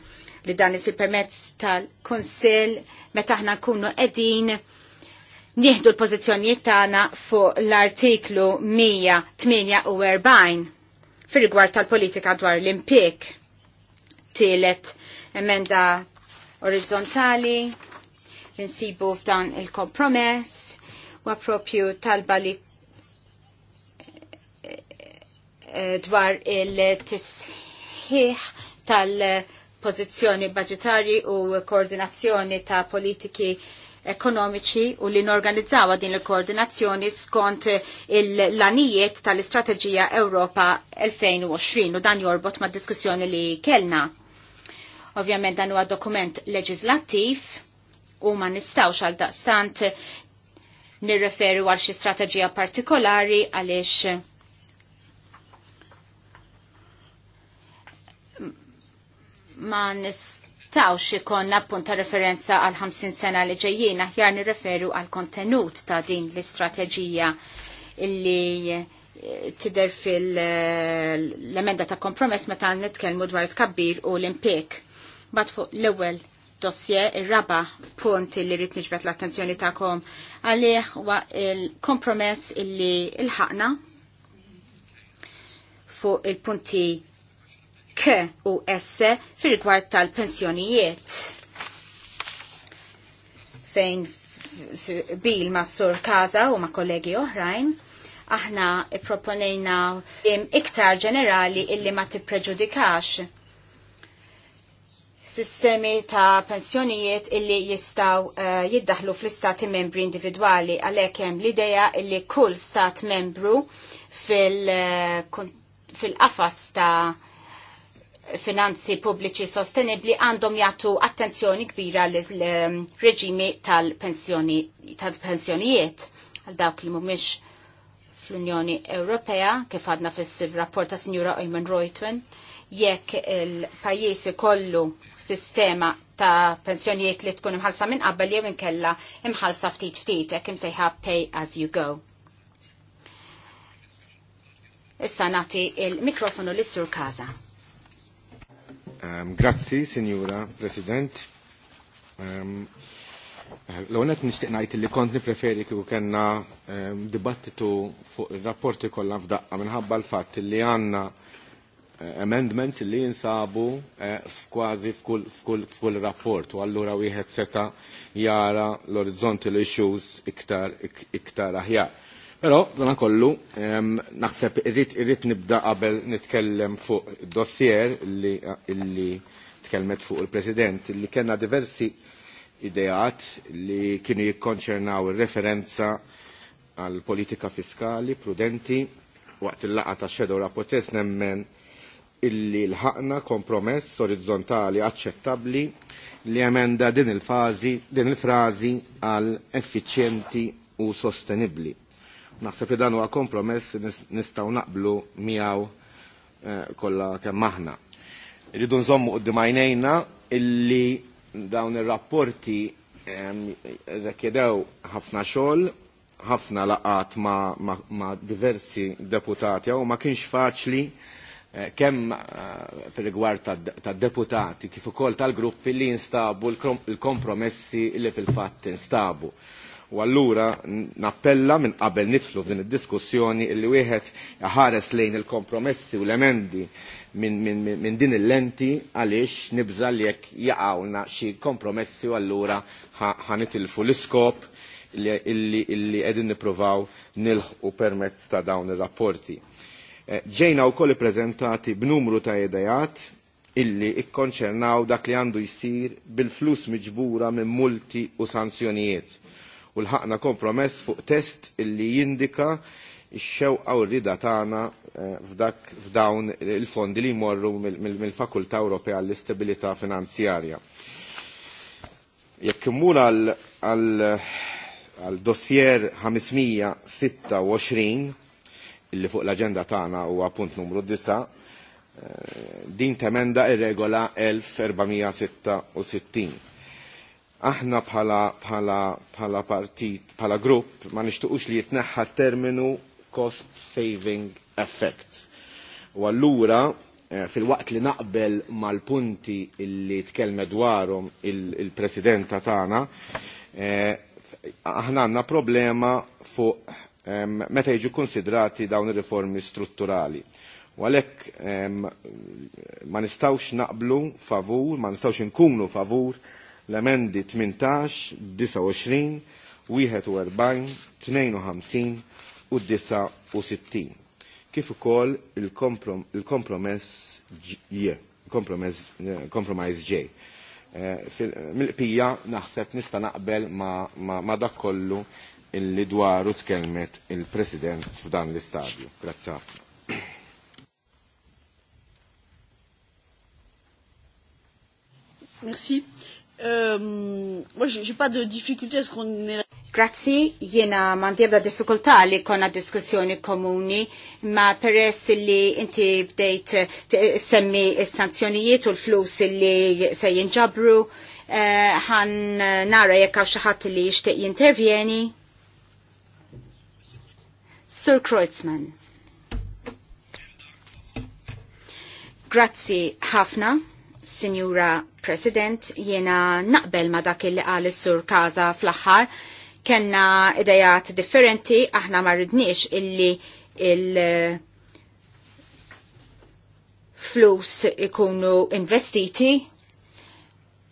Speaker 3: li dan isir permezz tal-Kunsill meta aħna nkunu qegħdin nieħdu l-pożizzjonijiet tagħna fuq l-artiklu 148 fir-rigward tal-politika dwar l-impjek. Tielet emenda orizzontali insibu f'dan il-kompromess u appropju talba li eh, dwar il-tisħiħ tal- pożizzjoni budgetari u koordinazzjoni ta' politiki ekonomiċi u li norganizzawa din il-koordinazzjoni skont il-lanijiet tal-Istrateġija Ewropa 2020 u dan jorbot ma' diskussjoni li kellna. Ovvjament dan huwa dokument leġislattiv u ma nistawx għal daqstant nirreferi għal xi strateġija partikolari għaliex ma nistawx ikonna punta referenza għal 50 sena li ġejjina ħjar nirreferu għal kontenut ta' din l-istrateġija illi eh, tider fil-emenda ta' kompromess meta nitkellmu dwar it-kabbir u l-impik. Bat fuq l-ewwel dossier ir-raba punt li rrid niġbet l-attenzjoni tagħkom għalih wa il-kompromess illi il-ħaqna fuq il-punti K u S fil-rigward tal-pensjonijiet. Fejn bil ma' sur Kaza u ma' kollegi oħrajn, aħna proponejna iktar ġenerali illi ma tippreġudikax sistemi ta' pensjonijiet illi jistaw uh, jiddaħlu fl-istati membri individuali għalhekk hemm l-idea illi kull stat membru eh, fil-qafas fil ta' finanzi pubbliċi sostenibli għandhom jagħtu attenzjoni kbira l-reġimi tal-pensjonijiet għal dawk li mhumiex fl-Unjoni Ewropea kif għadna fis-rapport ta' Sinjura Oyman Reutwen jekk il-pajjiż ikollu sistema ta' pensjonijiet li tkun imħalsa minn qabel jew inkella imħalsa ftit ftit jekk imsejħa pay as you go. Issa nagħti il-mikrofonu lis sur Kaza.
Speaker 7: Um, grazzi, Signora President. Um, L-għonet nishtiq najt li kont nipreferi kiku kena um, dibattitu fuq il-rapporti kollha f'daqqa minħabba l-fatt li għanna uh, amendments li jinsabu uh, f'kważi f'kull rapport u allura wieħed seta jara l-orizzonti l-issues iktar, iktar aħjar. Però dan kollu ehm, naħseb irrit nibda qabel nitkellem fuq dossier li tkellmet fuq il-President li kellna diversi ideat li kienu jikkonċernaw il-referenza għal politika fiskali prudenti waqt il-laqa ta' xedow rapotez nemmen illi l-ħakna kompromess orizzontali accettabli li emenda din il-fazi, din il-frazi għal effiċjenti u sostenibli naħseb li dan huwa kompromess nistgħu naqblu miegħu eh, kollha kemm aħna. Irridu nżommu qudiem għajnejna illi dawn ir-rapporti ehm, rikjedew ħafna xogħol, ħafna laqat ma, ma, ma diversi deputati u ma kienx faċli eh, kemm eh, fil rigward ta' deputati kif ukoll tal-gruppi li jinstabu l-kompromessi li fil-fatt instabu. U allura nappella minn qabel nitlu f'din id-diskussjoni illi wieħed ħares lejn il-kompromessi u l-emendi minn min, min, min din il-lenti għaliex nibża li jekk jaqawna xi kompromessi u allura ħanitilfu l-iskop illi qegħdin nippruvaw nilħqu permezz ta' dawn ir-rapporti. Eh, ġejna u koll prezentati b'numru ta' idejat illi ikkonċernaw dak li għandu jisir bil-flus miġbura minn multi u sanzjonijiet u lħaqna kompromess fuq test illi jindika x-xewqa u rrida tagħna eh, f'dawn il-fondi li jmorru mill-Fakultà Ewropea għall-Istabilità Finanzjarja. Jekk immur għal dossier 526 illi fuq l-agenda tagħna huwa punt numru 9 eh, din temenda ir-regola 1466 aħna bħala, bħala, bħala partit, bħala grupp, ma nixtuqux li jitneħħa terminu cost saving effects. U allura eh, fil-waqt li naqbel mal-punti illi tkelme dwarhom il-presidenta tagħna, eh, aħna għandna problema fuq meta jiġu konsidrati dawn ir-riformi strutturali. U għalhekk ma nistgħux naqblu favur, ma nistawx inkunu favur l-emendi 18, 29, 41, 52 u 69. Kif ukoll il-kompromess J, kompromess eh, J. Mil-pija naħseb nista naqbel ma dak kollu illi dwaru tkelmet il-President f'dan l-istadju. Grazzi
Speaker 1: Merci. Euh, moi, j'ai pas de difficulté à ce qu'on ait... Grazzi, jena
Speaker 3: mandi ebda diffikultà li konna diskussjoni komuni, ma peress li inti bdejt semmi s-sanzjonijiet u l-flus li se jinġabru, eh, ħan uh, nara jekka għaw xaħat li jishtiq jintervjeni. Sir Kreutzmann. Grazzi ħafna Signora President, jiena naqbel ma dak il qal is-sur Kaza fl-aħħar. Kenna idejat differenti, aħna ma rridniex illi il- flus ikunu investiti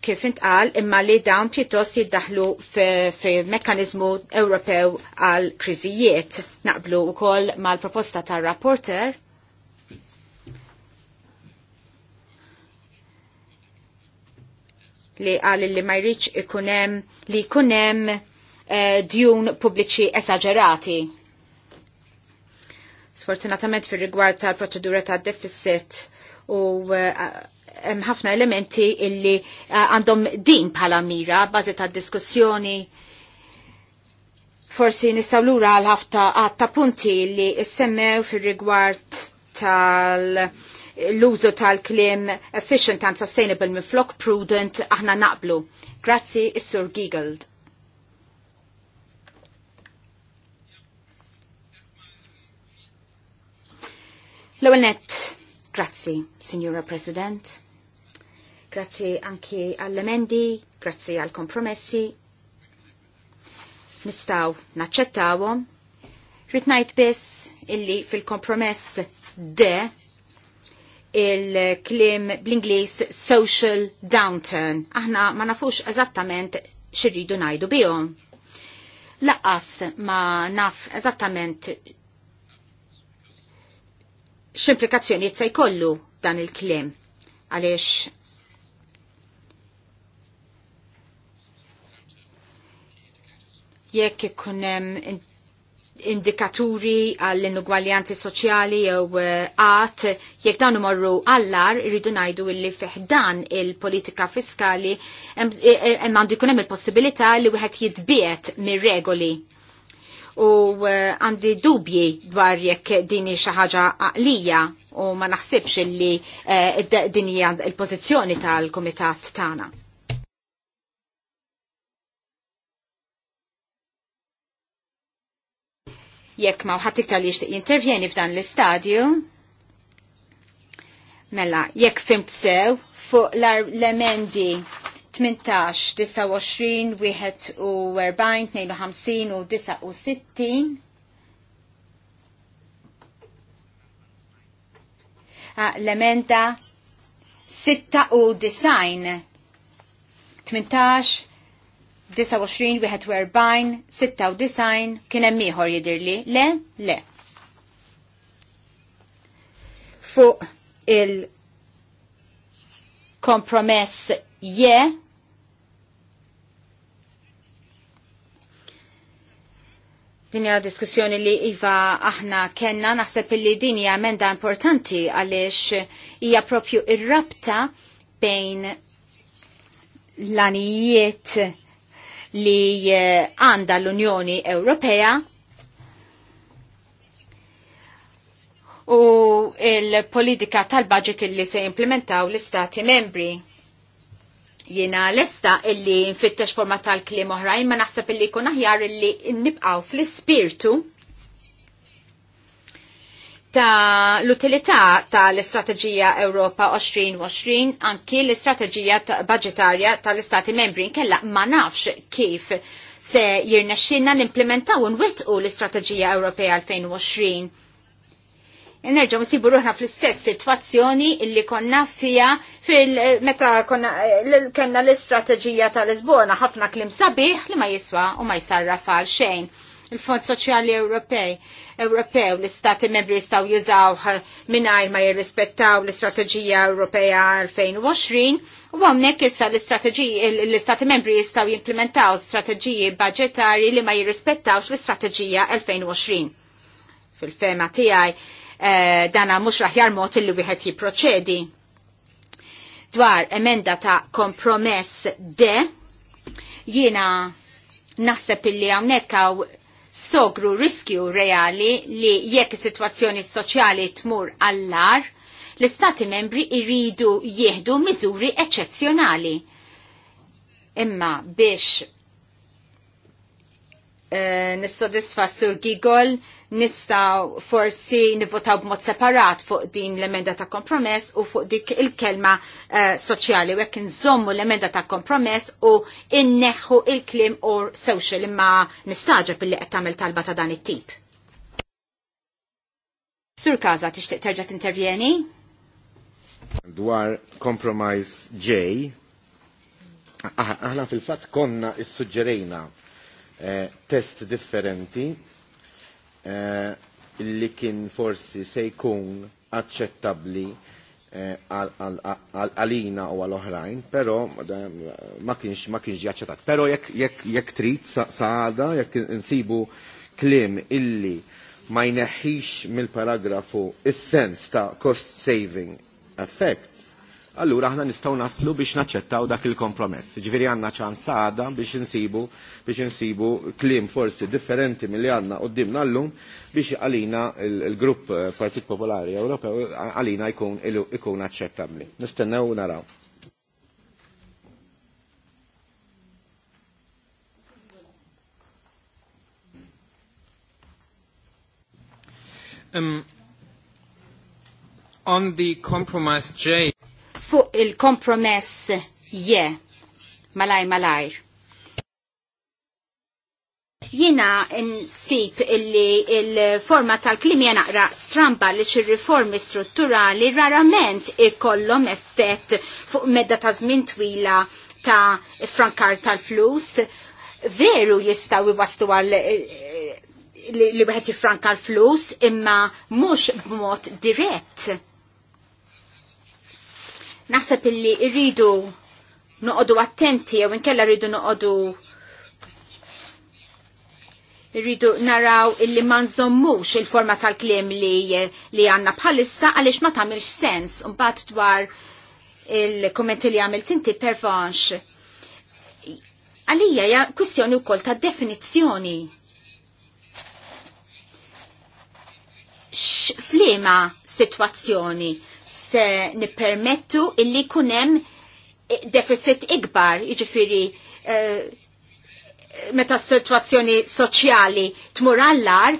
Speaker 3: kif intqal imma li dawn pjuttost jiddaħlu fil-mekkanizmu Ewropew għal kriżijiet. Naqblu wkoll mal-proposta tar-rapporter li għal li ma jriċ ikunem li kunem eh, djun pubbliċi esagerati. Sfortunatament fir rigward tal-proċedura ta' deficit u eh, hemm eh, ħafna elementi illi eh, għandhom uh, din bħala mira bażi ta' diskussjoni forsi nistaw lura għal ħafta għatta punti li semmew fir rigward tal- l-użu tal-klim efficient and sustainable minn flok prudent aħna naqblu. Grazzi, is-Sur Giegeld. l grazzi, Signora President. Grazzi anki għall-emendi, grazzi għall-kompromessi. Nistaw naċċettawhom. Ritnajt biss illi fil-kompromess de il-klim bl-Inglis social downturn. Aħna ma nafux eżattament xirridu najdu bihom. Laqqas ma naf eżattament x'implikazzjonijiet se jkollu dan il-klim. Għaliex jekk ikun hemm indikaturi għall-inugwaljanzi soċjali jew eh, għat, jekk dan imorru għallar, irridu ngħidu illi fiħdan il-politika fiskali hemm eh, eh, għandu jkun hemm il-possibilità li wieħed jitbiet mir-regoli. U għandi dubji dwar jekk din hi xi ħaġa għaqlija u ma naħsibx illi din hija l-pożizzjoni tal-kumitat tagħna. Jekk ma ħadd iktar li jixtieq jintervjeni f'dan l-istadju, mela jekk fimt sew fuq l-emendi 18, 29, 41, 52 u 60. Ah, l-emenda 6 u design 18 29, 41, 96, kien hemm ieħor jidirli. Le? Le. Fuq il-kompromess je Din hija diskussjoni li iva aħna kenna naħseb li din hija emenda importanti għaliex hija propju ir-rabta bejn l-anijiet li eh, għanda l-Unjoni Ewropea u il-politika tal-budget li se implementaw l-istati membri. Jena l-esta illi nfittex forma tal-klim oħrajn ma naħseb illi kun aħjar illi nibqaw fl-spirtu ta' l-utilità ta' l-istrateġija Ewropa 2020 anki l-istrateġija ta budgetarja tal-Istati membri kella ma nafx kif se jirnexxinna nimplementaw nwettqu l-istrateġija Ewropea 2020. Nerġaw nsibu ruħna fl-istess sitwazzjoni illi konna fija fil-meta konna kellna l-istrateġija tal-Lisbona ħafna klim sabiħ li ma jiswa u ma jisarra fal xejn il-Fond Soċjali Ewropej, Ewropew l-Istati membri jistgħu jużaw mingħajr ma jirrispettaw l-Istrateġija Ewropea 2020 u hawnhekk issa l-istrateġiji l-Istati membri jistgħu jimplementaw strateġiji budġetarji li ma jirrispettawx l-Istrateġija 2020. Fil-fema tiegħi eh, dana mhux l-aħjar mod illi wieħed jipproċedi. Dwar emenda ta' kompromess D jiena naħseb illi għawnek għaw sogru riskju reali li jekk is-sitwazzjoni soċjali tmur allar, l-istati membri irridu jieħdu miżuri eċċezzjonali. Imma biex eh, nissodisfa Sur Gigol Nista' forsi nivvotaw b'mod separat fuq din l-emenda ta' kompromess u fuq dik il-kelma uh, soċjali u jekk nżommu l-emenda ta' kompromess u inneħħu il-klim u social imma nistaġeb billi qed tagħmel talba ta' dan it-tip. Sur Kaza tixtieq terġa' tintervjeni?
Speaker 7: Dwar compromise J, ah, aħna fil-fatt konna issuġġerejna eh, test differenti Eh, li kien forsi se jkun aċċettabbli eh, għalina u għal-oħrajn, però eh, ma kienx ma kienx ġaċċetat. Pero jekk trid saħda, jekk nsibu klim illi ma jneħħix mill-paragrafu is-sens ta' cost saving effect, allura aħna nistgħu naslu biex naċċettaw dak il-kompromess. Ġifieri għandna ċans għada biex insibu biex insibu kliem forsi differenti milli għandna qudiemna llum biex għalina il-grupp eh, Partit Popolari Ewropew għalina jkun ikun aċċettabbli. Nistennew naraw. Um, on the compromise J,
Speaker 3: fuq il-kompromess je yeah. malaj malajr. Jina nsib illi il-forma tal-klim naqra stramba li xir riformi strutturali rarament ikollom effett fuq medda ta' żmien twila ta' frankar tal-flus. Veru jistaw iwastu għal eh, li wieħed jifranka l-flus imma mhux b'mod dirett Naħseb illi rridu noqodu attenti jew inkella rridu noqodu irridu naraw illi ma nżommux il-forma tal-kliem li li għanna bħalissa għaliex ma tagħmilx sens mbagħad dwar il-kommenti li għamilt inti pervanx. Għalija ja kwistjoni wkoll ta' definizzjoni. Flima sitwazzjoni se nippermettu illi kunem deficit ikbar, iġifiri eh, meta situazzjoni soċjali tmur allar,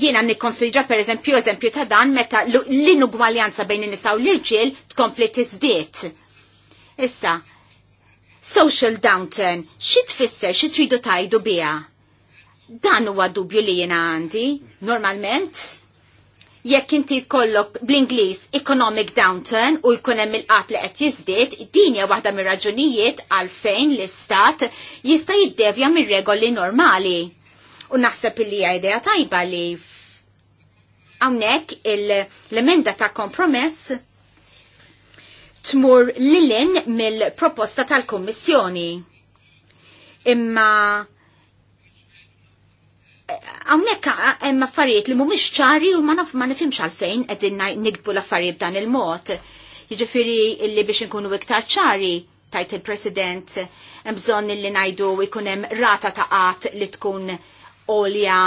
Speaker 3: jiena nikkonsidra per eżempju eżempju ta' dan meta l-inugwaljanza bejn in-nisa u l-irġiel tkompli tiżdied. Issa, social downturn, xi tfisser, xi tridu tajdu biha? Dan huwa dubju li jiena għandi, normalment jekk inti jkollok bl-Ingliż economic downturn u jkun hemm il-qat li qed jiżdied, din hija waħda mir-raġunijiet għalfejn l-istat jista' jiddevja mir-regoli normali. U naħseb li hija idea tajba li hawnhekk l-emenda ta' kompromess tmur lilin mill-proposta tal kummissjoni Imma Għamlek hemm affarijiet li mhumiex ċari u ma nifimx għalfejn qegħdin nikbu l-affarijiet b'dan il-mod. Jiġifieri li biex inkunu iktar ċari tajt il-President hemm illi najdu u jkun hemm rata ta' qatt li tkun olja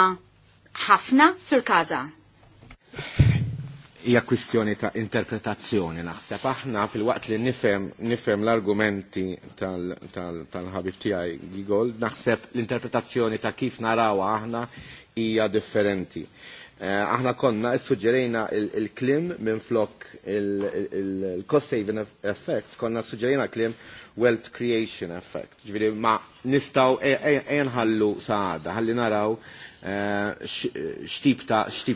Speaker 3: ħafna sur kaza
Speaker 7: hija kwistjoni ta' interpretazzjoni naħseb aħna fil-waqt li nifhem nifhem l-argumenti tal-ħabib tal, tal tiegħi Gigol, naħseb l-interpretazzjoni ta' kif narawha aħna hija differenti. Eh, aħna konna suġġerejna il-klim minn flok il-cost saving effects, konna suġġerejna klim wealth creation effect. Ġviri, ma nistaw e, e, enħallu saħda, ħalli naraw e, xtib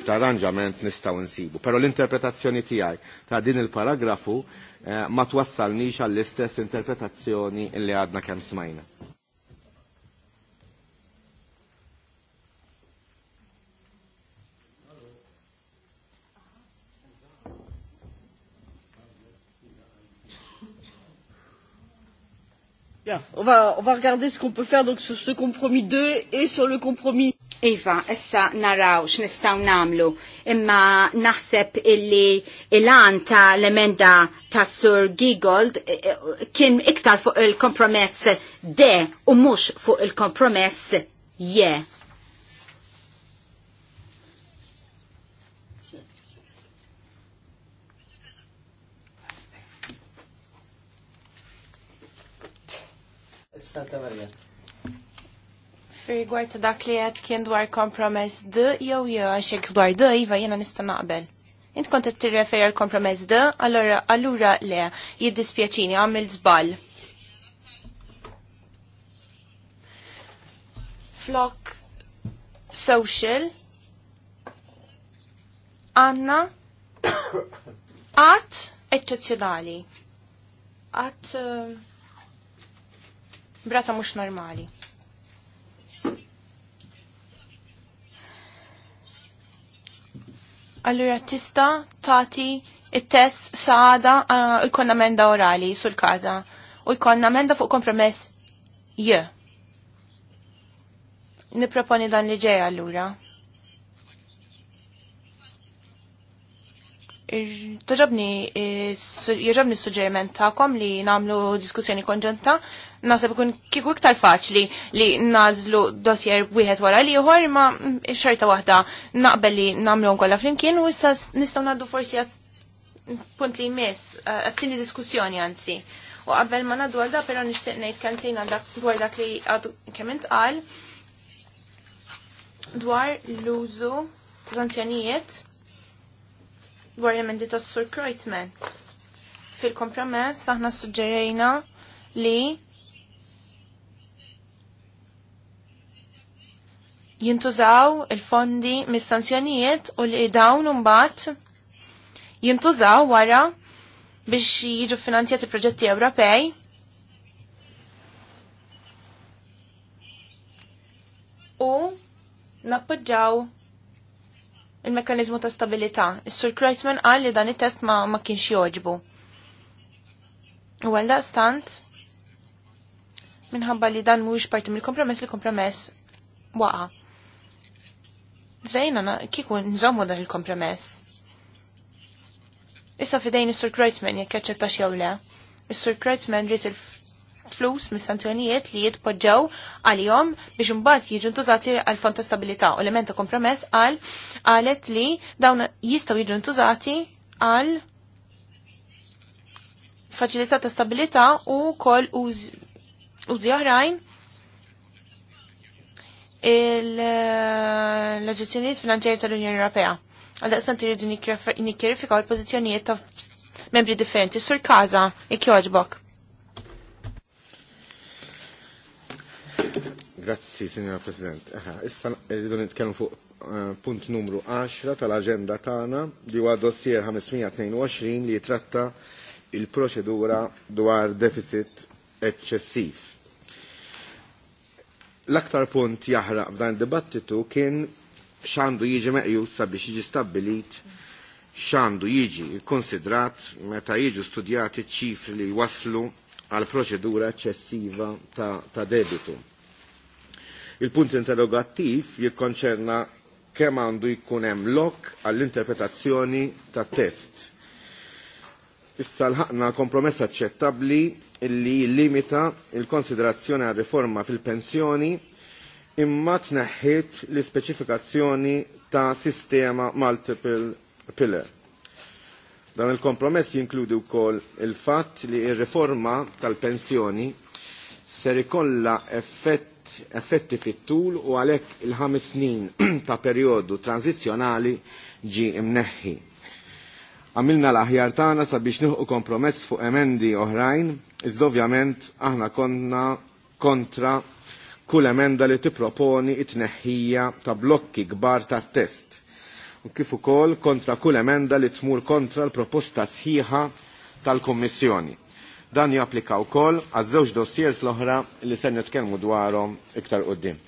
Speaker 7: ta' arranġament nistaw nsibu. Pero l-interpretazzjoni tijaj ta' din il-paragrafu ma twassalniex għall-istess interpretazzjoni li għadna kem smajna.
Speaker 1: Bien, on va, on va regarder ce qu'on peut faire donc sur ce compromis 2 et sur le compromis. Iva,
Speaker 3: issa naraw x'nistgħu namlu, imma naħseb illi il-għan ta' l-emenda ta' Sir Giegold eh, eh, kien iktar fuq il-kompromess de u mhux fuq il-kompromess je. Yeah.
Speaker 4: Santa Maria.
Speaker 6: Fir ta' dak li għed kien dwar kompromess d, jew jow għaxek dwar d, jiva jena nista naqbel. Int kont qed tirreferi għal kompromess d, allora allura le, jiddispjaċini għamil żball. Flok social għanna għat eccezzjonali. Għat uh, eh, brata mhux normali. Allura tista tati il-test saħda uh, eh, ikonna menda orali sul-kaza u jkonna menda fuq kompromess je. Niproponi dan li ġeja, allura. Toġobni, eh, jġobni s ta'kom li namlu diskussjoni konġenta nasab kun kiku iktar faċli li nazlu dosjer wieħed wara li uħor ma xorta waħda naqbel li namlu kolla flimkien u issa nistaw naddu forsi punt li jmiss, eh, għattini diskussjoni għanzi. U qabel ma naddu għalda, pero nishtiq nejt kantejn dwar dak li għadu kement għal dwar l-użu sanzjonijiet dwar l-emendi ta' Sur Kreutzmann. Fil-kompromess, aħna suġġerejna li jintużaw il-fondi mis-sanzjonijiet u li dawn mbagħad jintużaw wara biex jiġu finanzjati proġetti Ewropej. U nappoġġaw il-mekanizmu ta' stabilità. Is-Sur Kreutzmann qal li dan it-test ma, ma kienx joġbu. U għal minħabba li dan mhuwiex parti mill-kompromess, il-kompromess waqa' Żejna kieku nżommu dan il-kompromess. Issa fidejn is-Sur Kreutzmann jekk jaċċettax jew le. Is-Sur Kreutzmann rrit il-flus mis-sanzjonijiet li jitpoġġew għalihom biex imbagħad jiġu ntużati għal fond ta' stabilità u element ta' kompromess għal qalet li dawn jistgħu jiġu ntużati għal faċilità ta' stabilità u kol użi oħrajn l-oġezzjonijiet finanzjari tal-Unjoni Ewropea. Għal-daqsan rridu nikjerifikaw il-pozizjonijiet ta' membri differenti. Sur kaza, ikjoġbok.
Speaker 7: Grazzi, Signora President. issa rridu nitkellmu fuq eh, punt numru 10 tal-aġenda tagħna li huwa dossier 522 li jitratta il-proċedura dwar deficit eċċessiv L-aktar punt jaħraq f'dan dibattitu kien xandu jiġi meqjus sabiex jiġi stabbilit xandu jiġi konsidrat meta jiġu studjati ċifri li waslu għal proċedura eccessiva ta', ta debitu. Il-punt interrogattiv jikkonċerna kemm għandu jkun hemm lok għall-interpretazzjoni ta' test issa l-ħakna kompromess aċċettabli illi limita il-konsiderazzjoni għal riforma fil-pensjoni imma tneħħit l-ispeċifikazzjoni ta' sistema multiple pillar. Dan il-kompromess jinkludi wkoll il-fatt li ir-riforma il fatt li ir riforma tal pensjoni ser ikollha effett, effetti fit-tul u għalhekk il-ħames snin ta' perjodu tranzizzjonali ġi imneħħi għamilna l-aħjar tagħna sabiex nieħu kompromess fuq emendi oħrajn, iżda ovvjament aħna konna kontra kull emenda li tipproponi it-neħħija ta' blokki kbar ta' test. U kif ukoll kontra kull emenda li tmur kontra l-proposta sħiħa tal-Kommissjoni. Dan japplika wkoll għaż-żewġ dossiers l-oħra li se nitkellmu dwarhom iktar qudiem.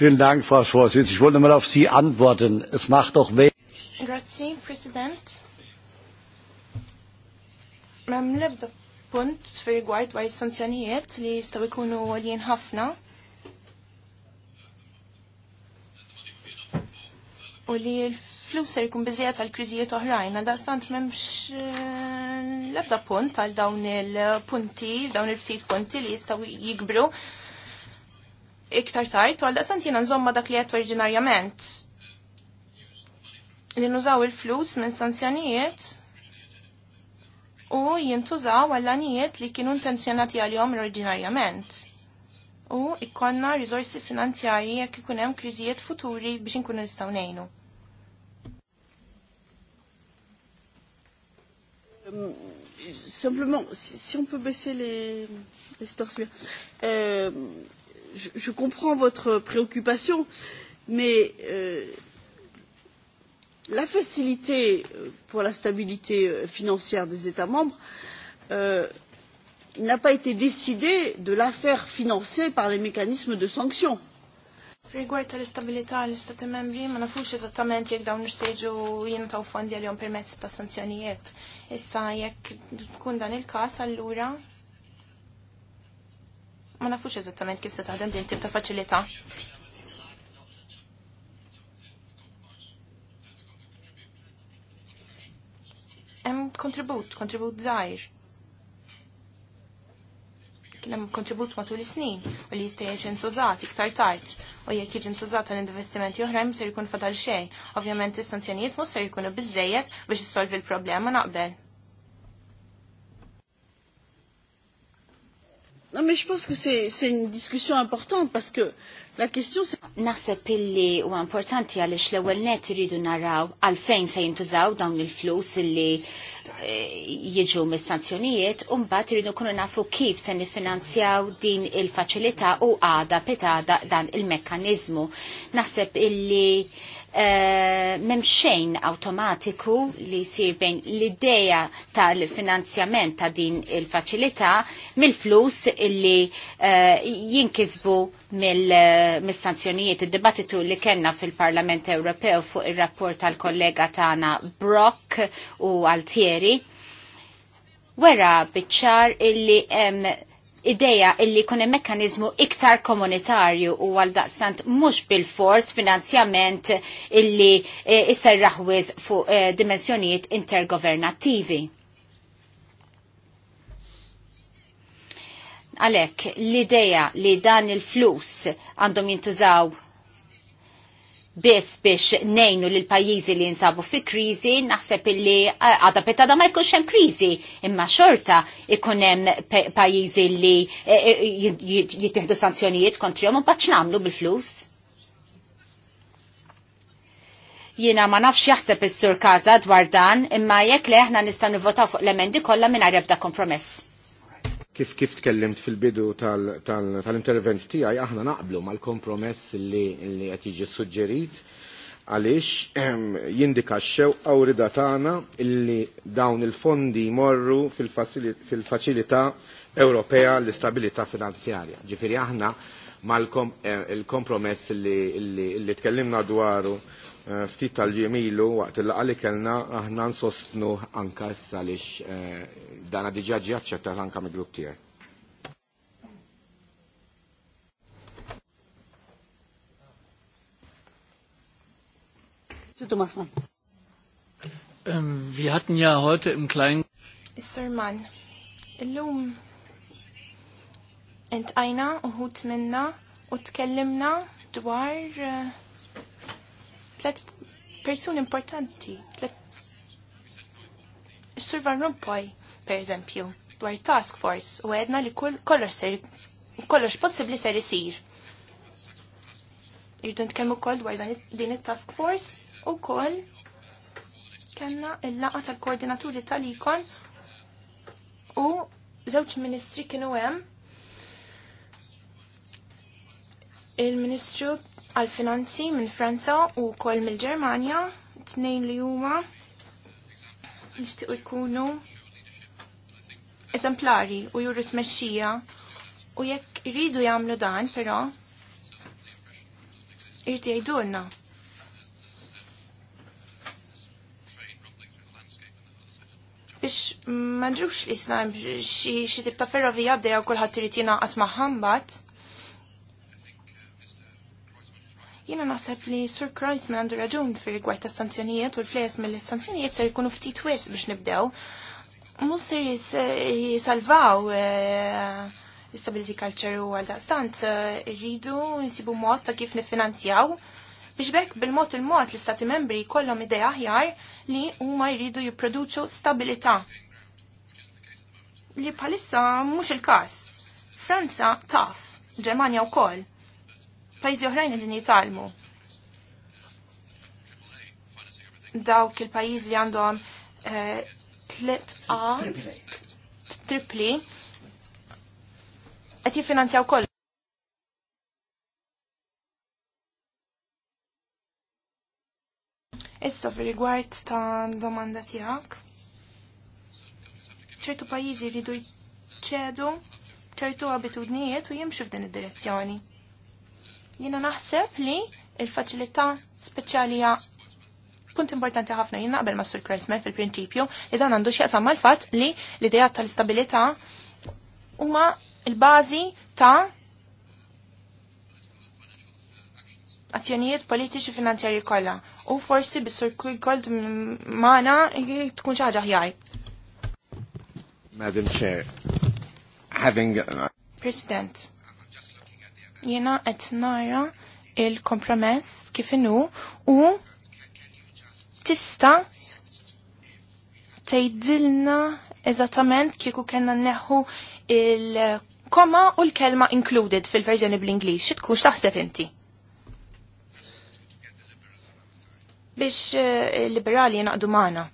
Speaker 5: Vielen Dank, Frau Vorsitz. Ich wollte mal auf Sie
Speaker 4: antworten. Es macht doch weh.
Speaker 6: Grazie, Präsident. Mem lebda punt fi rigward dwar sanzjonijiet li jistgħu jkunu għoljen ħafna. U li l-flus se jkun biżejjed għal kriżijiet oħrajn, għal stant m'hemmx eh, lebda punt għal dawn il-punti, dawn il-ftit punti li jistgħu jikbru iktar tard, għal daqsant jena nżomma dak li għet oriġinarjament. Li nużaw il-flus minn sanzjonijiet u jintużaw għallanijiet li kienu intenzjonati għal-jom oriġinarjament. U ikkonna rizorsi finanzjari jekk ikun hemm kriżijiet futuri biex inkunu nistgħu
Speaker 1: ngħinu. Euh, simplement, si on peut baisser les, les torsions. Euh, je, je comprends votre préoccupation, mais euh, la facilité euh, pour la stabilité euh, financière des États membres euh, n'a pas été décidée de la faire financer par les mécanismes de sanctions.
Speaker 6: Rigward tal-istabilità l-istati membri ma nafux eżattament jekk dawn nixtieġu jintgħu fondi għalihom permezz ta' sanzjonijiet. Issa jekk tkun dan il-każ allura ma nafux eżattament kif se taħdem din tip ta' faċilità. Hemm kontribut, kontribut żgħir. Kien hemm kontribut matul is-snin u li jista' jiġi intużat iktar tard u jekk jiġi intużat għal investimenti oħrajn ser jkun fadal xejn. Ovvjament is-sanzjonijiet mhux ser jkunu biżejjed biex issolvi l-problema naqbel.
Speaker 1: Non, mais je pense que c'est une discussion importante parce que la question c'est... Naħseb illi u importanti għalix
Speaker 3: l ewwel net rridu naraw għalfejn se jintużaw dawn il-flus illi eh, jiġu mis-sanzjonijiet u mbagħad irridu nkunu nafu kif se nifinanzjaw din il-faċilità u għada petada dan il-mekkaniżmu. Naħseb illi Uh, eh, memxejn automatiku li jisir bejn l-ideja tal-finanzjament ta' din il-facilità mill-flus eh, eh, li jinkisbu mill-sanzjonijiet. Il-dibattitu li kenna fil-Parlament Ewropew fuq il-rapport tal-kollega tana Brock u Altieri wera bitċar illi hemm ideja illi kun mekkanizmu iktar komunitarju u għal daqstant mux bil-fors finanzjament illi e, isser raħwiz fuq e, dimensjonijiet intergovernativi. Għalek, l-ideja li dan il-flus għandhom jintużaw biss biex nejnu l pajjiżi li jinsabu fi kriżi, naħseb li għada petada ma jkunx hemm kriżi, imma xorta ikun hemm pajjiżi li e, e, jittieħdu sanzjonijiet kontrihom u bad nagħmlu bil-flus. Jiena ma nafx jaħseb is-sur Kaza dwar dan, imma jekk le aħna nista' nivvotaw fuq l-emendi kollha mingħajr ebda kompromess
Speaker 7: kif kif tkellimt fil-bidu tal-intervent tal, tiegħi aħna naqblu mal-kompromess li li qed jiġi suġġerit għaliex ehm, jindika xew xewqa u tagħna illi dawn il-fondi jmorru fil-faċilità fil Ewropea l-istabilità finanzjarja. Ġifieri aħna mal-kompromess eh, li, li, li tkellimna dwaru Eh, ftit tal-ġemilu waqt il li kellna aħna nsostnu anka issa lix eh, dana diġa ġi aċċettat anka mill-grupp tiegħi.
Speaker 4: Ähm, wir hatten ja heute im kleinen
Speaker 6: Sir Mann, illum intqajna uħut minna u tkellimna dwar eh, tlet persuni importanti, tlet Sur Van Rompuy, per eżempju, dwar task force u għedna li kollox ser kollox possibli ser isir. Irdu nitkellmu wkoll dwar din it-task force u koll kellna il-laqa tal-koordinaturi tal-ikon u żewġ ministri kienu hemm il-Ministru għal-finanzi minn Franza u kol mill ġermanja t-nejn li huma nishtiqu jkunu eżemplari u juru tmexxija u jekk iridu jagħmlu dan però irid jgħidulna. biex ma li snajm xi tip ta' ferrovija bdejja kulħadd irid jingħaqad magħha mbagħad. Jiena naħseb li Sir Kreisman għandu raġun fir-rigward ta' sanzjonijiet u l flejas mill-sanzjonijiet ser jkunu ftit wis biex nibdew. Mus ser jisalvaw l-Stability eh, Culture u għal-daqstant eh, rridu nsibu mod ta' kif nifinanzjaw biex bekk bil-mod il-mod l-istati membri kollom idea aħjar li huma jridu jipproduċu stabilità. Li palissa mhux il-każ. Franza taf, Ġermanja wkoll pajjiżi oħrajn din jitalmu. Dawk il-pajjiżi li għandhom eh, tlet A tripli għet jifinanzjaw koll. Issa fi rigward ta' domanda tiegħek. ċertu pajjiżi ridu jċedu ċertu abitudnijiet u jimxu f'din id-direzzjoni. Jina naħseb li il-faċilità speċjali punt importanti ħafna jien naqbel ma' Sur Kreisman fil-prinċipju li dan għandu ma' mal-fatt li l-idea tal-istabilità huma l-bażi ta' azzjonijiet politiċi finanzjarji kollha u forsi bis-Sur Gold magħna tkun xi ħaġa ħjar.
Speaker 7: Madam Chair, having
Speaker 6: President Jena qed nara il-kompromess kif inhu u tista' tgħidilna eżattament kieku kellna neħu il-koma u l-kelma included fil-verżjoni bl-Ingliż. Xi tkun x'taħseb inti? Biex eh, il-liberali naqdu magħna.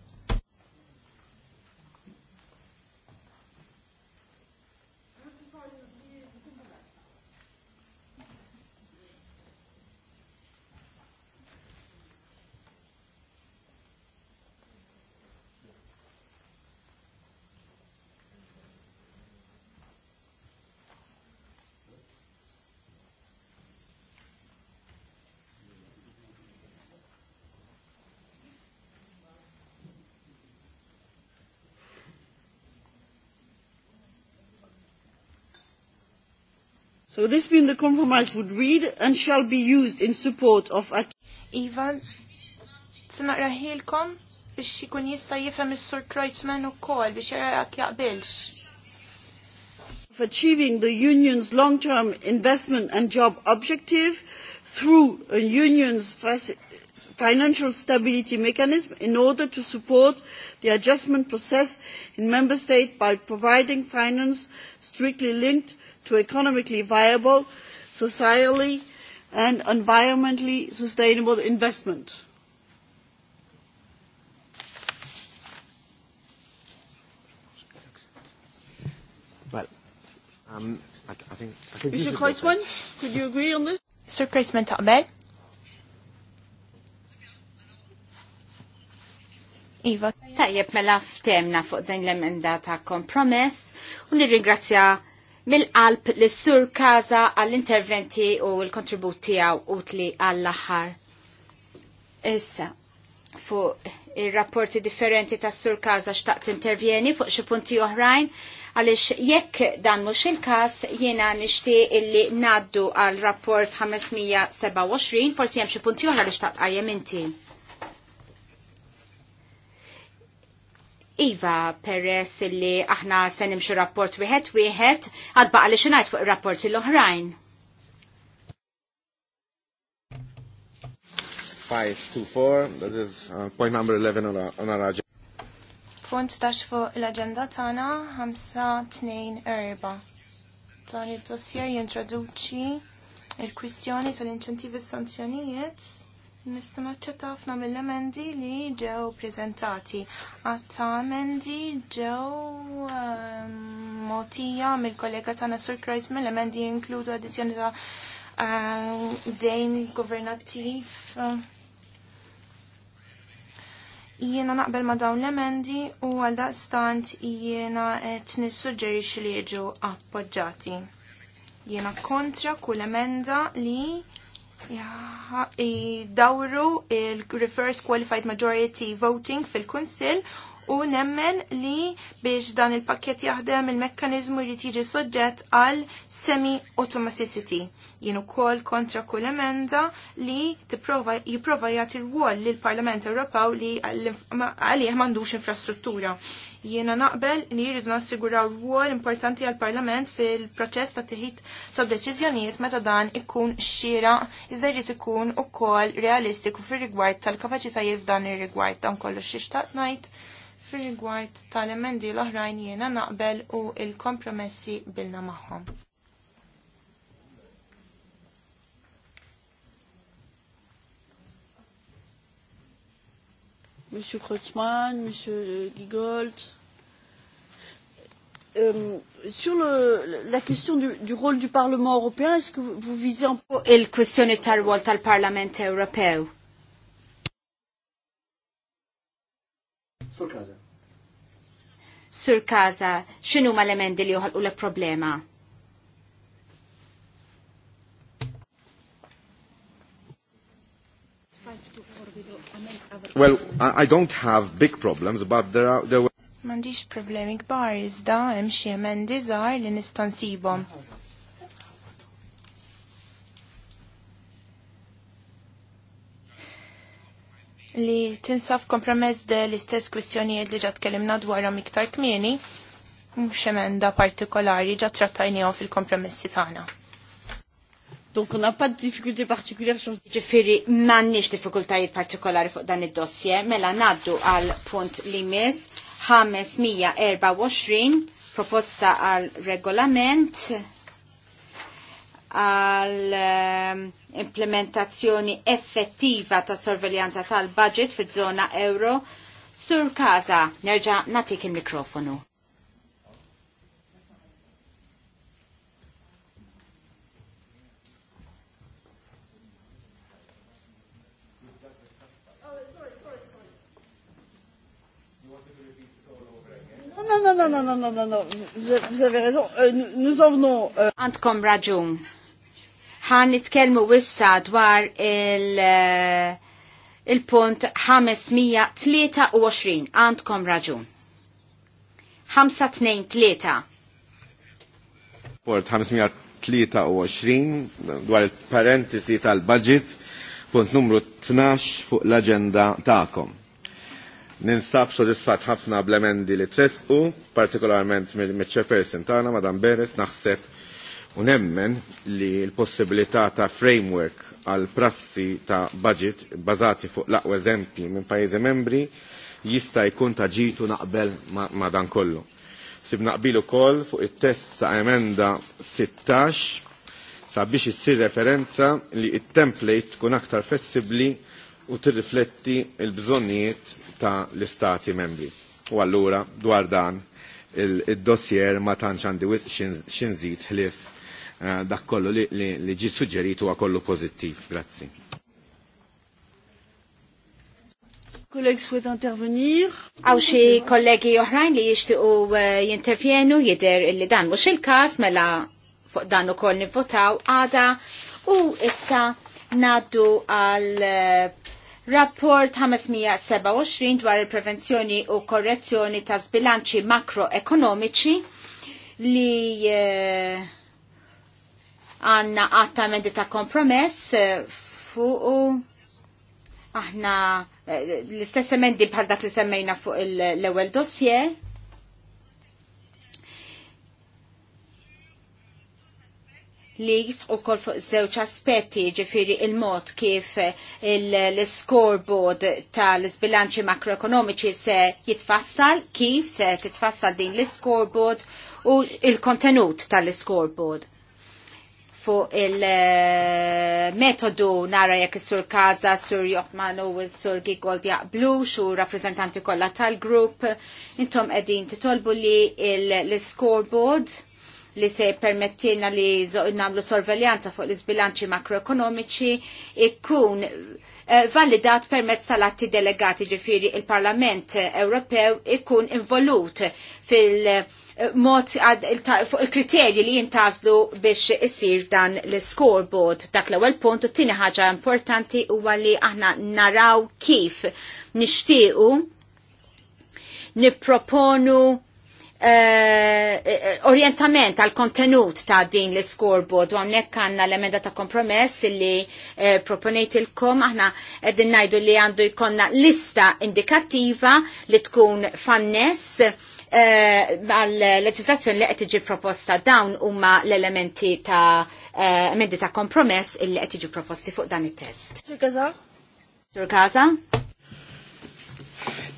Speaker 1: So this means the compromise would read and shall be used in support of... a... Ivan,
Speaker 6: t-naqra ħilkom biex jikun jista jifem il-Sur Kreutzmann u kol biex jararak jaqbilx.
Speaker 1: Of achieving the union's long-term investment and job objective through a union's financial stability mechanism in order to support the adjustment process in member states by providing finance strictly linked to economically viable, socially and environmentally sustainable investment.
Speaker 7: Well, um, I, I think... I think Mr. Kreutzmann,
Speaker 6: could you agree on this? Sir Kreutzmann taqbel?
Speaker 3: Iva. Tajjeb mela ftemna fuq din l-emenda ta' kompromess u nirringrazzja mill-qalb l-sur kaza għall-interventi u l kontribut għaw utli għall-axar. Issa, fuq il-rapporti differenti ta' sur kaza xtaqt intervjeni fuq xi punti oħrajn għalix jekk dan mux il-kas jiena nishti illi naddu għal rapport 527 forsi jem xie punti oħra li xtaqt għajem inti. Iva, peress illi aħna senim xo rapport wieħed wieħed, għad baqa li xinajt fuq il l-oħrajn.
Speaker 7: 524, that is uh, point number 11 on our, on our agenda.
Speaker 6: Punt dash fuq l-agenda tana 524. Dan id-dossier jintroduċi il-kwistjoni tal-inċentivi sanzjonijiet Nista' naċċetta ħafna mill-emendi li ġew prezentati. Għatta emendi ġew motija ehm, mill-kollega tagħna Sur Kreuzman l-emendi jinkludu għadizjoni ta' eh, dejn governattiv. Jiena naqbel ma dawn l-emendi u għal stant jiena qed nissuġġerixxi li ġew appoġġati. Jiena kontra kull emenda li dawru il-reverse qualified majority voting fil-Kunsil u nemmen li biex dan il-pakket jaħdem il-mekkanizmu li tiġi soġġett għal semi automaticity jienu kol kontra kull emenda li jiprofa jagħti l-wol li l-Parlament Ewropew li għalih m'għandux infrastruttura. Jiena naqbel li jridu nassiguraw rwol importanti għal-Parlament fil-proċess ta' tiħit ta' deċiżjonijiet meta dan ikun xira iżda jrid ikun ukoll realistiku fir-rigward tal-kapaċitajiet f'dan ir-rigward dan kollox xi ta' ngħid fil-rigward tal-emendi l-oħrajn jiena naqbel u il-kompromessi bilna magħhom.
Speaker 1: Monsieur Kreutzmann, Monsieur Gigold. Euh, sur le, la question du, du rôle du Parlement européen, est-ce que vous, vous visez en...
Speaker 3: question est le rôle du Parlement européen. Sur le cas, Sur Kaza, xinu ma l-emendi li uħalqu l problema?
Speaker 6: Well,
Speaker 7: I don't have big problems, but there are... There were...
Speaker 6: Mandiġ problemi kbar, izda, hemm xi emendi żgħar li nista' nsibhom. li tinsaf kompromess de l-istess kwistjonijiet li ġat kellimna dwarhom miktar kmieni, mhux emenda partikolari ġat trattajnihom fil-kompromessi tagħna. Donc on n'a pas de difficulté particulière sur Ġifiri, m'għandniex diffikultajiet partikolari
Speaker 3: fuq dan id-dossier, mela ngħaddu għal punt li miss 524 proposta għal regolament għal ehm, implementazzjoni effettiva ta' sorveljanza tal-budget fil zona euro. Sur Kaza, nerġa natik il-mikrofonu.
Speaker 1: non, non, non, non, non, non, non, vous avez raison, euh, nous en venons... Euh, Għandkom euh
Speaker 3: ħan nitkellmu wissa dwar il- eh, il-punt 523 għandkom raġun. 523.
Speaker 7: Port 523 dwar il-parentesi tal-budget punt numru 12 fuq l-agenda ta'kom. Ninsab sodisfat ħafna bl-emendi li tresqu, partikolarment mill-ċepersin tagħna, Madam Beres, naħseb u nemmen li l-possibilità ta' framework għal prassi ta' budget bazati fuq laqwa eżempji minn pajjiżi membri jista' jkun ta' ġitu naqbel ma', dan kollu. Sibna naqbilu kol fuq it-test sa' emenda 16 sabiex issir referenza li it-template tkun aktar flessibbli u tirrifletti il-bżonnijiet ta' l-istati membri. U allura dwar dan il-dossier ma tantx għandi xinżid ħlief Eh, dak kollu li, li, li ġi suġġeritu huwa kollu pożittiv. Grazzi.
Speaker 3: Kollegi swed intervenir? Għaw xie kollegi oħrajn li jishtiqu eh, jintervjenu jider illi dan mux il-kas mela fuq dan u koll nivvotaw għada u issa naddu għal eh, Rapport 527 dwar il-prevenzjoni u korrezzjoni ta' sbilanċi makroekonomiċi li għanna għatta mendi ta' kompromess eh, fuq aħna eh, l-istess emendi bħal dak li semmejna fuq l-ewel dossier. li u kol fuq zewċ aspetti ġifiri il-mod kif l-scoreboard tal-sbilanċi makroekonomiċi se jitfassal, kif se titfassal din l-scoreboard u il-kontenut tal-scoreboard fuq il-metodu nara jekk is-sur Kaza, sur Joħman u s-sur Gigold jaqblu xu rappresentanti kollha tal-grupp. Intom qegħdin titolbu li l-scoreboard li se permettina li namlu sorveljanza fuq l-izbilanċi makroekonomiċi ikkun eh, validat permezz tal-atti delegati ġifiri il-Parlament Ewropew ikkun involut fil- mod fuq il-kriterji li jintazlu biex isir dan l-scoreboard. Dak l-ewwel punt u tieni ħaġa importanti huwa li aħna naraw kif nixtiequ nipproponu uh, orientament għal kontenut ta' din l scoreboard u għamnek għanna l-emenda ta' kompromess li uh, eh, proponejt il-kom aħna din najdu li għandu jkonna lista indikattiva li tkun fannes Eh, għal-leġislazzjoni li qed tiġi proposta dawn huma l-elementi ta' eh, emendi ta' kompromess illi qed tiġi proposti fuq dan it-test. Sur Gaza?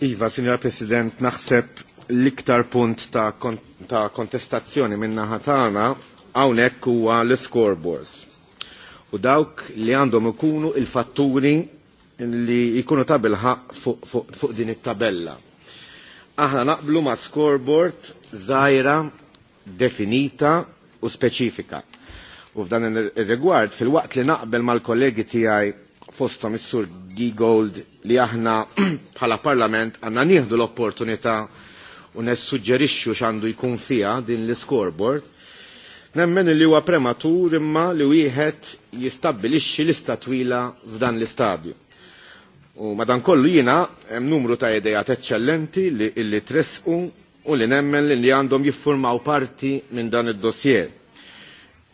Speaker 7: Iva, Signora President, naħseb l-iktar punt ta', ta kontestazzjoni minna ħatana hawnhekk huwa l-scoreboard. U dawk li għandhom ikunu il-fatturi li jkunu ta' fuq fu fu din it-tabella aħna naqblu ma' scoreboard zaħira definita u speċifika. U f'dan il-rigward, fil-waqt li naqbel mal-kollegi tijaj fostom is-sur Gigold li aħna bħala parlament għanna nieħdu l-opportunità u nessuġġerixxu x'għandu jkun fija din l-scoreboard, nemmen li huwa prematur imma li wieħed jistabbilixxi lista twila f'dan l-istadju. U madan kollu jina hemm numru ta' idejat eċċellenti li illi tresqu u li nemmen li għandhom jiffurmaw parti minn dan id-dossier.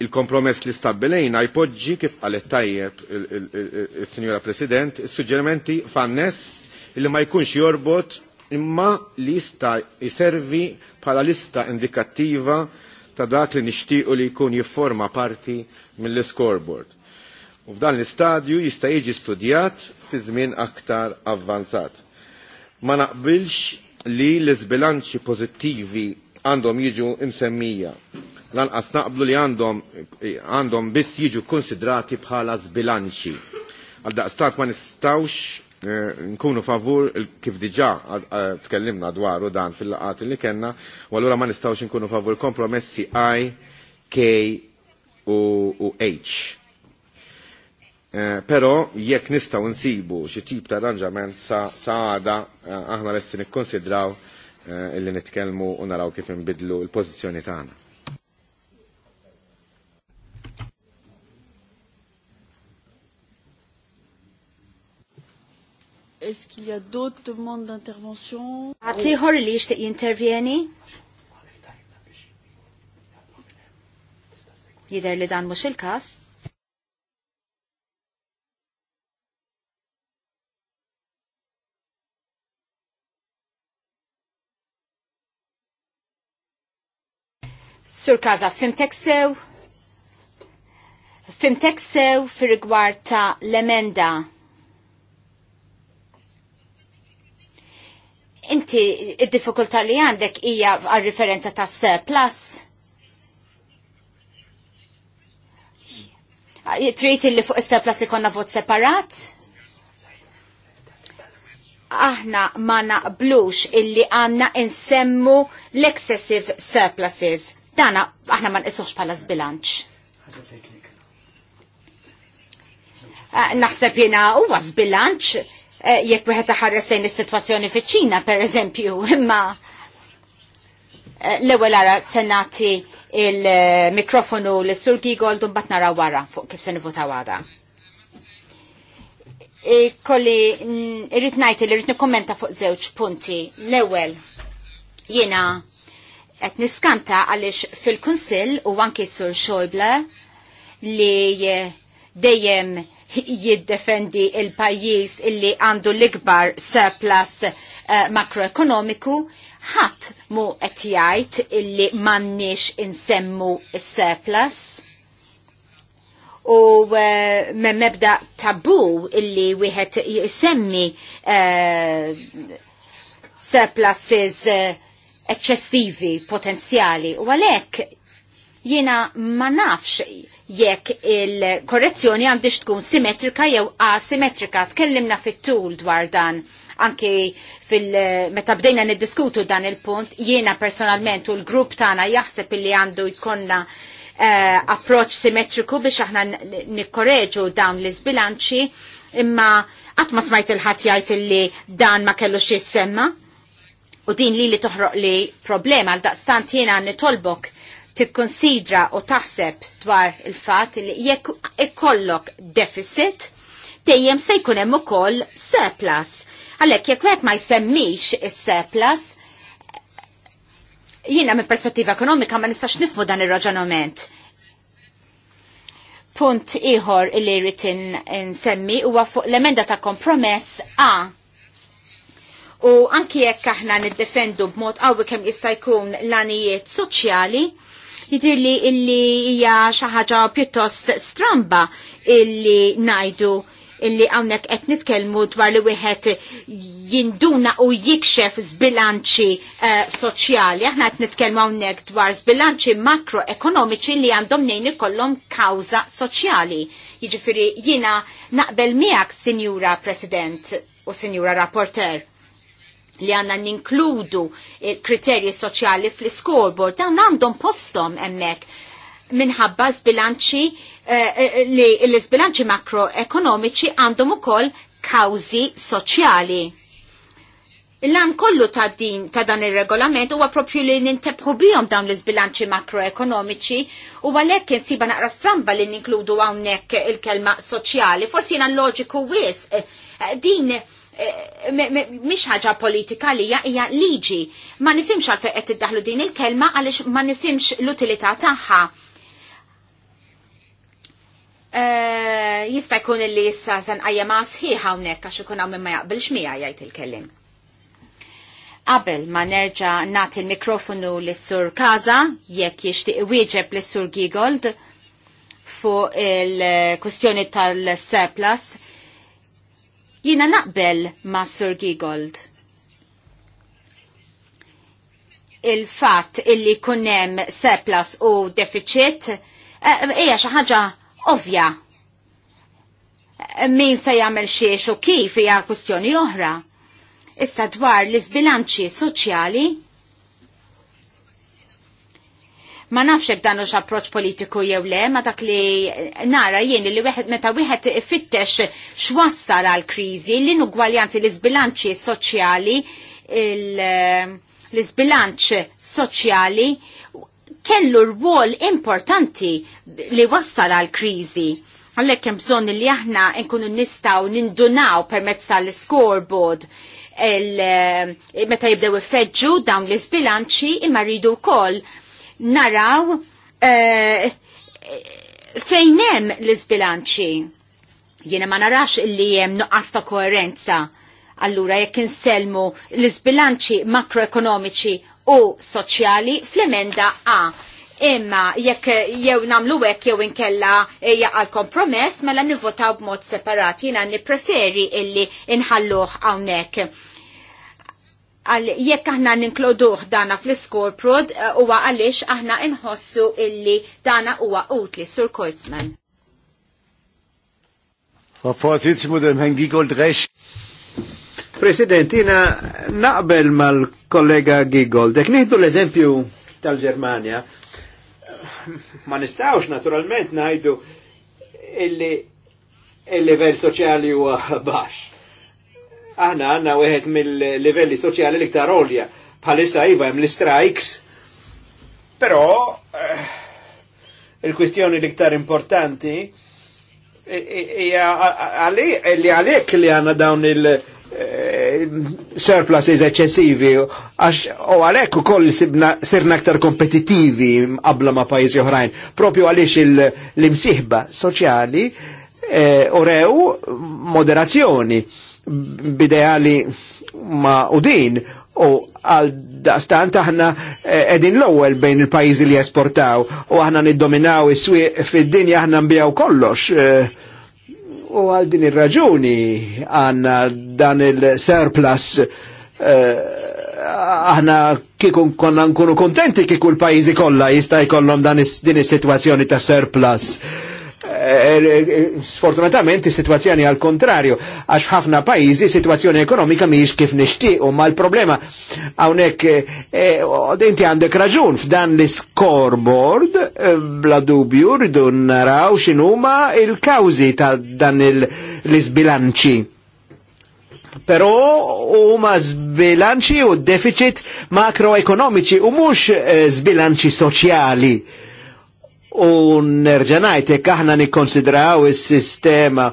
Speaker 7: Il-kompromess li stabbilejna jpoġġi kif qalet tajjeb il-Sinjora President, is-suġġerimenti fanness li ma jkunx jorbot imma li jista jiservi bħala lista indikattiva ta' dak li nixtiequ li jkun jifforma parti mill-scoreboard. U f'dan l-istadju jista' jiġi studjat fi żmien aktar avvanzat. Ma naqbilx li l-izbilanċi pożittivi għandhom jiġu imsemmija. Lanqas naqblu li għandhom għandhom biss jiġu konsidrati bħala zbilanċi. Għal daqstat ma nistawx eh, nkunu favur kif diġa eh, tkellimna dwaru dan fil-laqat li kena, u għallura ma nistawx nkunu favur kompromessi I, K u H Eh, pero jekk nistaw nsibu xi tip ta' arranġament sa għada eh, aħna lesti nikkonsidraw eh, illi nitkellmu u naraw kif nbidlu l-pożizzjoni tagħna.
Speaker 1: Est-ce qu'il y a d'autres demandes d'intervention Għatiħor li
Speaker 3: jishtiq jintervjeni? Jider li dan mux il-kas? Sur Kaza, fimtek sew? Fimtek sew fir rigward ta' l-emenda. Inti, il difikulta li għandek hija għal-referenza ta' surplus. Trid li fuq is-surplus ikonna vot separat? aħna ma naqblux illi għanna insemmu l-excessive surpluses Dana aħna ma nqisuħx bħala zbilanċ. Eh, naħseb jena huwa zbilanċ eh, jekk wieħed iħares lejn is-sitwazzjoni fiċ-Ċina pereżempju, imma eh, l-ewwel ara senati il-mikrofonu l-Sur Gigold u mbagħad nara wara fuq kif se nivvotaw għada. Kolli mm, irrid ngħid li rrid nikkommenta fuq żewġ punti. L-ewwel jiena Et niskanta għalix fil-Kunsil u għanki sur Xojble li dejjem jiddefendi il-pajjiż illi għandu l-ikbar surplus eh, makroekonomiku, ħadd mu qed jgħid illi m'għandniex insemmu s-surplus. U uh, eh, me mebda tabu illi wieħed jisemmi uh, surpluses uh, eccessivi potenzjali u għalhekk jiena ma nafx jekk il-korrezzjoni għandix tkun simmetrika jew asimetrika. Tkellimna fit-tul dwar dan anki fil-meta bdejna niddiskutu dan il-punt, jiena personalment u l-grupp tagħna jaħseb li għandu jkollna uh, eh, approċ simmetriku biex aħna nikkoreġu dawn l-izbilanċi imma qatt ma smajt il-ħadd jgħid illi dan ma kellux jissemma. U din li li toħroq li problema għal daqstant jena nitolbok tikkonsidra u taħseb dwar il-fat li jekk ikollok deficit, dejjem se jkun hemm ukoll surplus. Għalhekk jekk ma jsemmix is-surplus, jiena minn perspettiva ekonomika ma nistax nifmu dan ir raġanament Punt ieħor li rrid insemmi huwa fuq l-emenda ta' kompromess A U anki jekk aħna niddefendu b'mod qawwi kemm jista' jkun l-anijiet soċjali, jidir li illi hija xi ħaġa pjuttost stramba illi najdu illi hawnhekk qed nitkellmu dwar li wieħed jinduna u jikxef zbilanċi uh, soċjali. Aħna qed nitkellmu hawnhekk dwar zbilanċi makroekonomiċi li għandhom nejn ikollhom kawża soċjali. Jiġifieri jiena naqbel miegħek, Sinjura President u Sinjura Rapporter li għanna ninkludu kriterji soċjali fl-scoreboard, dawn għandhom postom emmek minħabba zbilanċi eh, eh, li l-zbilanċi makroekonomiċi għandhom ukoll kawzi soċjali. L-għan kollu ta' din ta' dan il-regolament huwa propju li nintebħu bihom dawn l-izbilanċi makroekonomiċi u għalhekk insiba naqra stramba li ninkludu hawnhekk il-kelma soċjali. Forsi jiena loġiku wis eh, din Eh, mhix ħaġa politika li hija liġi. Ma nifhimx għalfejn qed tiddaħlu din il-kelma għaliex ma nifimx l-utilità tagħha. Eh, jista' jkun illi issa se nqajja ma' sħiħ hawnhekk għax ikun hawn ma jaqbilx miha jgħid il-kellim. Qabel ma nerġa nagħti l mikrofonu lis sur Kaza, jekk jixtieq wieġeb lis sur Gigold, fuq il-kwestjoni tal-surplus Jina naqbel ma' Sir Gigold. Il-fat illi kunnem surplus u deficit eh, hija xi ħaġa ovvja. Min se jagħmel xiex u kif hija kwistjoni oħra. Issa dwar l izbilanċi soċjali ma nafxek dan ux approċ politiku jew le, ma dak li nara jien li wieħed meta wieħed ifittex x'wassal għal kriżi l-inugwaljanzi l-isbilanċi soċjali l-isbilanċ soċjali kellu rwol importanti li wassal għal kriżi. Għallek hemm bżonn li aħna nkunu nistgħu nindunaw permezz l scoreboard meta jibdew ifeġġu dawn l-isbilanċi imma rridu wkoll naraw eh, fejnem l-izbilanċi. Jiena ma narax li jem nuqqas ta' koerenza. Allura jekk inselmu l-izbilanċi makroekonomiċi u soċjali fl-emenda A imma jekk jew namlu hekk jew inkella eh, jaqal kompromess mela nivvotaw b'mod separat jiena nippreferi illi inħalluh hawnhekk jekk aħna ninkloduħ dana fl-scoreboard eh, huwa għaliex aħna inħossu illi dana huwa utli sur Koizman.
Speaker 2: President, jina naqbel mal-kollega Gigol, dek nieħdu l-eżempju tal-Germania, ma nistawx naturalment najdu illi il-level soċjali huwa baxx aħna għanna wieħed mill-livelli soċjali l-iktar olja. Bħalissa iva hemm l-strikes, però eh, il-kwistjoni l-iktar importanti hija li għalhekk li għandna dawn il- eh, surpluses eccessivi għax u għalek u koll sirna aktar kompetitivi qabla ma pajizi oħrajn propju għalix l-imsiħba soċjali eh, u rew moderazzjoni b'ideali ma' u din u għal daqstant aħna eh, edin l-ewwel bejn il-pajjiżi li esportaw u aħna niddominaw is-swieq fid-dinja aħna nbijaw kollox. Eh, u għal din ir-raġuni għandna dan il-surplus eh, aħna kieku konna nkunu kontenti kiku l pajjiżi kollha jista' jkollhom dan din is-sitwazzjoni ta' surplus. Eh, eh, eh, sfortunatament is għal kontrarju għax ħafna pajjiżi situazzjoni ekonomika mhijiex kif nixtieq u mal-problema hawnhekk inti għandek raġun f'dan l-scoreboard bla dubju rridu naraw x'inhuma il-kawżi ta' dan l-isbilanċi pero huma sbilanċi u deficit makroekonomiċi u mhux zbilanċi soċjali u nerġanajt jekk aħna nikkonsidraw is-sistema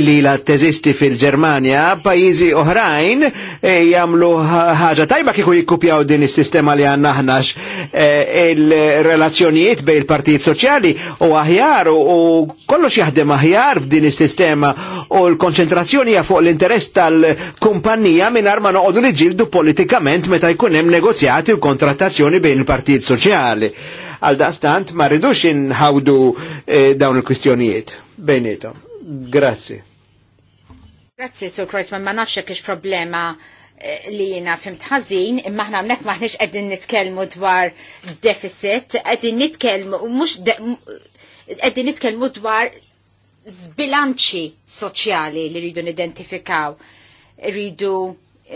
Speaker 2: li la teżisti fil-Germania, pajizi oħrajn e, jamlu ħaġa tajba kiku jikkupjaw din is-sistema li għanna ħnax e, il-relazzjonijiet bej il-partijiet soċjali u aħjar u kollox jaħdem aħjar b'din is-sistema u l-konċentrazzjoni fuq l-interess tal-kumpanija minn arma noqogħdu niġildu politikament meta jkun hemm negozjati u kontrattazzjoni bejn il-partijiet soċjali. Għal dastant ma rridux inħawdu e, dawn il-kwistjonijiet bejnietom. Grazzi.
Speaker 3: Grazzi, Sur Kreuzmann, ma nafx kiex problema eh, li jina fim tħazin, imma ħna mnek maħnix għedin nitkelmu dwar deficit, għedin nitkelmu, mux għedin nitkelmu dwar zbilanċi soċjali li rridu nidentifikaw, rridu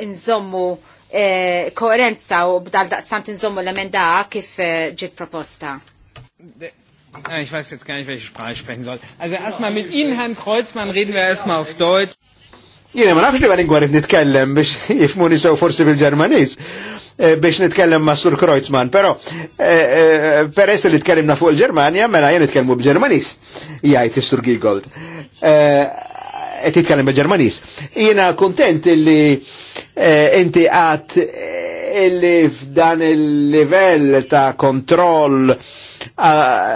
Speaker 3: nżommu eh, koerenza u b'dal daqsant nżommu l-emenda kif eh, ġiet proposta.
Speaker 7: Ja, Ich weiß
Speaker 2: jetzt gar nicht, welche Sprache ich sprechen soll. Also erstmal mit Ihnen, Herrn Kreuzmann, reden wir erstmal auf Deutsch. Jiena ma nafx li għalin lingwa nitkellem biex jifmuni sew forsi bil-Ġermaniż eh, biex nitkellem ma' Sur Kreuzmann, però eh, eh, peress li tkellimna fuq il-Ġermanja, mela jien nitkellmu b'Ġermaniż, jgħid is-Sur Gilgold. Qed jitkellem bil-Ġermaniż. Jiena kuntent li inti għad illi f'dan il-livell ta' kontroll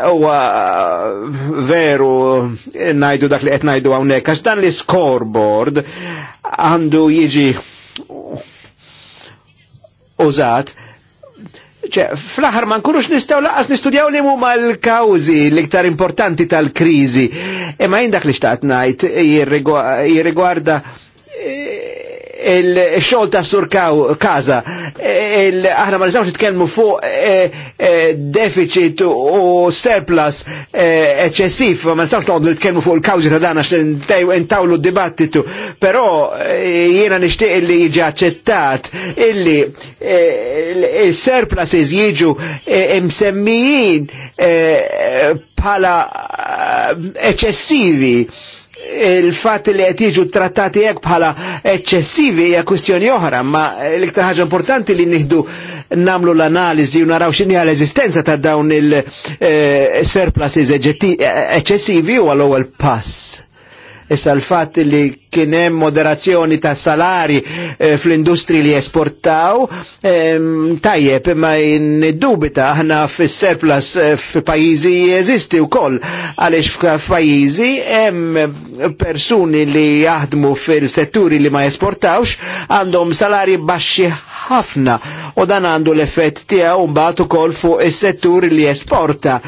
Speaker 2: huwa veru najdu dak li qed ngħidu hawnhekk għax dan l-scoreboard għandu jiġi użat ċe, fl-aħar ma nkunux nistaw laqas nistudjaw li huma l-kawzi l-iktar importanti tal kriżi Imma jindak li xtaqt ngħid jirrigwarda il-xol ta' surkaw kaza, aħna ma nistawx nitkellmu fuq eh, eh, deficit u surplus eccessif, eh, ma nistawx noqdu nitkellmu fuq il-kawzi ta' dan għax intawlu d-dibattitu, però jiena nixtieq li jiġi accettat illi il-surpluses jiġu imsemmijin bħala eccessivi il-fat li qed jiġu trattati hekk bħala eċċessivi hija kwistjoni oħra, ma l-iktar ħaġa importanti li nieħdu namlu l-analiżi u naraw x'inhi l-eżistenza ta' dawn il-surpluses eh, eċċessivi u għal ewwel pass Issa l-fatt li kienem moderazzjoni ta' salari eh, fl-industri li esportaw, eh, tajjeb, ma niddubita aħna fis-surplus jesisti eh, f'pajjiżi jeżisti wkoll għaliex f'pajjiżi hemm persuni li jaħdmu fil-setturi li ma jesportawx għandhom salari baxxi ħafna u dan għandu l-effett tiegħu mbagħad ukoll fuq is-settur li esporta.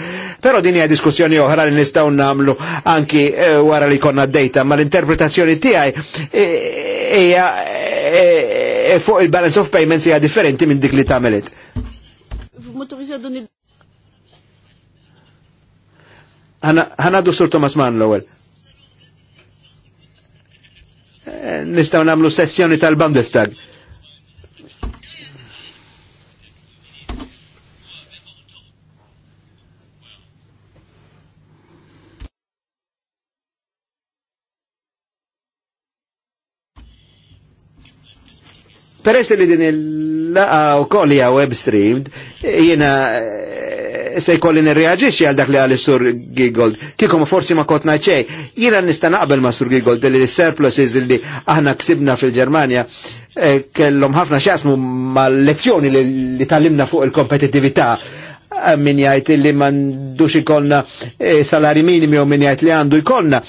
Speaker 2: Però din hija diskussjoni oħra li nistgħu nagħmlu anki eh, wara li konna d-dejta, ma l-interpretazzjoni tiegħi
Speaker 1: eh, hija
Speaker 2: eh, fuq il-balance of payments hija differenti minn dik li tagħmelet. Ħanaddu sur Thomas Mann l-ewwel nistaw namlu sessjoni tal-Bundestag. Peress li din il-laqa u koll hija web streamed, jena eh, se jkolli nirreaġixxi għal dak li għal sur Gigold. Kiekom forsi ma kotna ċej, jena jiena nista' naqbel ma' sur Gigold li l-surpluses li aħna ksibna fil ġermania eh, kellhom ħafna x'jasmu mal-lezzjoni li tallimna fuq il kompetitività eh, min jgħid li m'għandux ikollna salari minimi u min jgħid li għandu jkollna.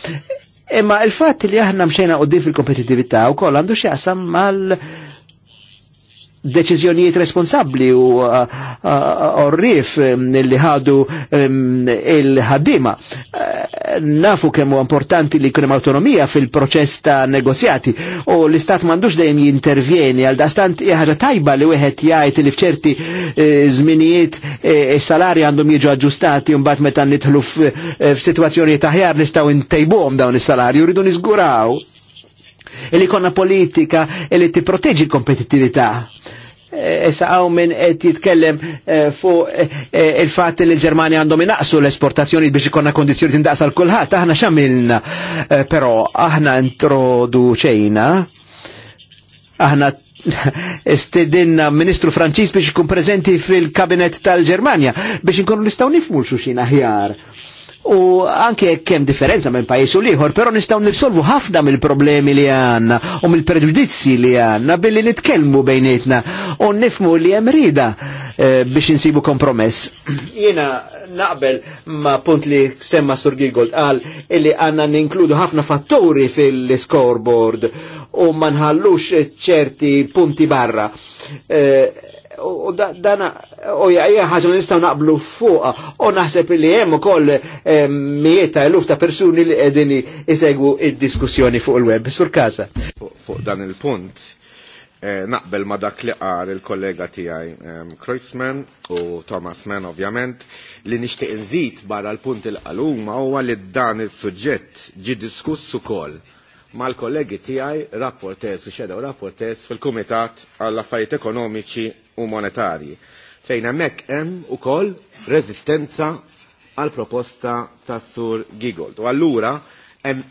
Speaker 2: Imma il-fatt li aħna mxejna qudiem fil u koll għandu xasam mal- deċiżjonijiet responsabbli u uh, uh, uh, orrif um, li ħadu um, il-ħaddima. Nafu kemm u importanti li kunem autonomija fil-proċess ta' negozjati u l-istat mandux dejjem jintervjeni għal dastant ħaġa tajba li wieħed jgħid li f'ċerti eh, żminijiet eh, is-salari għandhom jiġu aġġustati u mbagħad meta nidħlu eh, f'sitwazzjonijiet aħjar nistgħu ntejbuhom dawn is u rridu niżguraw Illi konna politika li ti proteġi l-kompetitività. E, issa għaw minn qed jitkellem e, fu e, il-fatt li l-Ġermani għandhom inaqsu l-esportazzjoni biex ikonna kondizjoni tindaqsa l-kulħadd, aħna xamilna. però aħna introduċejna aħna istedinna ministru Franċis biex ikun prezenti fil-kabinet tal-Ġermanja biex inkunu nistgħu nifmu xulxin aħjar. ħjar. U anke kemm differenza minn pajjiż u liħor, però nistgħu nirsolvu ħafna mill-problemi li għandna u mill-preġudizzi li għandna billi nitkellmu bejnietna u nifmu li hemm rida eh, biex insibu kompromess. Jiena naqbel ma punt li semma Sur Gigold qal illi għandna ninkludu ħafna fatturi fil-scoreboard u ma nħallux ċerti punti barra. E, u dana u hija ħaġa nistgħu naqblu fuqa u naħseb li hemm ukoll eh, mieta' ta' eluf ta' persuni li qegħdin jisegwu id-diskussjoni fuq il-web. Sur Kasa.
Speaker 7: Fuq dan il-punt eh, naqbel ma dak li għar il-kollega tiegħi eh, Kreuzman u Thomas Mann ovvjament li nixtieq inżid barra l-punt il-qaluma huwa li dan il-suġġett ġi diskuss ukoll mal-kollegi tiegħi rapporters u xedaw rapporters fil-Kumitat għall affarijiet Ekonomiċi u monetarji. Fejn hemmhekk hemm ukoll reżistenza għal proposta ta' sur Gigold. U allura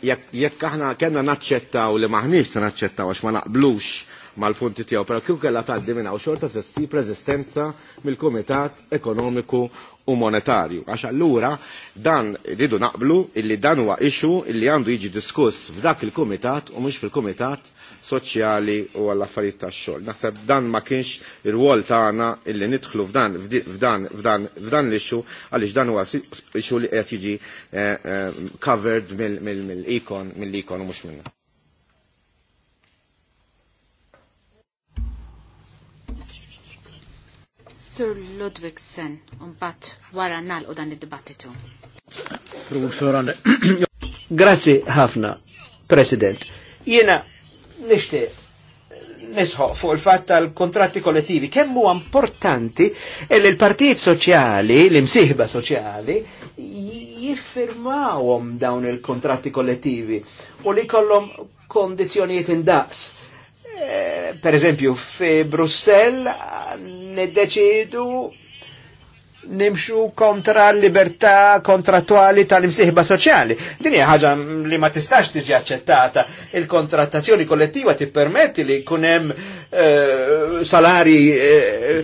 Speaker 7: jekk aħna kellna naċċettaw li maħniex se naċċettaw għax ma naqblux mal-punti tiegħu, però kieku kellha tgħaddi minn hawn xorta se ssib reżistenza mill-Kumitat Ekonomiku u monetarju. Għax allura dan ridu naqblu illi dan huwa ixu illi għandu jiġi diskuss f'dak il-kumitat u mhux fil-kumitat soċjali u għall-affarijiet tax-xogħol. Naħseb dan ma kienx ir-wol tagħna illi nidħlu f'dan f'dan f'dan f'dan l-ixxu għaliex dan huwa ixxu li qed jiġi eh, eh, covered mill-ikon mill-ikon u mhux minna.
Speaker 3: Sir Ludwigsen, unbat wara u dan id-dibattitu.
Speaker 2: Grazie ħafna, President. Jena nishti nisħu fuq il fat tal-kontratti kollettivi. Kemm huwa importanti e li l-partijiet soċjali, l-imsieħba soċjali, jiffirmawhom dawn il-kontratti kollettivi u li kollhom kondizjonijiet indaqs. E, per eżempju, fi Brussell niddeċidu nimxu kontra l-libertà kontrattuali tal-imsieħba soċjali. Din hija ħaġa li ma tistax tiġi aċċettata. Il-kontrattazzjoni kollettiva tippermetti li jkun hemm eh, salari eh,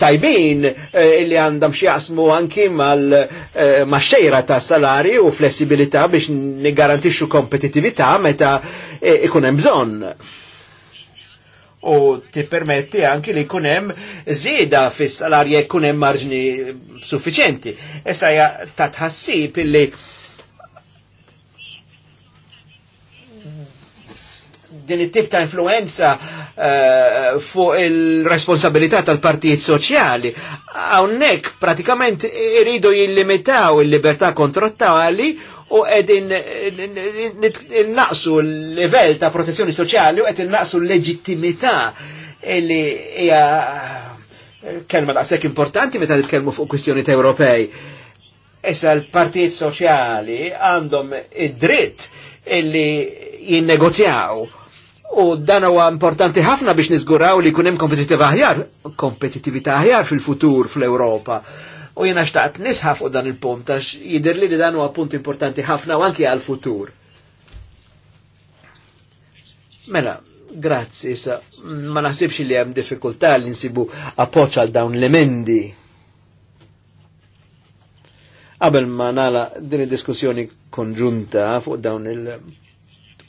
Speaker 2: tajbin eh, li għandhom xi jaqsmu anki mal-xejra eh, ta' salari u flessibilità biex nigarantixxu kompetitività meta ikun hemm bżonn u ti permetti anki li kunem zida fis salarja kunem marġni suffiċenti. Essa ja ta' tħassib li din it-tip ta' influenza uh, fuq il-responsabilità tal-partijiet soċjali. Hawnhekk pratikament iridu jillimitaw il-libertà kontrattali u edin naqsu l-level ta' protezzjoni soċjali u edin naqsu l-leġittimità li hija eh, kelma sekk importanti meta nitkellmu fuq kwistjoni ta' Ewropej. Issa l-partijiet soċjali għandhom id-dritt illi jinnegozjaw u dan huwa importanti ħafna biex niżguraw li jkun hemm kompetitività aħjar, kompetitività aħjar fil-futur fl-Ewropa. fil futur fl ewropa U jena xtaqt nisħaf u dan il-punt, għax jidir li dan huwa punt importanti ħafna u anki għal-futur. Mela, grazzi, sa, ma naħsibx li hemm diffikultà li nsibu appoċ għal dawn l-emendi. Qabel ma nala din id-diskussjoni konġunta fuq dawn il-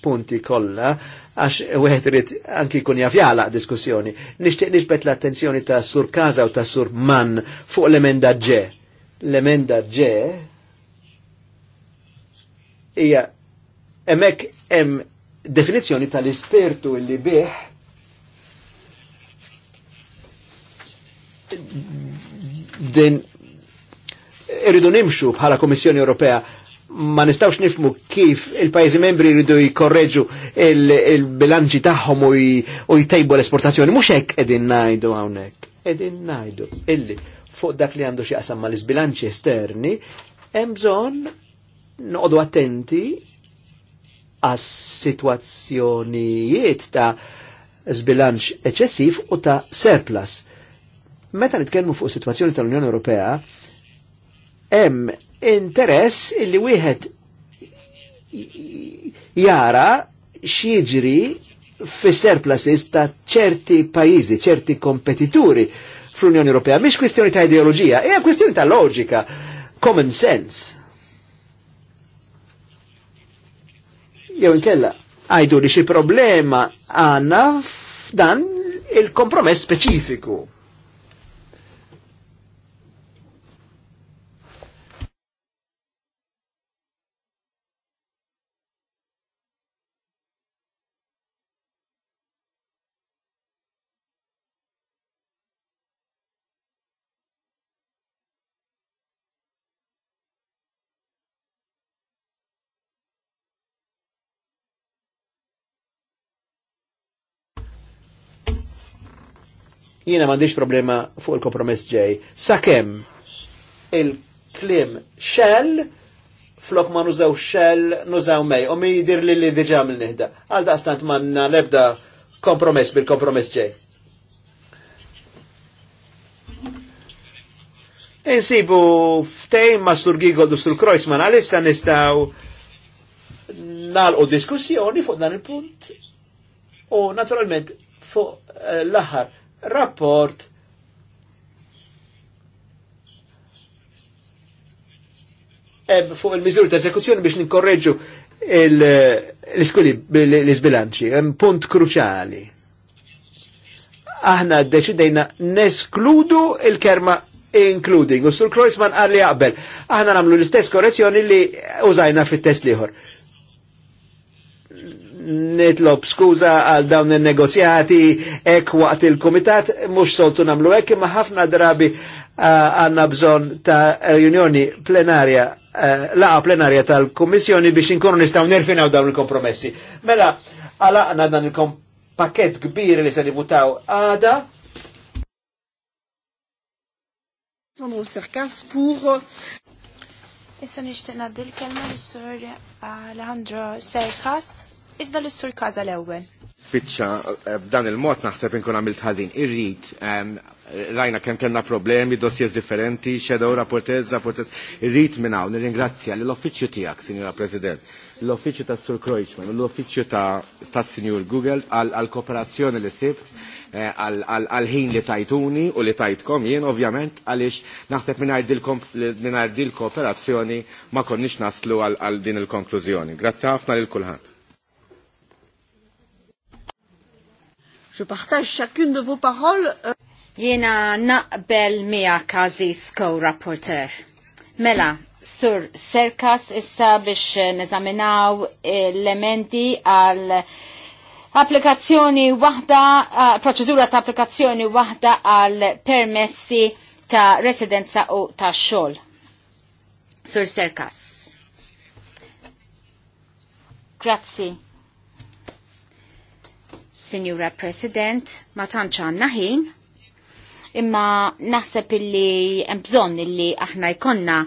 Speaker 2: punti kollha għax wieħed irid anki jkun jaf jagħlaq diskussjoni. Nixtieq nixbet l-attenzjoni ta' Sur Kaza u ta' Sur Man fuq l-emenda ġe. L-emenda ġe hija hemmhekk hemm definizzjoni tal-ispirtu li bih din irridu nimxu bħala Komissjoni Ewropea ma nistawx nifmu kif il-pajzi membri jridu jikorreġu il-bilanċi il tagħhom u jtejbu l-esportazzjoni. Mhux hekk qegħdin ngħidu hawnhekk. Qegħdin ngħidu illi fuq dak li għandu xi qasam mal isbilanċi esterni hemm bżonn noqogħdu attenti għas situazzjonijiet ta' sbilanċ eċessiv u ta' surplus. Meta nitkellmu fuq is-sitwazzjoni tal-Unjoni Ewropea, hemm interess illi wieħed jara xieġri fi surpluses ta' ċerti pajizi, ċerti kompetituri fl-Unjoni Ewropea. Mhix kwistjoni ta' ideoloġija, hija kwistjoni ta' loġika, common sense. Jew inkella għajdu li xi problema għandna f'dan il-kompromess speċifiku. Jiena m'għandix problema fuq il-kompromess ġej. Sakemm il-klim xell flok ma nużaw xell nużaw mej, u mi jidir li li diġam mill nihda. Għal daqstant manna lebda kompromess bil-kompromess ġej. Insibu ftejn ma sur Gigold u sur Kreuzman għalissa nistaw nalqu diskussjoni fuq dan il-punt u naturalment fuq eh, l-aħħar rapport fuq il-mizur ta' eżekuzzjoni biex ninkorreġu l-iskuli l isbilanċi punt kruċali. Aħna deċidejna neskludu il-kerma including, u sur Kreuzman għalli jaqbel. Aħna namlu l-istess korrezzjoni li użajna fit-test liħor nitlob skuza għal dawn il-negozjati ek waqt il-komitat, mux soltu namlu ek, ma ħafna drabi uh, għanna bżon ta' riunjoni plenarja, uh, laqa plenarja tal-komissjoni biex inkunu nistaw nerfinaw dawn il-kompromessi. Mela, għanna dan il-pakket kbir li se nivutaw għada.
Speaker 1: Issa nishtiq naddi kelma
Speaker 6: l-sur Alejandro Serkas Iżda l-istur kaza l ewel
Speaker 7: Spiċċa eh, b'dan il-mod naħseb inkun għamilt ħażin. Irrid ehm, rajna kemm kellna problemi, dossiers differenti, shadow rapportez, rapportez. Irrid minn hawn nirringrazzja lill-offiċċju tiegħek, signora President, l-offiċċju ta' Sur Kreuzman, l-offiċċju ta' Sinjur Google għal kooperazzjoni li sibt eh, għal-ħin li tajtuni u li tajtkom jien ovvjament għalix naħseb minar dil kooperazzjoni ma konniex naslu għal din il-konklużjoni. Grazzi ħafna lil kulħadd.
Speaker 3: Je partage chacune de vos paroles. Euh. Jena naqbel mia kazi sko rapporter. Mela, sur serkas issa biex neżaminaw elementi għal applikazzjoni wahda, proċedura ta' applikazzjoni wahda għal permessi ta' residenza u ta' xol. Sur serkas. Grazie. Signora President, ma tantx għandna ħin, imma naħseb illi hemm bżonn illi aħna jkollna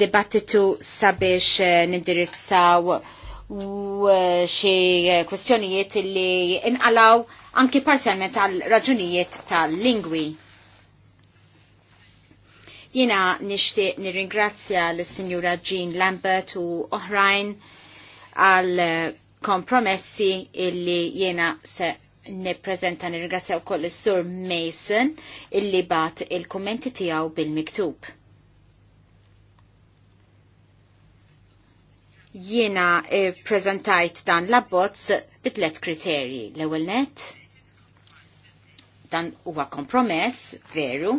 Speaker 3: dibattitu sabiex eh, nindirizzaw u eh, xi kwestjonijiet illi inqalaw anki parzialment għal raġunijiet tal-lingwi. Jina nixtieq nirringrazzja l-Sinjura Jean Lambert u oħrajn għal eh, kompromessi illi jena se nipprezenta nirgrazzjaw koll is-Sur Mason illi bat il-kummenti tiegħu bil-miktub. Jiena eh, prezentajt dan l-abbozz bitlet kriterji. L-ewwel net dan huwa kompromess veru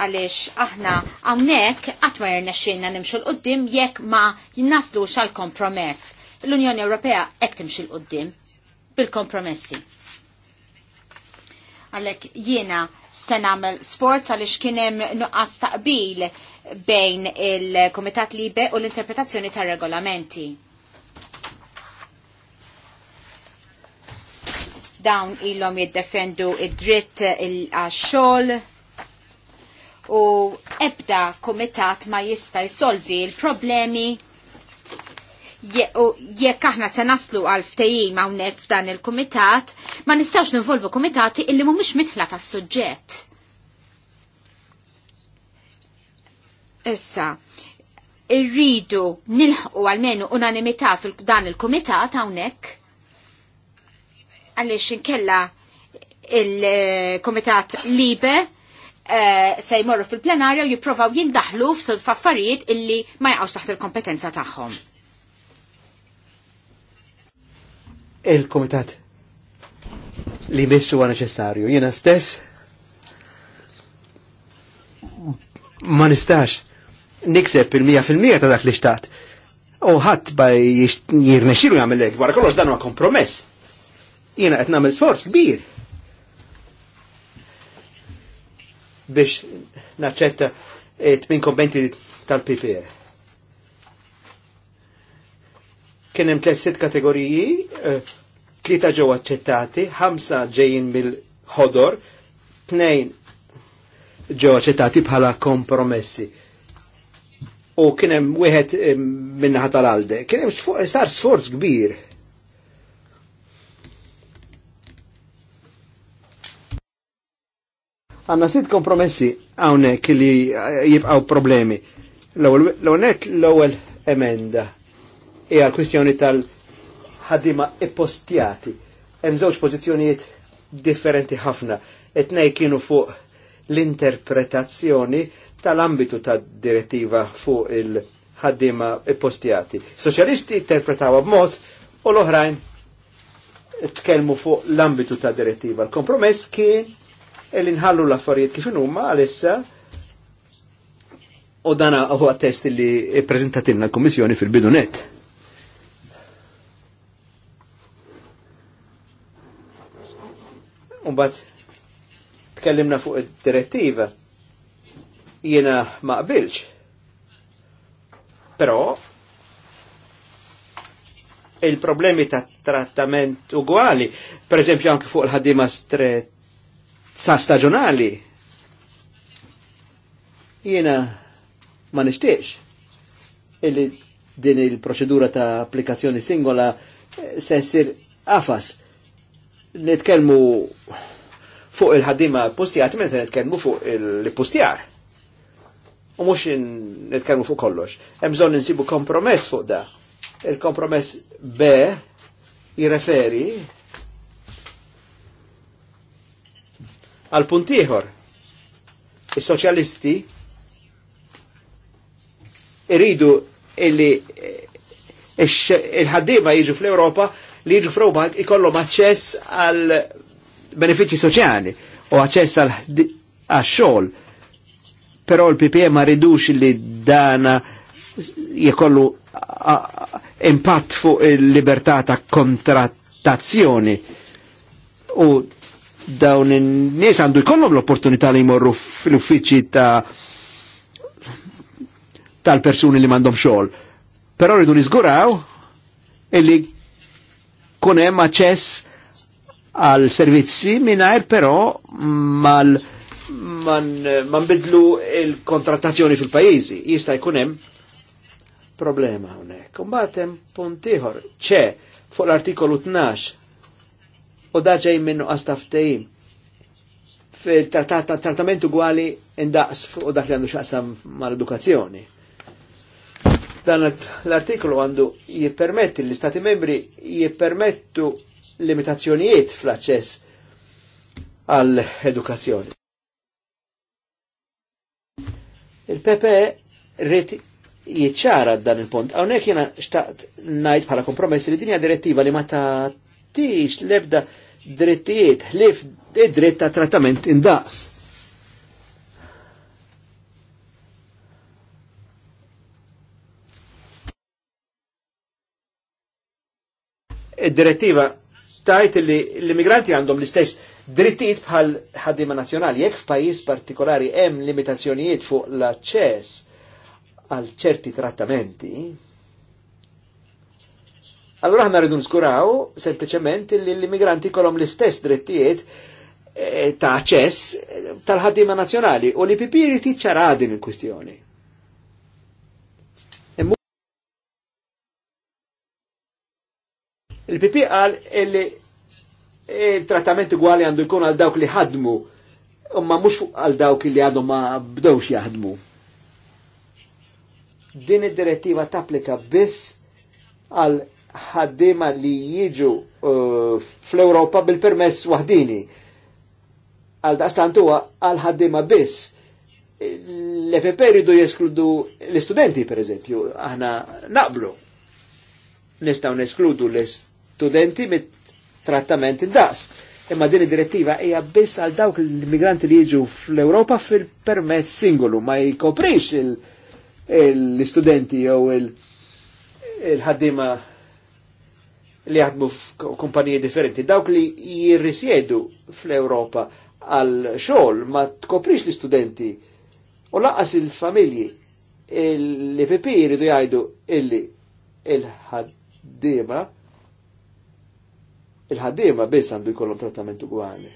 Speaker 3: għaliex aħna hawnhekk qatt ma jirnexxinna nimxu l-qudiem jekk ma jinnaslu xal kompromess l-Unjoni Ewropea hekk timxi l-qoddim bil-kompromessi. Għalhekk jiena se nagħmel sforz għaliex kien hemm nuqqas taqbil bejn il-Kumitat Libe u l-interpretazzjoni tar-regolamenti. dawn ilhom jiddefendu id-dritt għax-xogħol u ebda kumitat ma jista' jsolvi l-problemi jekk aħna se naslu għal ftejim hawnhekk f'dan il-kumitat, ma nistgħux ninvolvu kumitati illi mhumiex mitla tas-suġġett. Issa, irridu nilħqu għalmenu unanimità fil-dan il-kumitat hawnhekk għaliex inkella il kumitat libe eh, se jmorru fil-plenarja u jipprovaw jindaħlu f'affarijiet illi ma jaqgħux taħt il-kompetenza tagħhom.
Speaker 2: il-komitat li messu għu neċessarju. Jena stess ma nistax nikseb il-100% ta' dak li xtaqt. U ħadd baj jirnexilu jagħmel hekk, wara kollox dan huwa kompromess. Jiena qed nagħmel sforz kbir biex naċċetta eh, tmin kommenti tal-PPR. Kien hemm tliet kategoriji, eh, tlieta ġew aċċettati, ħamsa ġejjin mill-ħodor, tnejn ġew aċċettati bħala kompromessi u kienem wieħed eh, minnaħa tal-alde. Kienem sar sforz kbir. Għanna sit kompromessi għawnek li eh, jibqaw problemi. L-għonet l-għol emenda e għal kwistjoni tal-ħaddima ippostjati. Hemm żewġ pożizzjonijiet differenti ħafna. Etnej kienu fuq l-interpretazzjoni tal-ambitu tad-direttiva fuq il-ħaddima ippostjati. Soċjalisti interpretawa b'mod u l-oħrajn tkellmu fuq l-ambitu ta' direttiva. L-kompromess kien li nħallu l-affarijiet kif huma għalissa u dana huwa test li prezentatilna l-Kummissjoni fil-bidunet. Umbat, tkellimna fuq id-direttiva, jiena ma qbilx. Però, il-problemi ta' trattament uguali, per eżempju anke fuq il-ħaddima sa' staġjonali, jiena ma nixtiex illi din il-proċedura ta' applikazzjoni singola eh, se sir afas nitkelmu fuq il-ħaddima postijat, meta nitkelmu fuq il-postijar. U mux nitkelmu fuq kollox. Emżon ninsibu kompromess fuq da. Il-kompromess B jireferi għal puntiħor. Il-soċjalisti iridu il-ħaddima jiġu fl-Europa li jiġu f'Robag ikollhom aċċess għal benefiċċji soċjali u aċċess għal għax-xogħol. Però l-PPM e ma ridux li dana jekollu impatt fuq il-libertà ta' kontrattazzjoni u dawn in-nies għandu jkollhom l-opportunità li jmorru fl-uffiċċji ta' tal-persuni li m'għandhom xogħol. Però rridu niżguraw illi kun hemm aċċess għal servizzi mingħajr però mal ma bidlu il-kontrattazzjoni fil-pajjiżi. Jista' jkun hemm problema hawnhekk. Imbagħad hemm punt ieħor ċe fuq l-artikolu 12 u daġej minnu qastaftejn fil-trattament ugwali indaqs fuq dak li għandu xaqsam mal-edukazzjoni. Dan l-artiklu għandu jippermetti l istati membri jippermettu limitazzjonijiet fl-aċċess għall-edukazzjoni. Il-PPE rrit jitċara dan il-punt. Għonek jena xtaqt najt bħala kompromess li dinja direttiva li ma ta' tix lebda drittijiet, lif dritt ta' trattament indaqs. Id-direttiva tajt li l-immigranti għandhom l-istess drittijiet bħal ħaddima nazzjonali, jekk f'pajjiż partikolari hemm limitazzjonijiet fuq l-aċċess għal ċerti trattamenti, allora ħna rridu nskuraw sempliċement li l-immigranti kolom l-istess drittijiet eh, ta' aċċess eh, tal-ħaddima nazzjonali u li pipiri tiċċara din il-kwistjoni. Il-PP għal illi il-trattament għali għandu jkun għal dawk li ħadmu, imma mhux għal dawk li għadu ma bdewx jaħdmu. Din id-direttiva tapplika biss għal ħaddima li jiġu uh, fl-Europa bil-permess wahdini. Għal daqstantu għal ħaddima biss. L-EPP rridu jeskludu l istudenti per eżempju, aħna naqblu. Nistaw neskludu l-studenti studenti mit-trattament id-daqs. Imma din id-direttiva hija biss għal dawk l-immigranti li jiġu fl-Ewropa fil-permezz singolu, ma jkoprix l-istudenti jew il-ħaddima li jaħdmu f'kumpaniji differenti. Dawk li jirrisjedu fl-Ewropa għal xogħol ma tkoprix l-istudenti u laqas il-familji l-PP jridu jgħidu illi il-ħaddima il-ħaddiema biss għandu jkollhom trattament ugwali.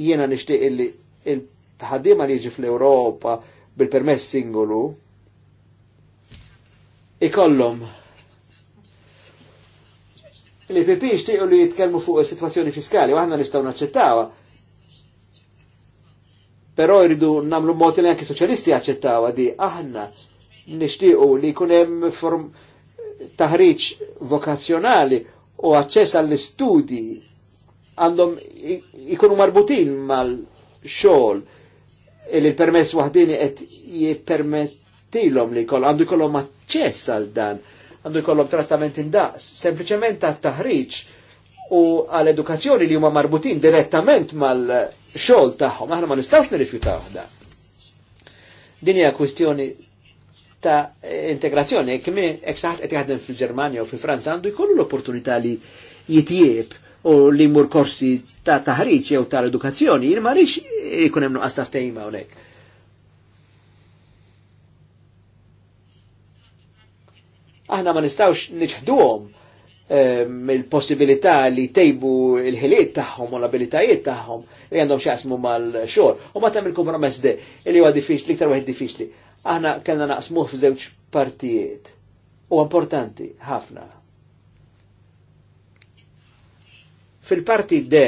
Speaker 2: Jiena nixtieq illi il-ħaddiema li jiġi fl-Ewropa bil-permess singolu ikollhom li PP xtiqu li jitkellmu fuq is-sitwazzjoni fiskali u aħna nistgħu naċċettawha. Però jridu nagħmlu mod li anke soċjalisti jaċċettawha di aħna nixtiequ li jkun hemm taħriċ vokazzjonali u aċċess għall-istudi għandhom ikunu marbutin mal-xogħol li l-permess waħdini qed jippermettilhom li jkollhom għandu jkollhom aċċess għal dan, għandu jkollhom trattament indaqs, sempliċement għat-taħriġ u għal-edukazzjoni li huma marbutin direttament mal-xogħol tagħhom, aħna ma nistgħux nirrifjutaw dan. Din hija kwistjoni ta' integrazzjoni, e kemm hekk saħat qed jaħdem fil-Ġermanja u fil-Franza għandu jkollu l-opportunità li jitjieb u li jmur korsi ta' taħriġ jew tal-edukazzjoni, jien ma rix ikun hemm nuqqas ta' tejma hawnhekk. Aħna ma nistawx niċħduhom ehm, il-possibilità li tejbu il-ħiliet tagħhom u l-abilitajiet tagħhom li għandhom x'jaqsmu mal-xogħol. U ma tagħmel kompromess de li huwa diffiċli, iktar wieħed diffiċli Aħna kellna naqsmuh f'żewġ partijiet. U importanti, ħafna. Fil-parti D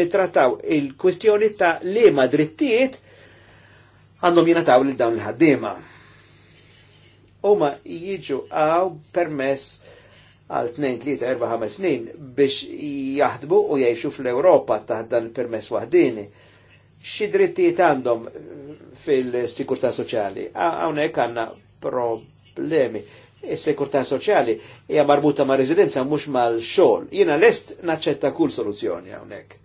Speaker 2: nitrataw il-kwistjoni ta' li ma drittijiet għandhom jinataw lil dawn il-ħaddima. Huma jiġu għaw permess għal 2-3-4-5 snin biex jaħdbu u jgħixu fl-Europa taħt dan il-permess waħdini xi drittijiet għandhom fil-sikurtà soċjali. Hawnhekk għandna problemi. is sekurtà soċjali hija marbuta ma' residenza mhux mal-xogħol. Jiena lest naċċetta kull soluzzjoni hawnhekk.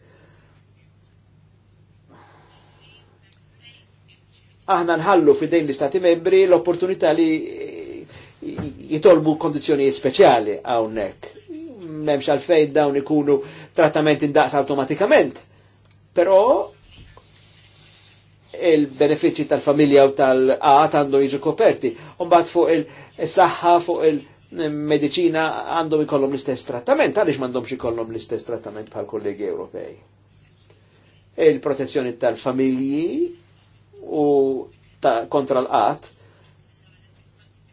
Speaker 2: Aħna nħallu fidejn l-Istati membri l-opportunità li jitolbu kondizjoni speċjali hawnhekk. M'hemmx għalfejn dawn ikunu trattamenti ndaqs automatikament. Però il-benefiċi tal-familja u tal-għat għandhom jiġu koperti. Umbat fuq il-saħħa, fuq il-medicina għandhom ikollhom l-istess trattament, għaliex m'għandhomx ikollhom l-istess trattament bħal kollegi Ewropej. Il-protezzjoni tal-familji u ta kontra l-qat,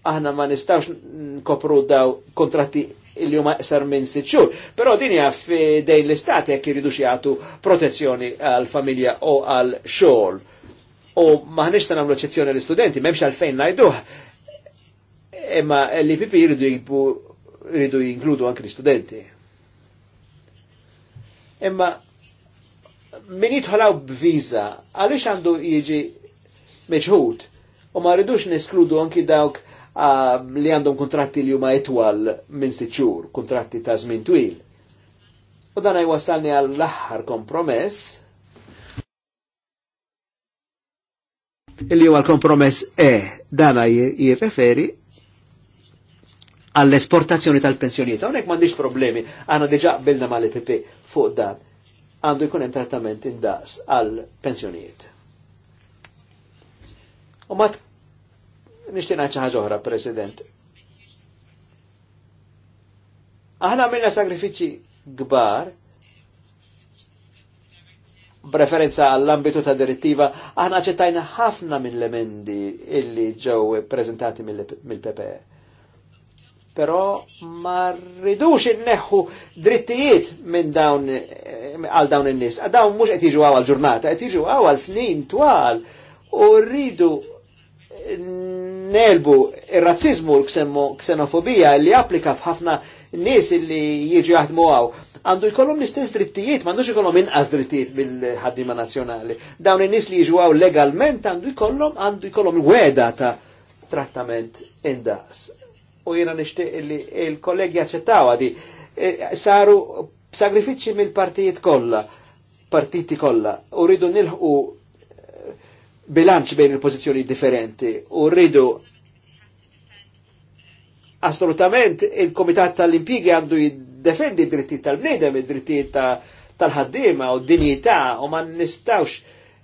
Speaker 2: aħna ma nistawx nkopru daw kontratti il huma iqsar minn sitt xhur. Però din hija f'dejn l-istati jekk jiridu xi jagħtu protezzjoni għall-familja u għall-xogħol u maħnix ta' namlu eccezzjoni l-istudenti, memx għalfejn najduħ, imma l-IPP jridu jibbu, jridu jinkludu anki l-istudenti. Imma min jitħolaw b'viza, għalix għandu jieġi meċħut, u ma rridux neskludu anki dawk ah, li għandhom kontratti li huma etwal minn siċur, kontratti ta' żmien twil. U dan għajwasalni għall-aħħar kompromess, Illi huwa l-kompromess E dana jirreferi għall-esportazzjoni tal pensjonijiet Hawnhekk mandiġ problemi, għandna diġà ma' mal-IPP fuq dan. Għandu jkun hemm trattament indas għall-pensjonijiet. U mat nixtieq ngħid xi ħaġa oħra, President. Aħna għamilna sagrifiċċji kbar preferenza għall-ambitu ta' direttiva, aħna ċettajna ħafna mill-emendi illi ġew prezentati mill-PPE. Però ma rridux inneħħu drittijiet minn dawn għal dawn in-nies. Dawn mhux qed jiġu għal ġurnata, qed jiġu għal snin twal u rridu nelbu ir-razzizmu l-ksenofobija li applika f'ħafna nies li jiġu jaħdmu għaw għandu jkollhom l-istess drittijiet, m'għandux ikollhom inqas drittijiet mill-ħaddiema nazzjonali. Dawn in-nies li jiġu legalment għandu jkollhom għandu jkollhom weda ta' trattament indaqs. U jiena nixtieq li l-kollegi aċċettaw għadi. E, saru sagrifiċċji mill-partijiet kollha, partiti kollha, u rridu nilħu e, bilanċ bejn il-pożizzjoni differenti u rridu assolutament il-Komitat tal-Impjigi għandu Defendi d-drittijiet tal-bnedem, id-drittijiet tal-ħaddiema u d-dinjità u ma nistawx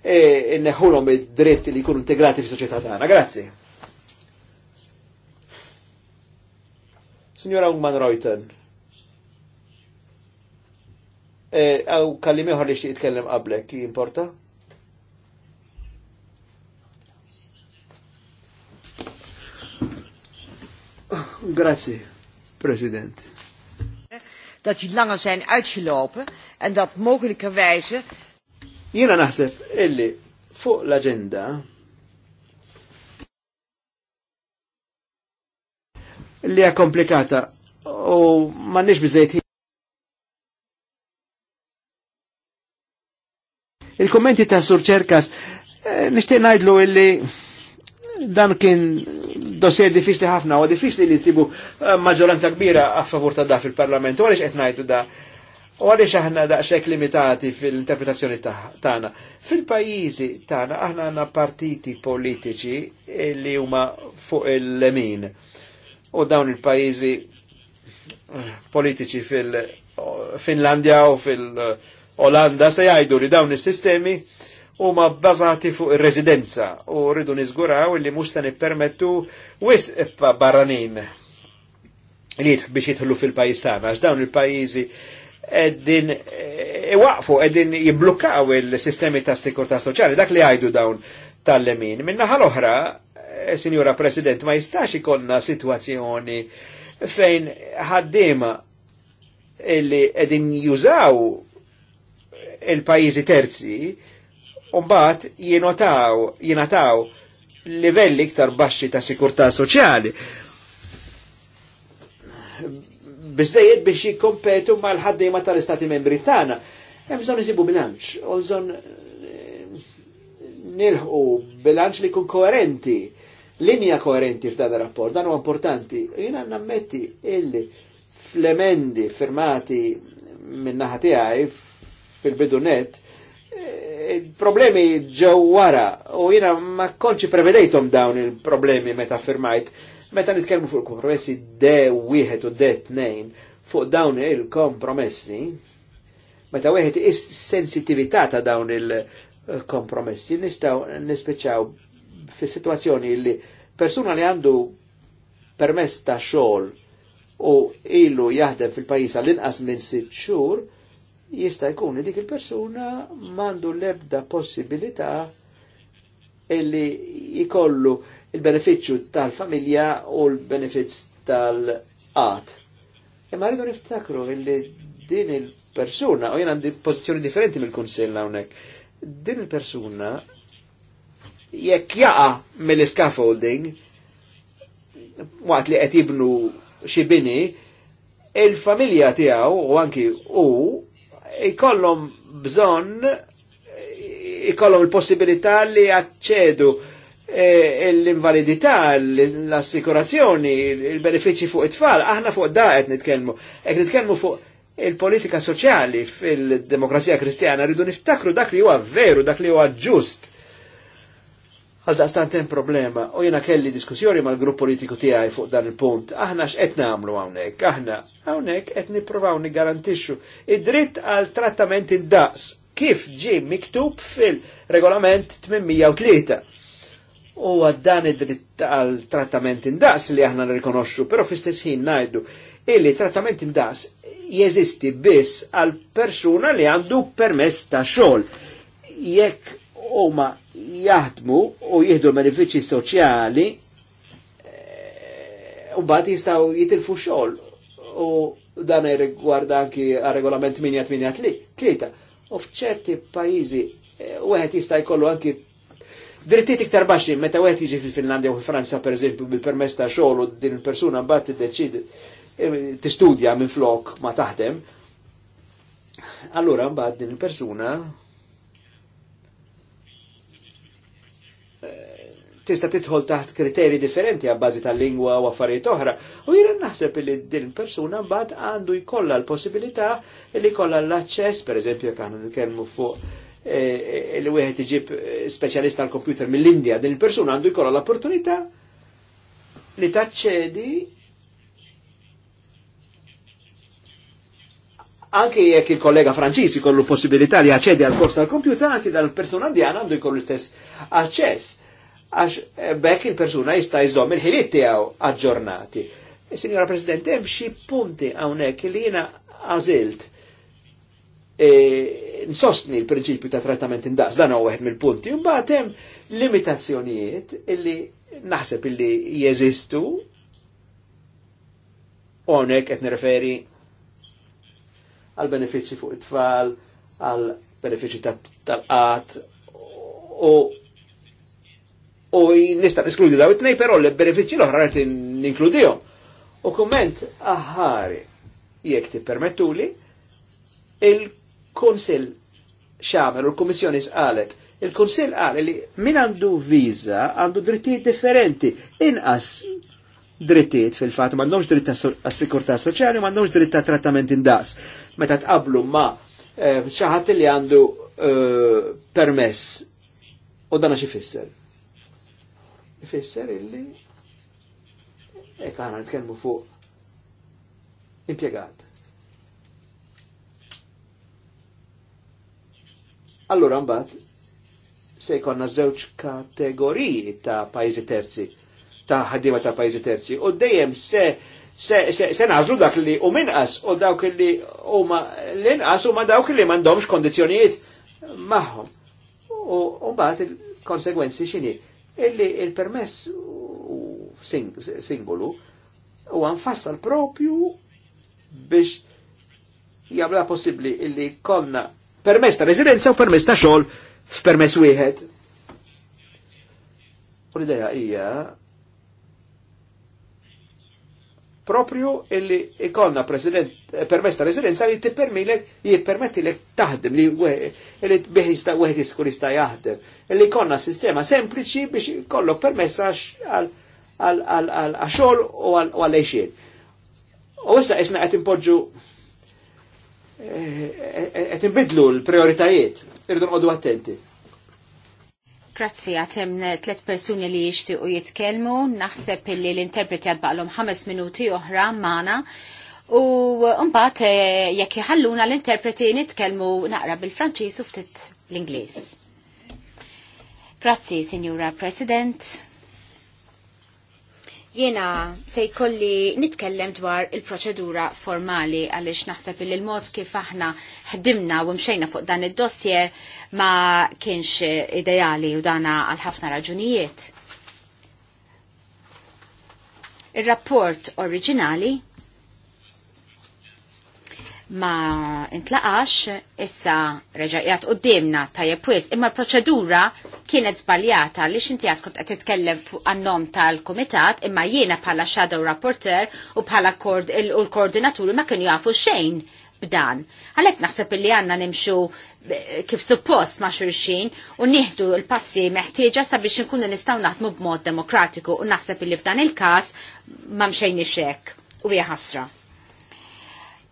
Speaker 2: e, inneħulhom id dritti li jkunu integrati fis-soċjetà tagħna. Grazzi. Signora Ungman Reuter. E, aw e, kallim li xtiq jitkellem qablek, ki importa? Grazie, Presidente
Speaker 8: dat die langer zijn uitgelopen en dat mogelijkerwijze.
Speaker 2: Jena naħseb illi fuq l-agenda li hija komplikata u m'għandniex biżejt Il-kommenti ta' Sur Ċerkas eh, nixtieq ngħidlu illi dan kien dossier diffiċli ħafna, u diffiċli li jsibu eh, maġġoranza kbira a favur ta' da fil-parlament, u għaliex qed ngħidu da. U għaliex aħna daqshekk limitati fil-interpretazzjoni tagħna. Fil-pajjiżi tagħna aħna għandna partiti politiċi li huma fuq il-lemin. U dawn il-pajjiżi eh, politiċi fil-Finlandja u fil-Olanda se jgħidu li dawn is-sistemi huma bbażati fuq ir-residenza u rridu niżguraw li mhux se nippermettu wis barranin li biex jidħlu fil-pajjiż tagħna għax dawn il-pajjiżi qegħdin eh, iwaqfu qegħdin jiblukaw il-sistemi tas-sikurtà soċjali dak li għajdu dawn tal-lemin. Minnaħa l-oħra, eh, Signora President, ma jistax ikonna situazzjoni fejn ħaddiema li edin jużaw il-pajizi terzi umbat jinotaw, jinotaw livelli iktar baxxi ta' sikurtà soċjali. Bizzejiet biex jikkompetu mal-ħaddejma tal-Istati Membri tagħna. Hemm bżonn isibu bilanċ, u bżonn eh, nilħu bilanċ li kun koerenti, linja koerenti f'dan ir-rapport, dan huwa importanti. Jiena nammetti illi fl-emendi firmati minn naħa tiegħi fil-bidu net problemi ġew wara u jina ma konċi prevedejtom dawn il-problemi meta firmajt. Meta nitkellmu fuq il-kompromessi d wieħed u d fuq dawn il-kompromessi, meta wieħed is-sensitività ta' dawn il-kompromessi nistaw nispeċaw fi situazzjoni li persuna li għandu permess ta' xogħol u ilu jaħdem fil-pajjiż għall-inqas minn sitt xhur, jista' jkun dik il-persuna mandu l-ebda possibilità illi jikollu il-beneficju tal-familja u l-benefiċ tal-qat. Imma rridu niftakru illi din il-persuna, u jena għandi pozizjoni differenti mill-kunsill hawnhekk, din il-persuna jekk jaqa mill-scaffolding waqt li qed jibnu xi bini, il-familja tiegħu u anki u ikollhom bżonn ikollhom il-possibilità li jaċċedu eh, l-invalidità, l-assikurazzjoni, il-benefici fuq it-tfal, aħna fuq da qed nitkellmu. Qed nitkellmu fuq il-politika soċjali fil-demokrazija kristjana rridu niftakru dak li huwa veru, dak li huwa ġust għal daqstan hemm problema u jiena kelli diskussjoni mal-grupp politiku tiegħi fuq dan il-punt. Aħna x'qed nagħmlu hawnhekk? Aħna hawnhekk qed nippruvaw niggarantixxu id-dritt għal trattament id-daqs kif ġie miktub fil-regolament 803. U dan id-dritt għal trattament indaqs li aħna nirrikonoxxu, però fl-istess ħin ngħidu illi trattament indaqs jeżisti biss għal persuna li għandu permess ta' xogħol. Jekk huma jaħdmu u jieħdu benefiċċji soċjali eh, u bat jistaw jitilfu xogħol u dan jirgwarda anki regolament 8-8 li tlieta. U f'ċerti pajjiżi għet eh, jista' jkollu anki drittiet iktar baxxi meta wieħed jiġi fil-Finlandja u fil-Franza eżempju bil-permess ta' xogħol u din il-persuna mbagħad t eh, tistudja minn flok ma taħdem. Allora mbagħad din il-persuna tista' titħol taħt kriteri differenti għabbażi tal-lingwa u affarijiet oħra. U jirin naħseb li din persuna bad għandu jkollha l-possibilità li jkollha l-aċċess, per jekk aħna nitkellmu fuq eh, eh, li wieħed iġib eh, speċjalista għal kompjuter mill-Indja, din persuna għandu jkollha l-opportunità li taċċedi anke jekk il-kollega Franċis jkollu possibilità li jaċċedi għal kors tal-kompjuter, anke dal persuna indjana għandu jkollu l-istess aċċess għax eh, bekk il-persuna jista' jżomm il-ħiliet tiegħu aġġornati. E, Signora President, hemm xi punti hawnhekk li jiena għażilt e, nsostni l-prinċipju ta' trattament indaqs dan huwa wieħed mill-punti, imbagħad hemm limitazzjonijiet illi naħseb illi jeżistu hawnhekk qed nirreferi għal benefiċċji fuq it-tfal, għal benefiċċji tal-qat u u nista' niskludi daw it-tnej, però l-benefiċċji l-oħra qed ninkludihom. U kumment aħari jekk tippermettuli il-Kunsill xamel u l-Kummissjoni sqalet il-Kunsill qal li min għandu viża għandu drittijiet differenti inqas drittijiet fil-fatt m'għandhomx dritt ta' sikurtà soċjali m'għandhomx dritt ta' trattament indas. Meta tqablu ma' eh, xi ħadd li għandu eh, permess u dan xi fisser ifisser illi e għana nitkellmu fuq impiegat. Allura mbagħad se jkollna żewġ kategoriji ta' pajjiżi terzi, ta' ħaddiema ta' pajjiżi terzi, u dejjem se se, se, se nażlu dak li u minqas u dawk li huma l-inqas huma dawk li m'għandhomx kondizzjonijiet magħhom. U mbagħad il-konsegwenzi x'inhi illi il-permess sing singolu u għanfassal propju biex jabla possibli illi konna permess ta' residenza u permess ta' xol f'permess wieħed. U l-ideja hija propju illi ikonna permess ta' residenza li tippermilek, lek taħdem li illi biħista wieħed iskurista jaħdem. Illi ikonna sistema sempliċi biex kollok permessa għal xogħol u għal għexien. U issa isna qed impoġġu eh, qed inbidlu l-prioritajiet, irridu nqogħdu attenti.
Speaker 3: Grazzi, għatem eh, tlet persuni li jishti u jitkelmu, naħseb li l-interpreti għadbaqlom ħames minuti oħra maħna u mbagħad eh, eh, jekk jħalluna l-interpreti nitkellmu naqra bil-Franċiż u ftit l-Ingliż. Grazzi, Signora President. Jena se jkolli nitkellem dwar il-proċedura formali għaliex naħseb li l-mod kif aħna ħdimna u mxejna fuq dan id-dossier ma kienx ideali u dana għal ħafna raġunijiet. Il-rapport oriġinali ma intlaqax, issa reġaqjat u demna tajja pwis, imma proċedura kienet zbaljata li xinti għat kont titkellem għannom tal-komitat, imma jiena bħala shadow rapporter u bħala l-koordinaturi ma kienu jafu xejn b'dan. Għalek naħseb li għanna nimxu eh, kif suppost ma xurxin u nieħdu l-passi meħtieġa sabiex nkunu nistaw naħdmu b'mod demokratiku u naħseb li f'dan il-kas ma mxejni xek u hija ħasra.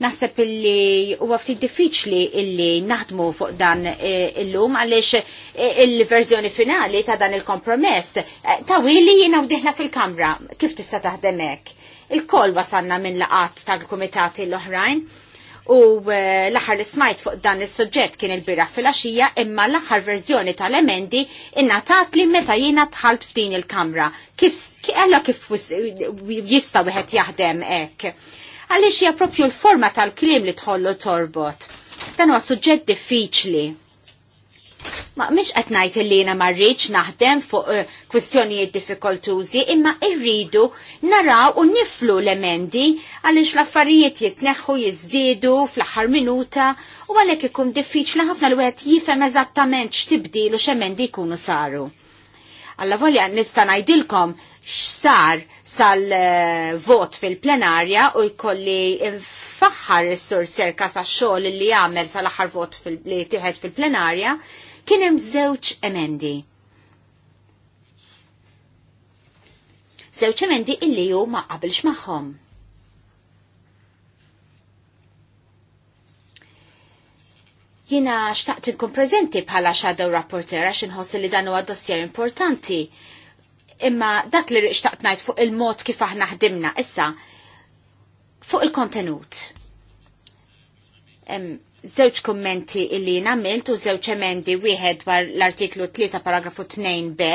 Speaker 3: Naħseb illi huwa ftit diffiċli illi naħdmu fuq dan eh, illum għaliex eh, il-verżjoni finali ta' dan il-kompromess eh, tawili u diħna fil-kamra kif tista' taħdem hekk. Il-koll wasanna minn laqat tal-kumitati l-oħrajn u l-aħħar smajt fuq dan is-suġġett kien il-bira fil-axija imma l-aħħar verżjoni tal-emendi innatat li meta jiena tħalt f'din il-kamra. Kif kif jista' wieħed jaħdem hekk għaliex hija propju l-forma tal-kliem li tħollu torbot. Dan huwa suġġett diffiċli. Ma mhix qed ngħid li jiena marriċ naħdem fuq uh, kwistjonijiet diffikoltużi, imma rridu naraw u niflu l-emendi għaliex l-affarijiet jitneħħu jiżdiedu fl-aħħar minuta u għalhekk ikun diffiċli ħafna l wieħed jifhem eżattament x'tibdilu x'emendi jkunu saru. Alla volja nista' ngħidilkom x'sar sal-vot fil-plenarja u jkolli faħħar is-sur serka sa' xogħol li jagħmel sal-aħħar vot li tieħed fil-plenarja kien hemm żewġ emendi. Żewġ emendi illi hu ma qabilx magħhom. Jina xtaqt inkun preżenti bħala shadow rapportera għax inħossi li dan huwa dossier importanti Imma dak li xtaqt ngħid fuq il-mod kif aħna ħdimna issa fuq il-kontenut. Żewġ kummenti illi namilt u żewġ emendi wieħed dwar l-artiklu 3 paragrafu 2b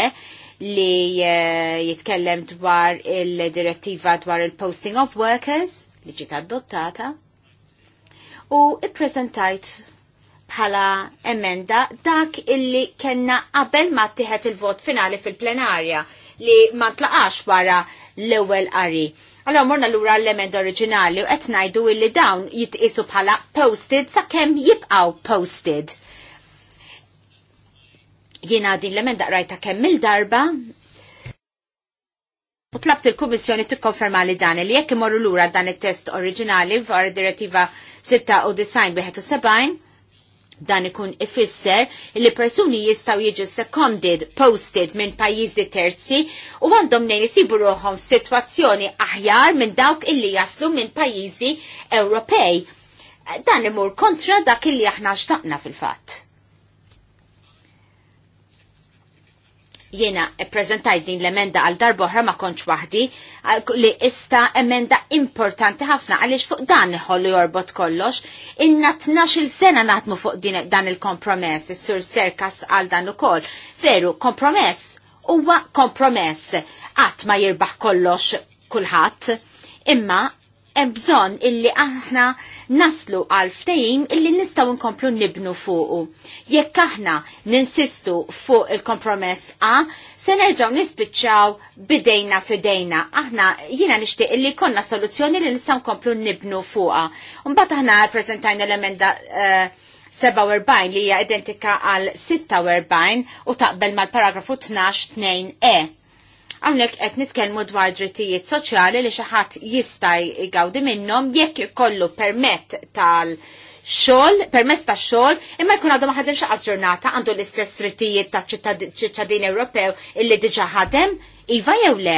Speaker 3: li eh, jitkellem dwar il-direttiva dwar il-posting of workers li ġiet adottata u ippreżentajt bħala emenda dak illi kellna qabel ma tieħed il-vot finali fil-plenarja li ma tlaqax wara l-ewwel qari. Allora morna lura l-element oriġinali u qed ngħidu li dawn jitqisu bħala posted sakemm jibqgħu posted. Jiena din l-emenda daqrajta kemm mil darba u tlabt il-Kummissjoni tikkonferma li dan li jekk imorru lura dan it-test oriġinali f'ar direttiva 96 71 Dan ikun ifisser li persuni jistaw jiġu seconded, posted minn pajjiżi terzi u għandhom nejn jisibu ruħom situazzjoni aħjar minn dawk illi jaslu minn pajjiżi Ewropej. Dan imur kontra dak illi aħna xtaqna fil-fatt. jena prezentajt din l-emenda għal darba oħra ma konċ waħdi li ista emenda importanti ħafna għaliex fuq dan iħollu jorbot kollox. Inna 12 sena naħdmu fuq din, dan il-kompromess, is-sur serkas għal dan ukoll. Veru, kompromess huwa kompromess qatt ma jirbaħ kollox kulħadd, imma hemm bżonn illi aħna naslu għal ftehim illi nistgħu nkomplu nibnu fuqu. Jekk aħna ninsistu fuq il-kompromess A, se nerġgħu nispiċċaw bidejna fidejna. Aħna jiena nixtieq illi konna soluzzjoni li nistgħu nkomplu nibnu fuqha. Mbagħad aħna prezentajna l-emenda uh, eh, 47 li hija identika għal 46 u taqbel mal-paragrafu 12 2e Għamlek qed nitkellmu dwar drittijiet soċjali li xi ħadd jista' jgawdi minnhom jekk kollu permett tal- xol, permess ta' xol, imma jkun għadu maħadem xaqas ġurnata għandu l-istess rittijiet ta' ċittadin Ewropew illi diġa ħadem, iva jew le.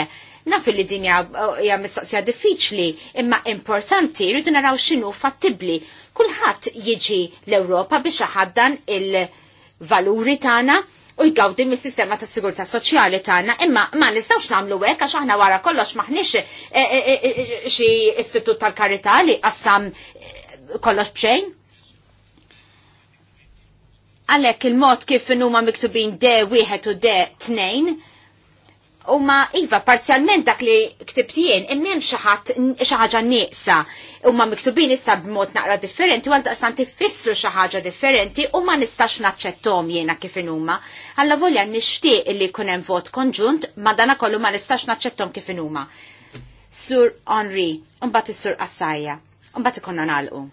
Speaker 3: Naf li din hija mistoqsija diffiċli, imma importanti rridu naraw x'inhu fattibbli. Kulħadd jiġi l-Ewropa biex ħaddan il-valuri tagħna u jgawdi mis-sistema ta' sigurta soċjali tagħna, imma ma nistgħux nagħmlu hekk għax aħna wara kollox maħniex eh, eh, eh, xi istitut tal-karità li qassam kollox bxejn. Għalhekk il-mod kif huma miktubin de wieħed u de tnejn u ma iva parzjalment dak li ktibtijien immem xaħat xaħġa neqsa u ma miktubin issa b'mod naqra differenti u għal daqsan tifissru xaħġa differenti u ma nistax naċċettom jiena kif inuma. Alla volja nixtieq li kunem vot konġunt ma dana kollu ma nistax naċċettom kif inuma. Sur Henri, mbagħad is-sur Assajja, unbat ikonna nalqu.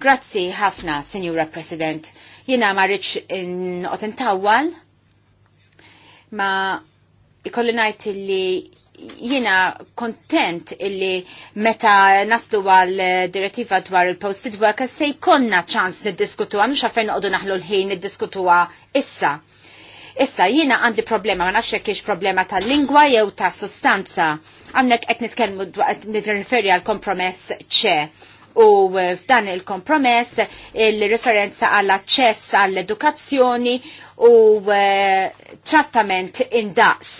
Speaker 3: Grazzi ħafna, Signora President. Jena marriċ in intawwal, ma ikolli najt li jina kontent illi meta naslu għal direttiva dwar il-posted workers se jkonna ċans niddiskutuha mhux fejn qogħdu naħlu l-ħin niddiskutuha issa. Issa jina għandi problema ma nafx kiex problema tal-lingwa jew ta' sustanza. Għamnek qed nitkellmu qed nirriferi għal kompromess ċe u eh, f'dan il-kompromess il-referenza għall-aċċess għall-edukazzjoni u eh, trattament indaqs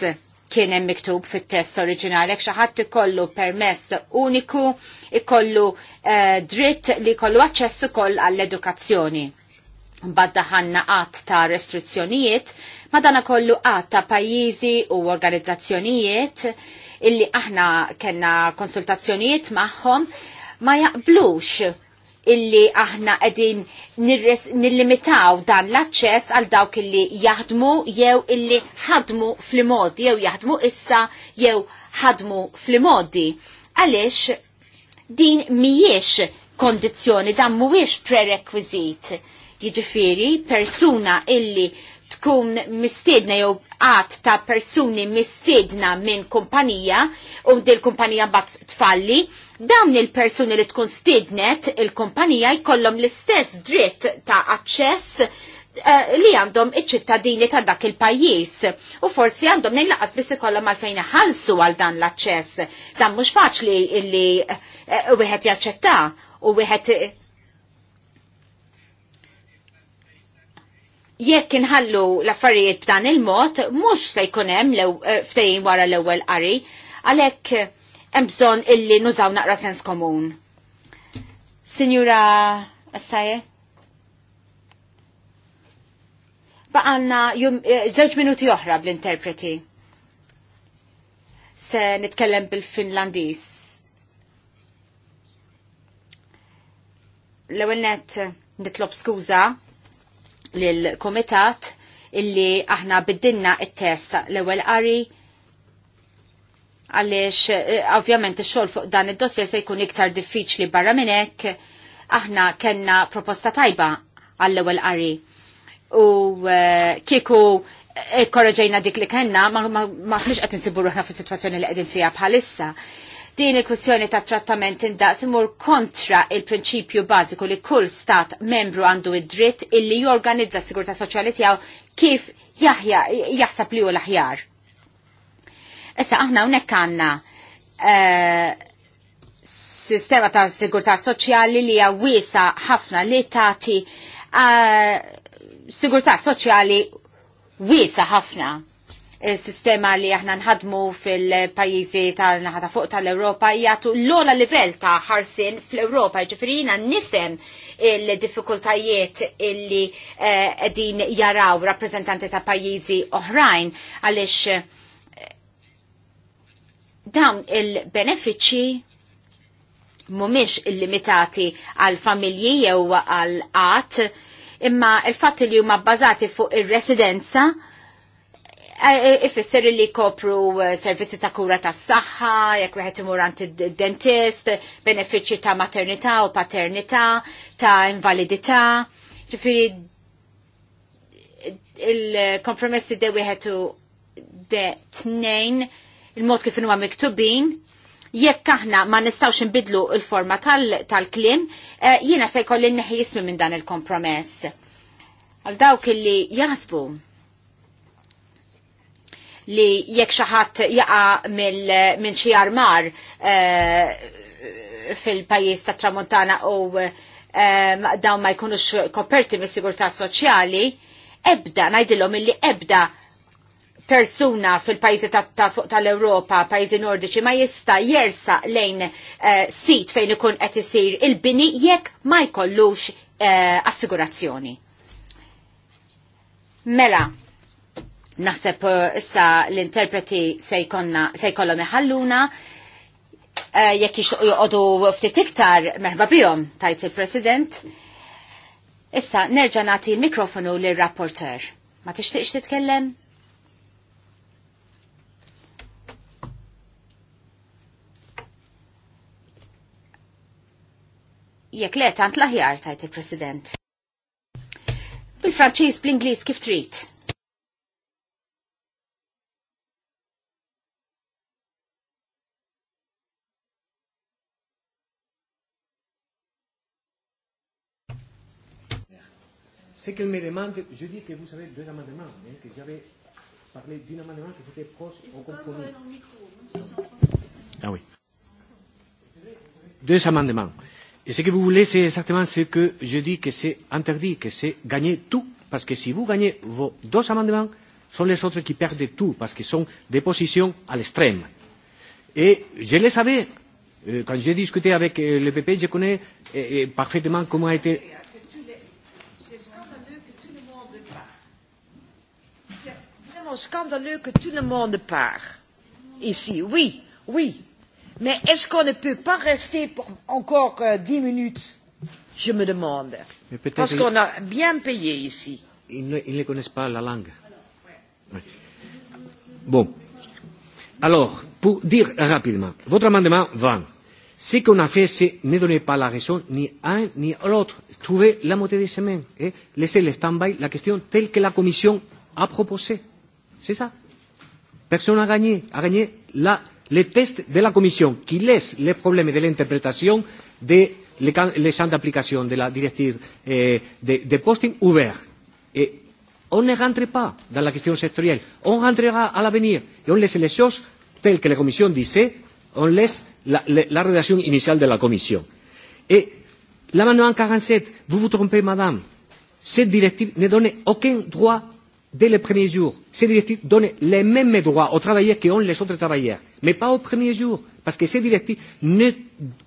Speaker 3: kien hemm miktub fit-test oriġinali hekk xi ħadd ikollu permess uniku, ikollu eh, dritt li jkollu aċċess ukoll għall-edukazzjoni. Mbagħad daħanna qatt ta' restrizzjonijiet, madana kollu qatt ta' pajjiżi u organizzazzjonijiet illi aħna kellna konsultazzjonijiet magħhom ma jaqblux illi aħna qegħdin nillimitaw dan l-aċċess għal dawk illi jaħdmu jew illi ħadmu fl-modi jew jaħdmu issa jew ħadmu fl-modi. Għaliex din mhijiex kondizzjoni dan mhuwiex prerequisite. Jiġifieri persuna illi tkun mistiedna jew għat ta' persuni mistiedna minn kumpanija u dil kumpanija bat tfalli, dawn il-persuni li tkun stednet il-kumpanija jkollhom l-istess dritt ta' aċċess eh, li għandhom iċ-ċittadini ta' dak il-pajjiż u forsi għandhom nillaqas biss ikollhom għalfejn ħalsu għal dan l-aċċess. Dan mhux faċli li eh, wieħed jaċċetta u wieħed jekk inħallu l-affarijiet b'dan il-mod, mhux se jkun hemm eh, wara l-ewwel qari, għalhekk hemm bżonn illi nużaw naqra sens komun. Signora Assaje? Baqanna eh, żewġ minuti oħra bl-interpreti. Se nitkellem bil-Finlandis. L-ewwel net nitlob skuża lill-Kumitat illi aħna biddinna il test l-ewwel qari għaliex eh, ovvjament il xogħol fuq dan id-dossier se jkun iktar diffiċli barra minn hekk aħna kellna proposta tajba għall-ewwel qari. U eh, kieku eh, korreġejna dik li kellna ma kienx qed insibu ruħna fis-sitwazzjoni li qegħdin fija bħalissa din il-kwestjoni ta' trattament indaqs imur kontra il-prinċipju bażiku li kull stat membru għandu id-dritt illi jorganizza s-sigurta soċjali tiegħu kif jaħsab li hu l-aħjar. Issa aħna hawnhekk għandna eh, sistema ta' sigurtà soċjali li hija wiesa ħafna li tagħti eh, sigurtà soċjali wiesa ħafna Eh, sistema li aħna nħadmu fil-pajizi tal-naħata fuq tal-Europa jgħatu l-ola livell ta' ħarsin fl-Europa. Ġifirina nifem il-diffikultajiet illi eh, din jaraw rappresentanti ta' pajizi oħrajn għalix eh, dawn il-benefiċi mumiex illimitati għal familji jew għal għat imma il-fatt li huma bbażati fuq ir-residenza il Eh, eh, ifisser li kopru eh, servizzi ta' kura ta' s-saxħa, jekk wieħed imur dentist, benefiċċji ta' maternità u paternità, ta' invalidità, ġifiri il-kompromessi de wieħed u de tnejn, il-mod kif huwa miktubin, jekk aħna ma nistawx nbidlu il-forma tal-klim, jiena se jkolli neħi jismi minn dan il-kompromess. Għal dawk illi jasbu li jekk xi ħadd jaqa' minn xi armar eh, fil-pajjiż tat-Tramuntana u eh, dawn ma jkunux koperti mis-sigurtà soċjali, ebda ngħidilhom illi ebda persuna fil-pajzi tal-Europa, pajzi nordiċi, ma jista jersa lejn eh, sit fejn ikun qed isir il-bini jekk ma jkollux assigurazzjoni. Mela, Naseb uh, issa l-interpreti se jkollhom iħalluna uh, jekk joqogħdu ftit iktar merħba bihom tajt il-President. Issa nerġa' nagħti l-mikrofonu lir-rapporter. Ma tixtieqx titkellem? jekk le tant l-aħjar tajt il-President. Bil-Franċiż bl-Ingliż kif trid.
Speaker 4: C'est qu'elle me demande, je dis que vous avez deux amendements, hein, que j'avais parlé d'un amendement qui était proche au compromis. Ah oui. Deux amendements. Et ce que vous voulez, c'est exactement ce que je dis que c'est interdit, que c'est gagner tout. Parce que si vous gagnez vos deux amendements, sont les autres qui perdent tout, parce qu'ils sont des positions à l'extrême. Et je le savais, euh, quand j'ai discuté avec euh, le PP, je connais euh, parfaitement comment a été vraiment scandaleux que tout le monde part
Speaker 8: ici. Oui, oui. Mais est-ce qu'on ne peut pas rester pour encore euh, dix minutes Je me demande. Parce qu'on a bien payé ici. Ils ne,
Speaker 4: ils ne connaissent pas la langue. Ouais. Bon. Alors, pour dire rapidement, votre amendement va. Ce qu'on a fait, c'est ne donner pas la raison ni à un ni à l'autre. Trouver la moitié des semaines. Eh? Laisser le stand-by la question telle que la Commission a proposée. C'est ça. Personne n'a gagné, a gagné la, les tests de la Commission qui laisse les problèmes de l'interprétation des les, les champs d'application de la directive euh, de, de posting ouverts. Et on ne rentre pas dans la question sectorielle. On rentrera à l'avenir et on laisse les choses telles que la Commission disait, on laisse la, la, la rédaction initiale de la Commission. Et l'amendement 47, vous vous trompez, madame, cette directive ne donne aucun droit dès le premier jour, Ces directives donnent les mêmes droits aux travailleurs ont les autres travailleurs, mais pas au premier jour, parce que ces directives ne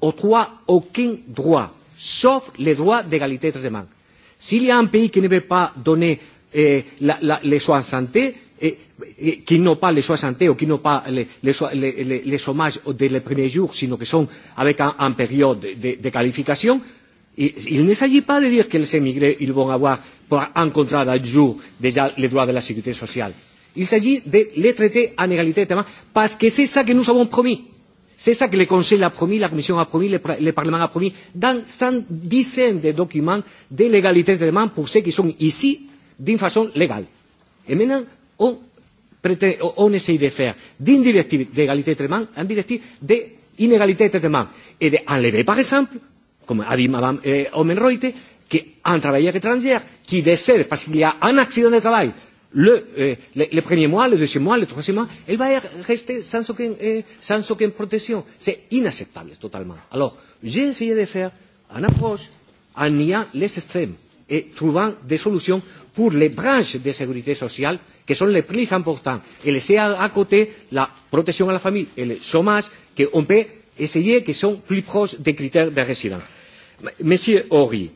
Speaker 4: octroient aucun droit, sauf les droits d'égalité de traitement. S'il y a un pays qui ne veut pas donner eh, la, la, les soins de santé, et, eh, et, eh, qui n'ont pas les soins santé ou qui n'ont pas les, les, les, les, les chômages dès les premiers jours, sinon qui sont avec une un période de, de qualification, Et il ne s'agit pas de dire que les émigrés ils vont avoir pour un contrat jour déjà les droits de la sécurité sociale. Il s'agit de les traiter en égalité de parce que c'est ça que nous avons promis. C'est ça que le Conseil a promis, la Commission a promis, le, le Parlement a promis, dans cent dizaines de documents de l'égalité de demande pour ceux qui sont ici d'une façon légale. Et maintenant, on, prétend, on essaye de faire d'une directive d'égalité de traitement une directive d'inégalité de traitement et d'enlever, par exemple, comme a dit Madame euh, Omenreuter, un travailleur étranger qui décède parce qu'il y a un accident de travail, le, eh, le, le premier mois, le deuxième mois, le troisième mois, elle va rester sans aucune, eh, sans aucune protection. C'est inacceptable totalement. Alors, j'ai essayé de faire une approche en niant les extrêmes et trouvant des solutions pour les branches de sécurité sociale qui sont les plus importantes et laisser à, à côté la protection à la famille et le chômage qu'on peut essayer qui sont plus proches des critères de résidence. Monsieur Ori,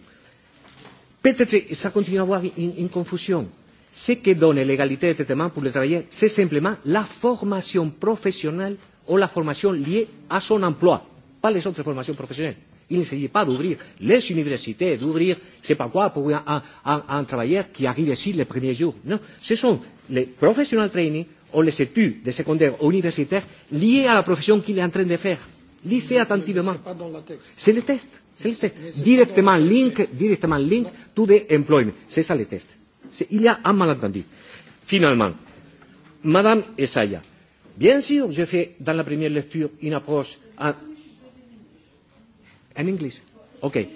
Speaker 4: peut-être ça continue à avoir une, une confusion. Ce que donne l'égalité de traitement pour les travailleurs, c'est simplement la formation professionnelle ou la formation liée à son emploi, pas les autres formations professionnelles. Il ne s'agit pas d'ouvrir les universités, d'ouvrir, c'est pas quoi, pour un, un, un, un travailleur qui arrive ici les premiers jours. Non, ce sont les professional training ou les études de secondaire ou liées à la profession qu'il est en train de faire dit c'est attentivement. C'est le test. se le test. Directement link, directement link to the employment. C'est ça le test. Il y a un malentendu. Finalement, Madame Essaya, bien sûr, je fais dans la première lecture une approche en, en English. Okay.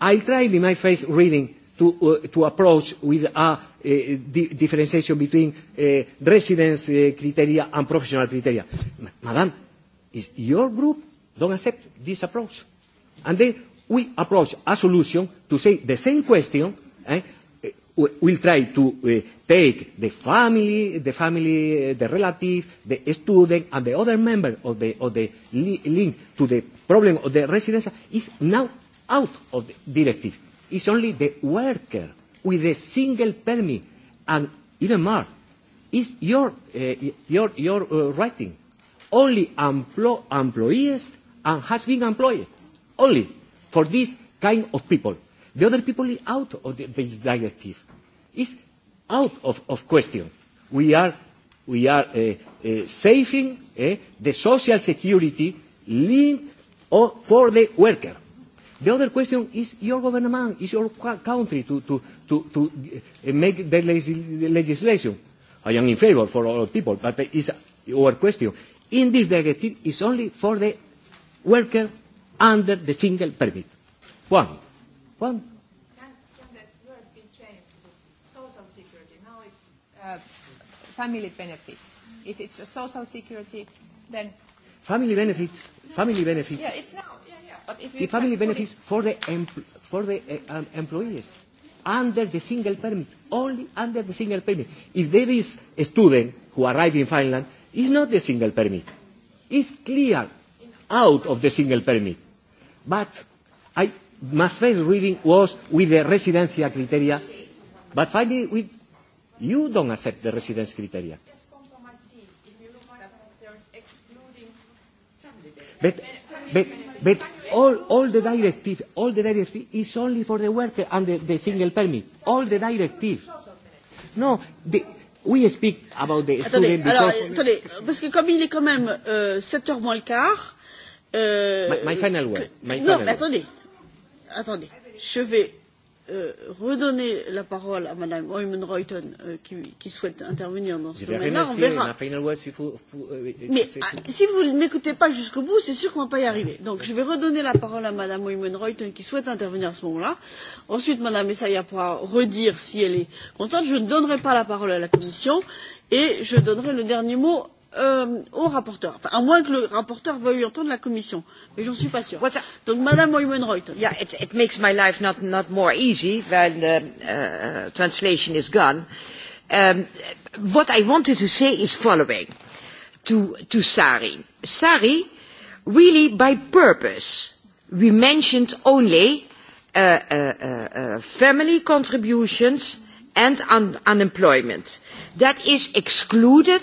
Speaker 4: I tried in my faith reading to, uh, to approach with a uh, di differentiation between uh, residence uh, criteria and professional criteria. Madame, is your group don't accept this approach. And then we approach a solution to say the same question, eh, we'll try to uh, take the family, the family, uh, the relative, the student, and the other member of the, of the li link to the problem of the residence is now out of the directive. It's only the worker with a single permit, and even more, is your, uh, your, your uh, writing. Only employees and has been employed only for this kind of people. The other people are out of the, this directive. It's out of, of question. We are, we are uh, uh, saving uh, the social security linked or for the worker. The other question is your government, is your country to, to, to, to uh, make the, the legislation. I am in favor for all people, but it's our question. In this directive, is only for the workers under the single permit. One.
Speaker 5: One. Can, can word be changed social security? Now it's uh, family benefits. If it's a social security, then...
Speaker 4: Family benefits. No. Family benefits. Yeah,
Speaker 5: it's now. Yeah, yeah. But if the family benefits
Speaker 4: for the, empl for the uh, um, employees under the single permit, only under the single permit. If there is a student who arrives in Finland, it's not the single permit. It's clear out of the single permit. But I, my first reading was with the residencia criteria, but finally we, you don't accept the residence criteria. But, but, but all, all the directive, all the directive is only for the worker and the, the single permit. All the directive. No, the, we speak about the attendez, student because... alors,
Speaker 1: attendez, parce que comme il est quand même euh, 7h moins le quart, Euh, my, final word. My final non, attendez. Attendez. Je vais euh, redonner la parole à Madame Oymen Reuton euh, qui, qui souhaite intervenir dans ce domaine-là. On verra.
Speaker 4: Final word, euh, euh, ah, si vous, vous, euh, mais ah, si
Speaker 1: vous n'écoutez pas jusqu'au bout, c'est sûr qu'on ne va pas y arriver. Donc je vais redonner la parole à Madame Oymen Reuton qui souhaite intervenir à ce moment-là. Ensuite, Madame Essaya pourra redire si elle est contente. Je ne donnerai pas la parole à la Commission et je donnerai le dernier mot euh, au rapporteur, enfin, à moins que le rapporteur veuille entendre la commission, mais j'en suis pas sûre. What's Donc Madame Oymenreuter. Yeah, it,
Speaker 8: it makes my life not, not more easy when the uh, translation is gone. Um, what I wanted to say is following to, to Sari. Sari, really by purpose, we mentioned only uh, uh, uh, uh family contributions and un unemployment. That is excluded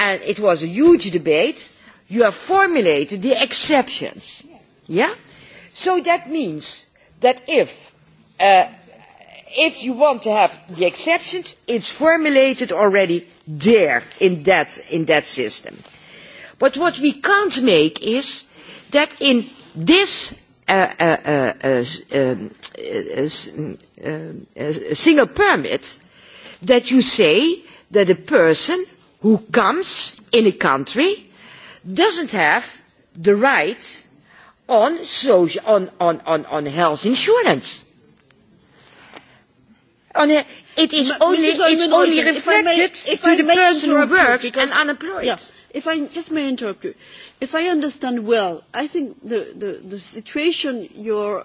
Speaker 8: and it was a huge debate, you have formulated the exceptions. Yes. Yeah? So that means that if, uh, if you want to have the exceptions, it's formulated already there in that, in that system. But what we can't make is that in this uh, uh, uh, uh, um, uh, um, uh, uh, single permit, that you say that a person who comes in a country doesn't have the right on, social, on, on, on, on health insurance.
Speaker 1: On a, it is but only, it's only reflected may, to the person who works and unemployed. Yeah, if I just may interrupt you. If I understand well, I think the, the, the situation you're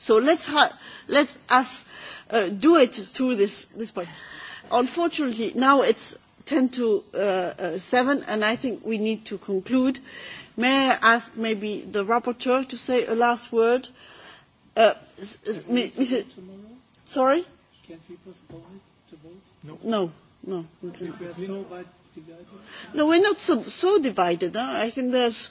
Speaker 1: So let's, ha let's us uh, do it through this, this point. Unfortunately, now it's 10 to uh, uh, 7, and I think we need to conclude. May I ask maybe the rapporteur to say a last word? Uh, Mr. Sorry?
Speaker 4: Can we postpone it to
Speaker 1: vote? No. No, no. Okay. we so divided? No, we're not so, so divided. Huh? I think there's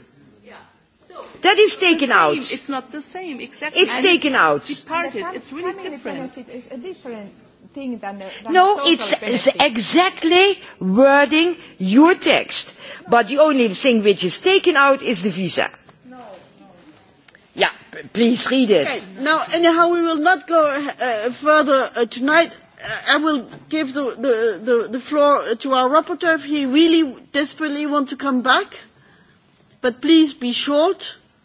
Speaker 8: That is taken out. It's
Speaker 5: not the same, exactly. It's and taken it's out. Departed. It's really different. It is a different thing than the than No, it's, it's
Speaker 8: exactly wording your text. But the only thing which is taken out is the visa. Yeah, please read it. Okay.
Speaker 1: Now, anyhow, we will not go uh, further uh, tonight. Uh, I will give the, the, the, the floor to our rapporteur if he really desperately wants to come back. But please be short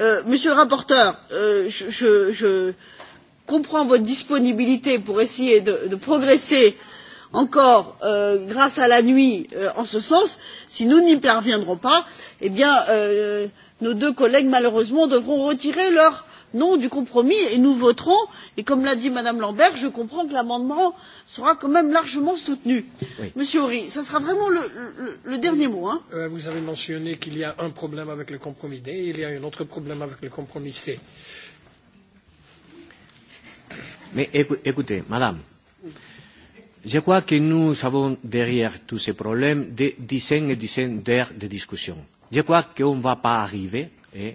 Speaker 1: Euh, monsieur le rapporteur, euh, je, je, je comprends votre disponibilité pour essayer de, de progresser encore euh, grâce à la nuit euh, en ce sens. Si nous n'y parviendrons pas, eh bien, euh, nos deux collègues, malheureusement, devront retirer leur non du compromis et nous voterons et comme l'a dit Madame Lambert, je comprends que l'amendement sera quand même largement soutenu. Oui. Monsieur Horry, ce sera vraiment le, le, le dernier oui. mot. Hein. Euh, vous avez mentionné qu'il y a un problème avec le compromis D et il y a un autre problème avec le compromis C.
Speaker 4: Mais écoutez, Madame, je crois que nous avons derrière tous ces problèmes des dizaines et dizaines d'heures de discussion. Je crois qu'on ne va pas arriver. Eh,